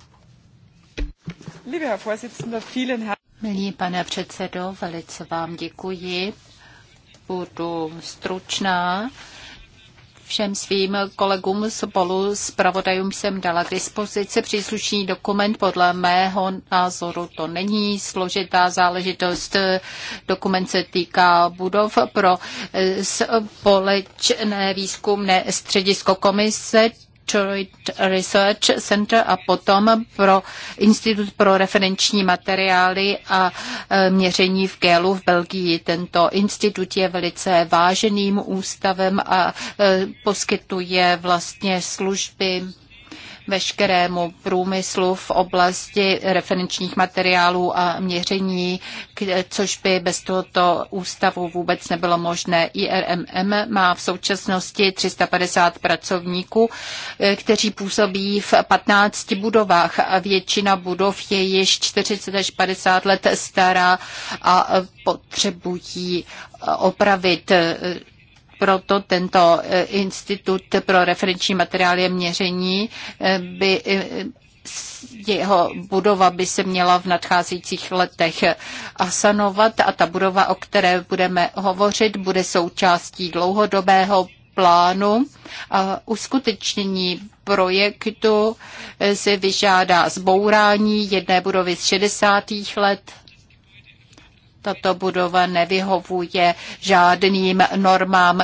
Milý pane předsedo, velice vám děkuji budu stručná. Všem svým kolegům spolu s pravodajům jsem dala k dispozici příslušný dokument. Podle mého názoru to není složitá záležitost. Dokument se týká budov pro e, společné výzkumné středisko komise Detroit Research Center a potom pro Institut pro referenční materiály a e, měření v Gélu v Belgii. Tento institut je velice váženým ústavem a e, poskytuje vlastně služby veškerému průmyslu v oblasti referenčních materiálů a měření, což by bez tohoto ústavu vůbec nebylo možné. IRMM má v současnosti 350 pracovníků, eh, kteří působí v 15 budovách a většina budov je již 40 až 50 let stará a potřebují eh, opravit eh, proto tento e, institut pro referenční materiály a měření e, by e, jeho budova by se měla v nadcházejících letech asanovat a ta budova, o které budeme hovořit, bude součástí dlouhodobého plánu a uskutečnění projektu se vyžádá zbourání jedné budovy z 60. let tato budova nevyhovuje žádným normám,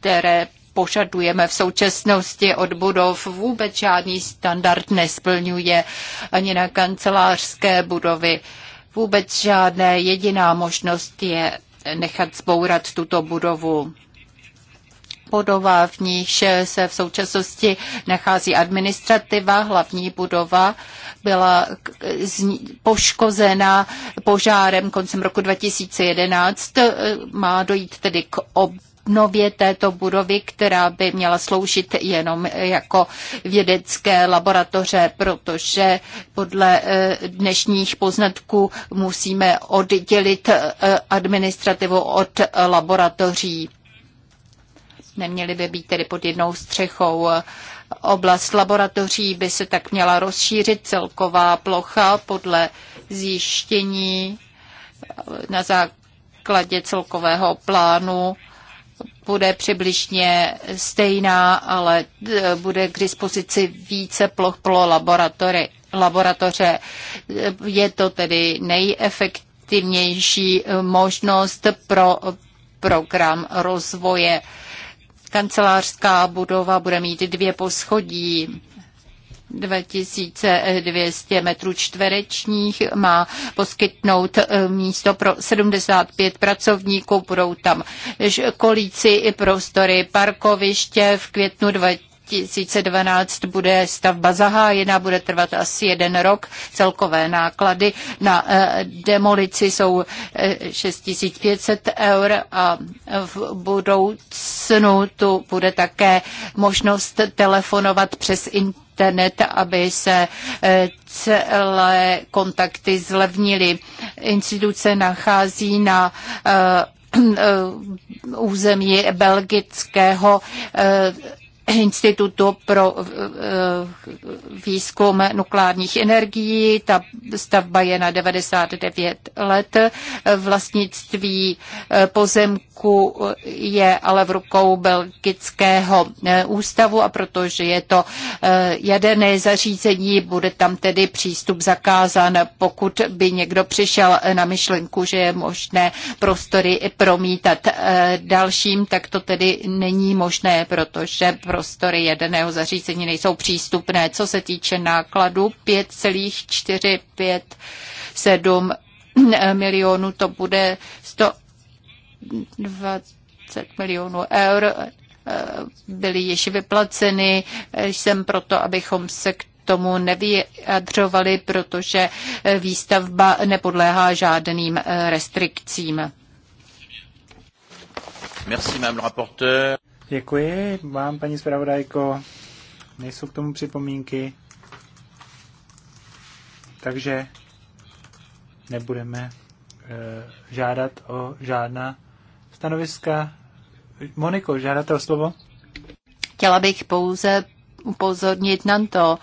které požadujeme v současnosti od budov. Vůbec žádný standard nesplňuje ani na kancelářské budovy. Vůbec žádné jediná možnost je nechat zbourat tuto budovu budova, v níž se v současnosti nachází administrativa. Hlavní budova byla poškozena požárem koncem roku 2011. Má dojít tedy k ob obnově této budovy, která by měla sloužit jenom jako vědecké laboratoře, protože podle eh, dnešních poznatků musíme oddělit eh, administrativu od laboratoří. Neměly by být tedy pod jednou střechou. Oblast laboratoří by se tak měla rozšířit celková plocha podle zjištění na základě celkového plánu bude přibližně stejná, ale e, bude k dispozici více ploch pro laboratoře. Je to tedy nejefektivnější možnost pro program rozvoje Kancelářská budova bude mít dvě poschodí. 2200 metrů čtverečních má poskytnout eh, místo pro 75 pracovníků. Budou tam školící i prostory parkoviště v květnu 2020 2012 bude stavba zahájena, bude trvat asi jeden rok. Celkové náklady na eh, demolici jsou 6500 eh, eur a v budoucnu tu bude také možnost telefonovat přes internet internet, aby se eh, celé kontakty zlevnily. Instituce nachází na území belgického Institutu pro eh, eh, výzkum nukleárních energií. Ta stavba je na 99 let. Vlastnictví eh, pozemků roku je ale v rukou belgického eh, ústavu a protože je to eh, jaderné zařízení, bude tam tedy přístup zakázán, pokud by někdo přišel eh, na myšlenku, že je možné prostory promítat dalším, tak to tedy není možné, protože prostory jaderného zařízení nejsou přístupné. Co se týče nákladu 5,457 milionů, to bude 100 20 milionů eur eh, byly již vyplaceny. Jsem proto, abychom se k tomu nevyjadřovali, protože výstavba nepodléhá žádným eh, restrikcím. Merci, Mám Děkuji vám, paní zpravodajko. Nejsou k tomu připomínky. Takže nebudeme e, žádat o žádná stanoviska. Moniko, žádáte o slovo? Chtěla bych pouze upozornit na to,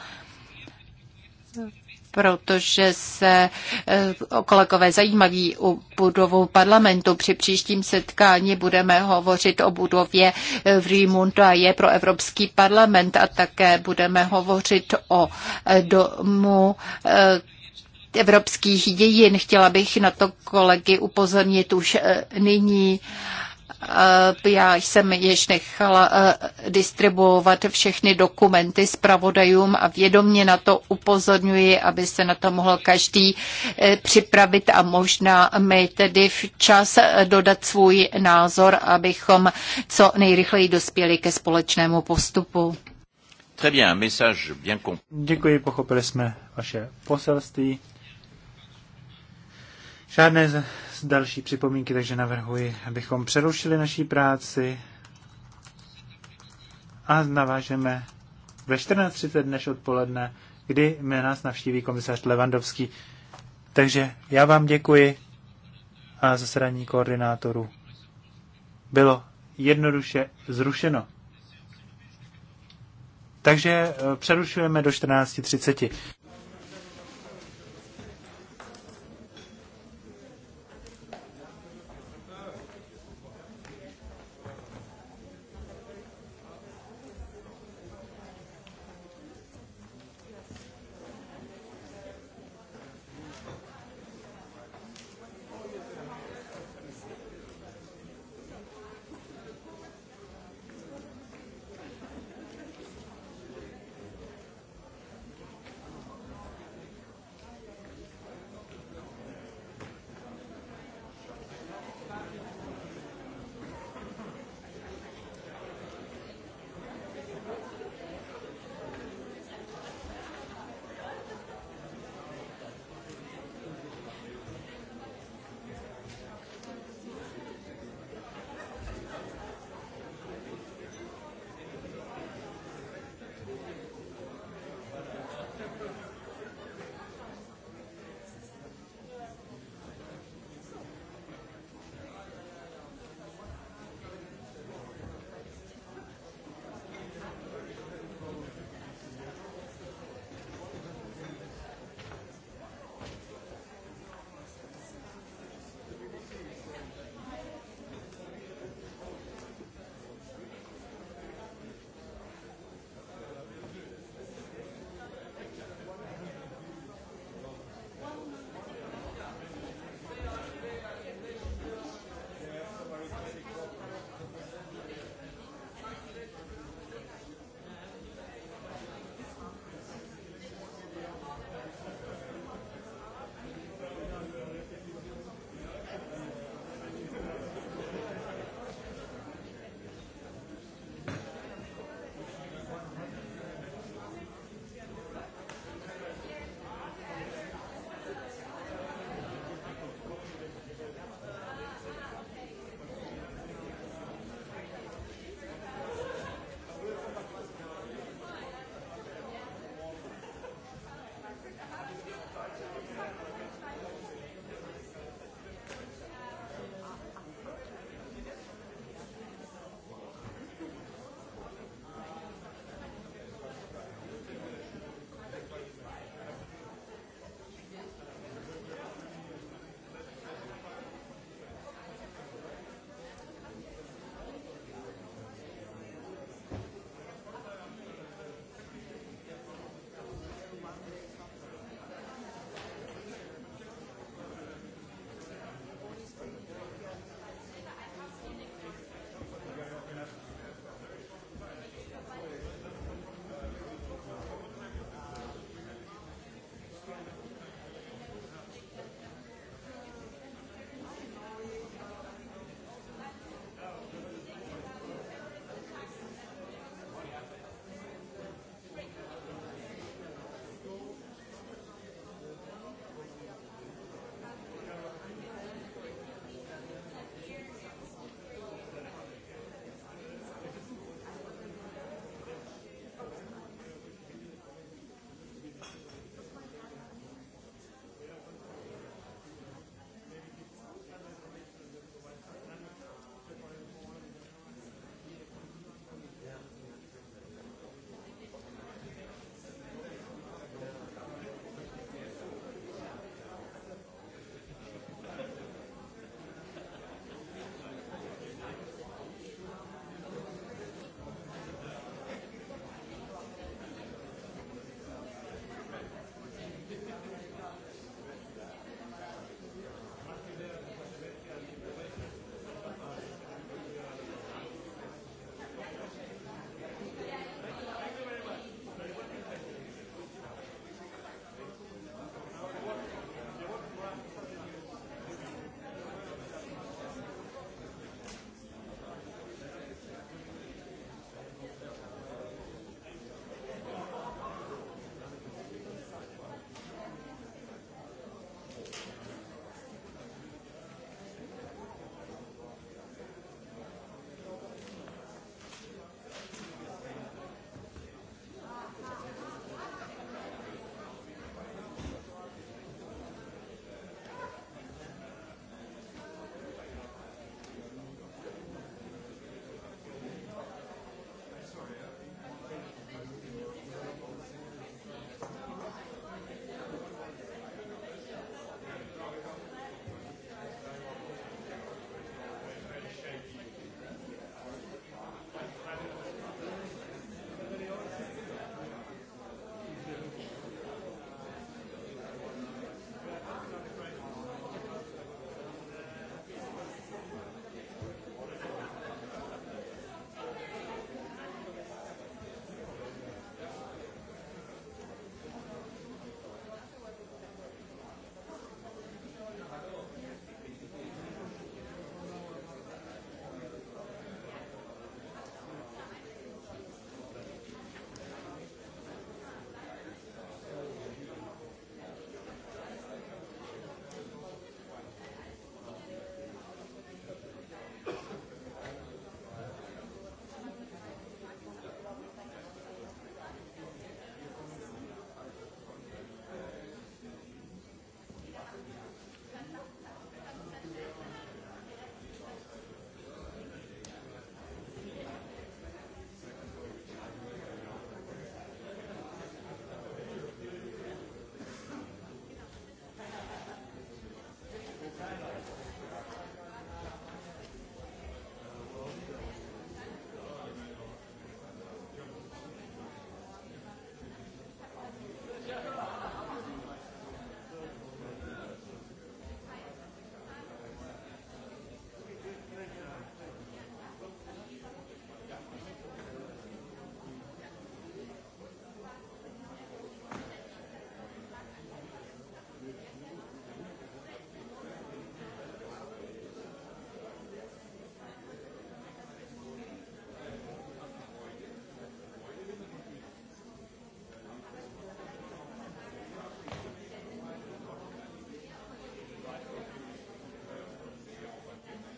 protože se eh, kolegové zajímaví o budovu parlamentu. Při příštím setkání budeme hovořit o budově eh, v Rýmundu a je pro Evropský parlament a také budeme hovořit o eh, domu, evropských dějin. Chtěla bych na to kolegy upozornit už eh, nyní. Eh, já jsem již nechala eh, distribuovat všechny dokumenty s pravodajům a vědomně na to upozorňuji, aby se na to mohl každý připravit a možná mi tedy včas dodat svůj názor, abychom co nejrychleji dospěli ke společnému postupu. message bien Děkuji, pochopili jsme vaše poselství. Žádné z další připomínky, takže navrhuji, abychom přerušili naší práci a navážeme ve 14.30 dnes odpoledne, kdy mě nás navštíví komisař Levandovský. Takže já vám děkuji a zasedání koordinátorů bylo jednoduše zrušeno. Takže eh, přerušujeme do 14.30.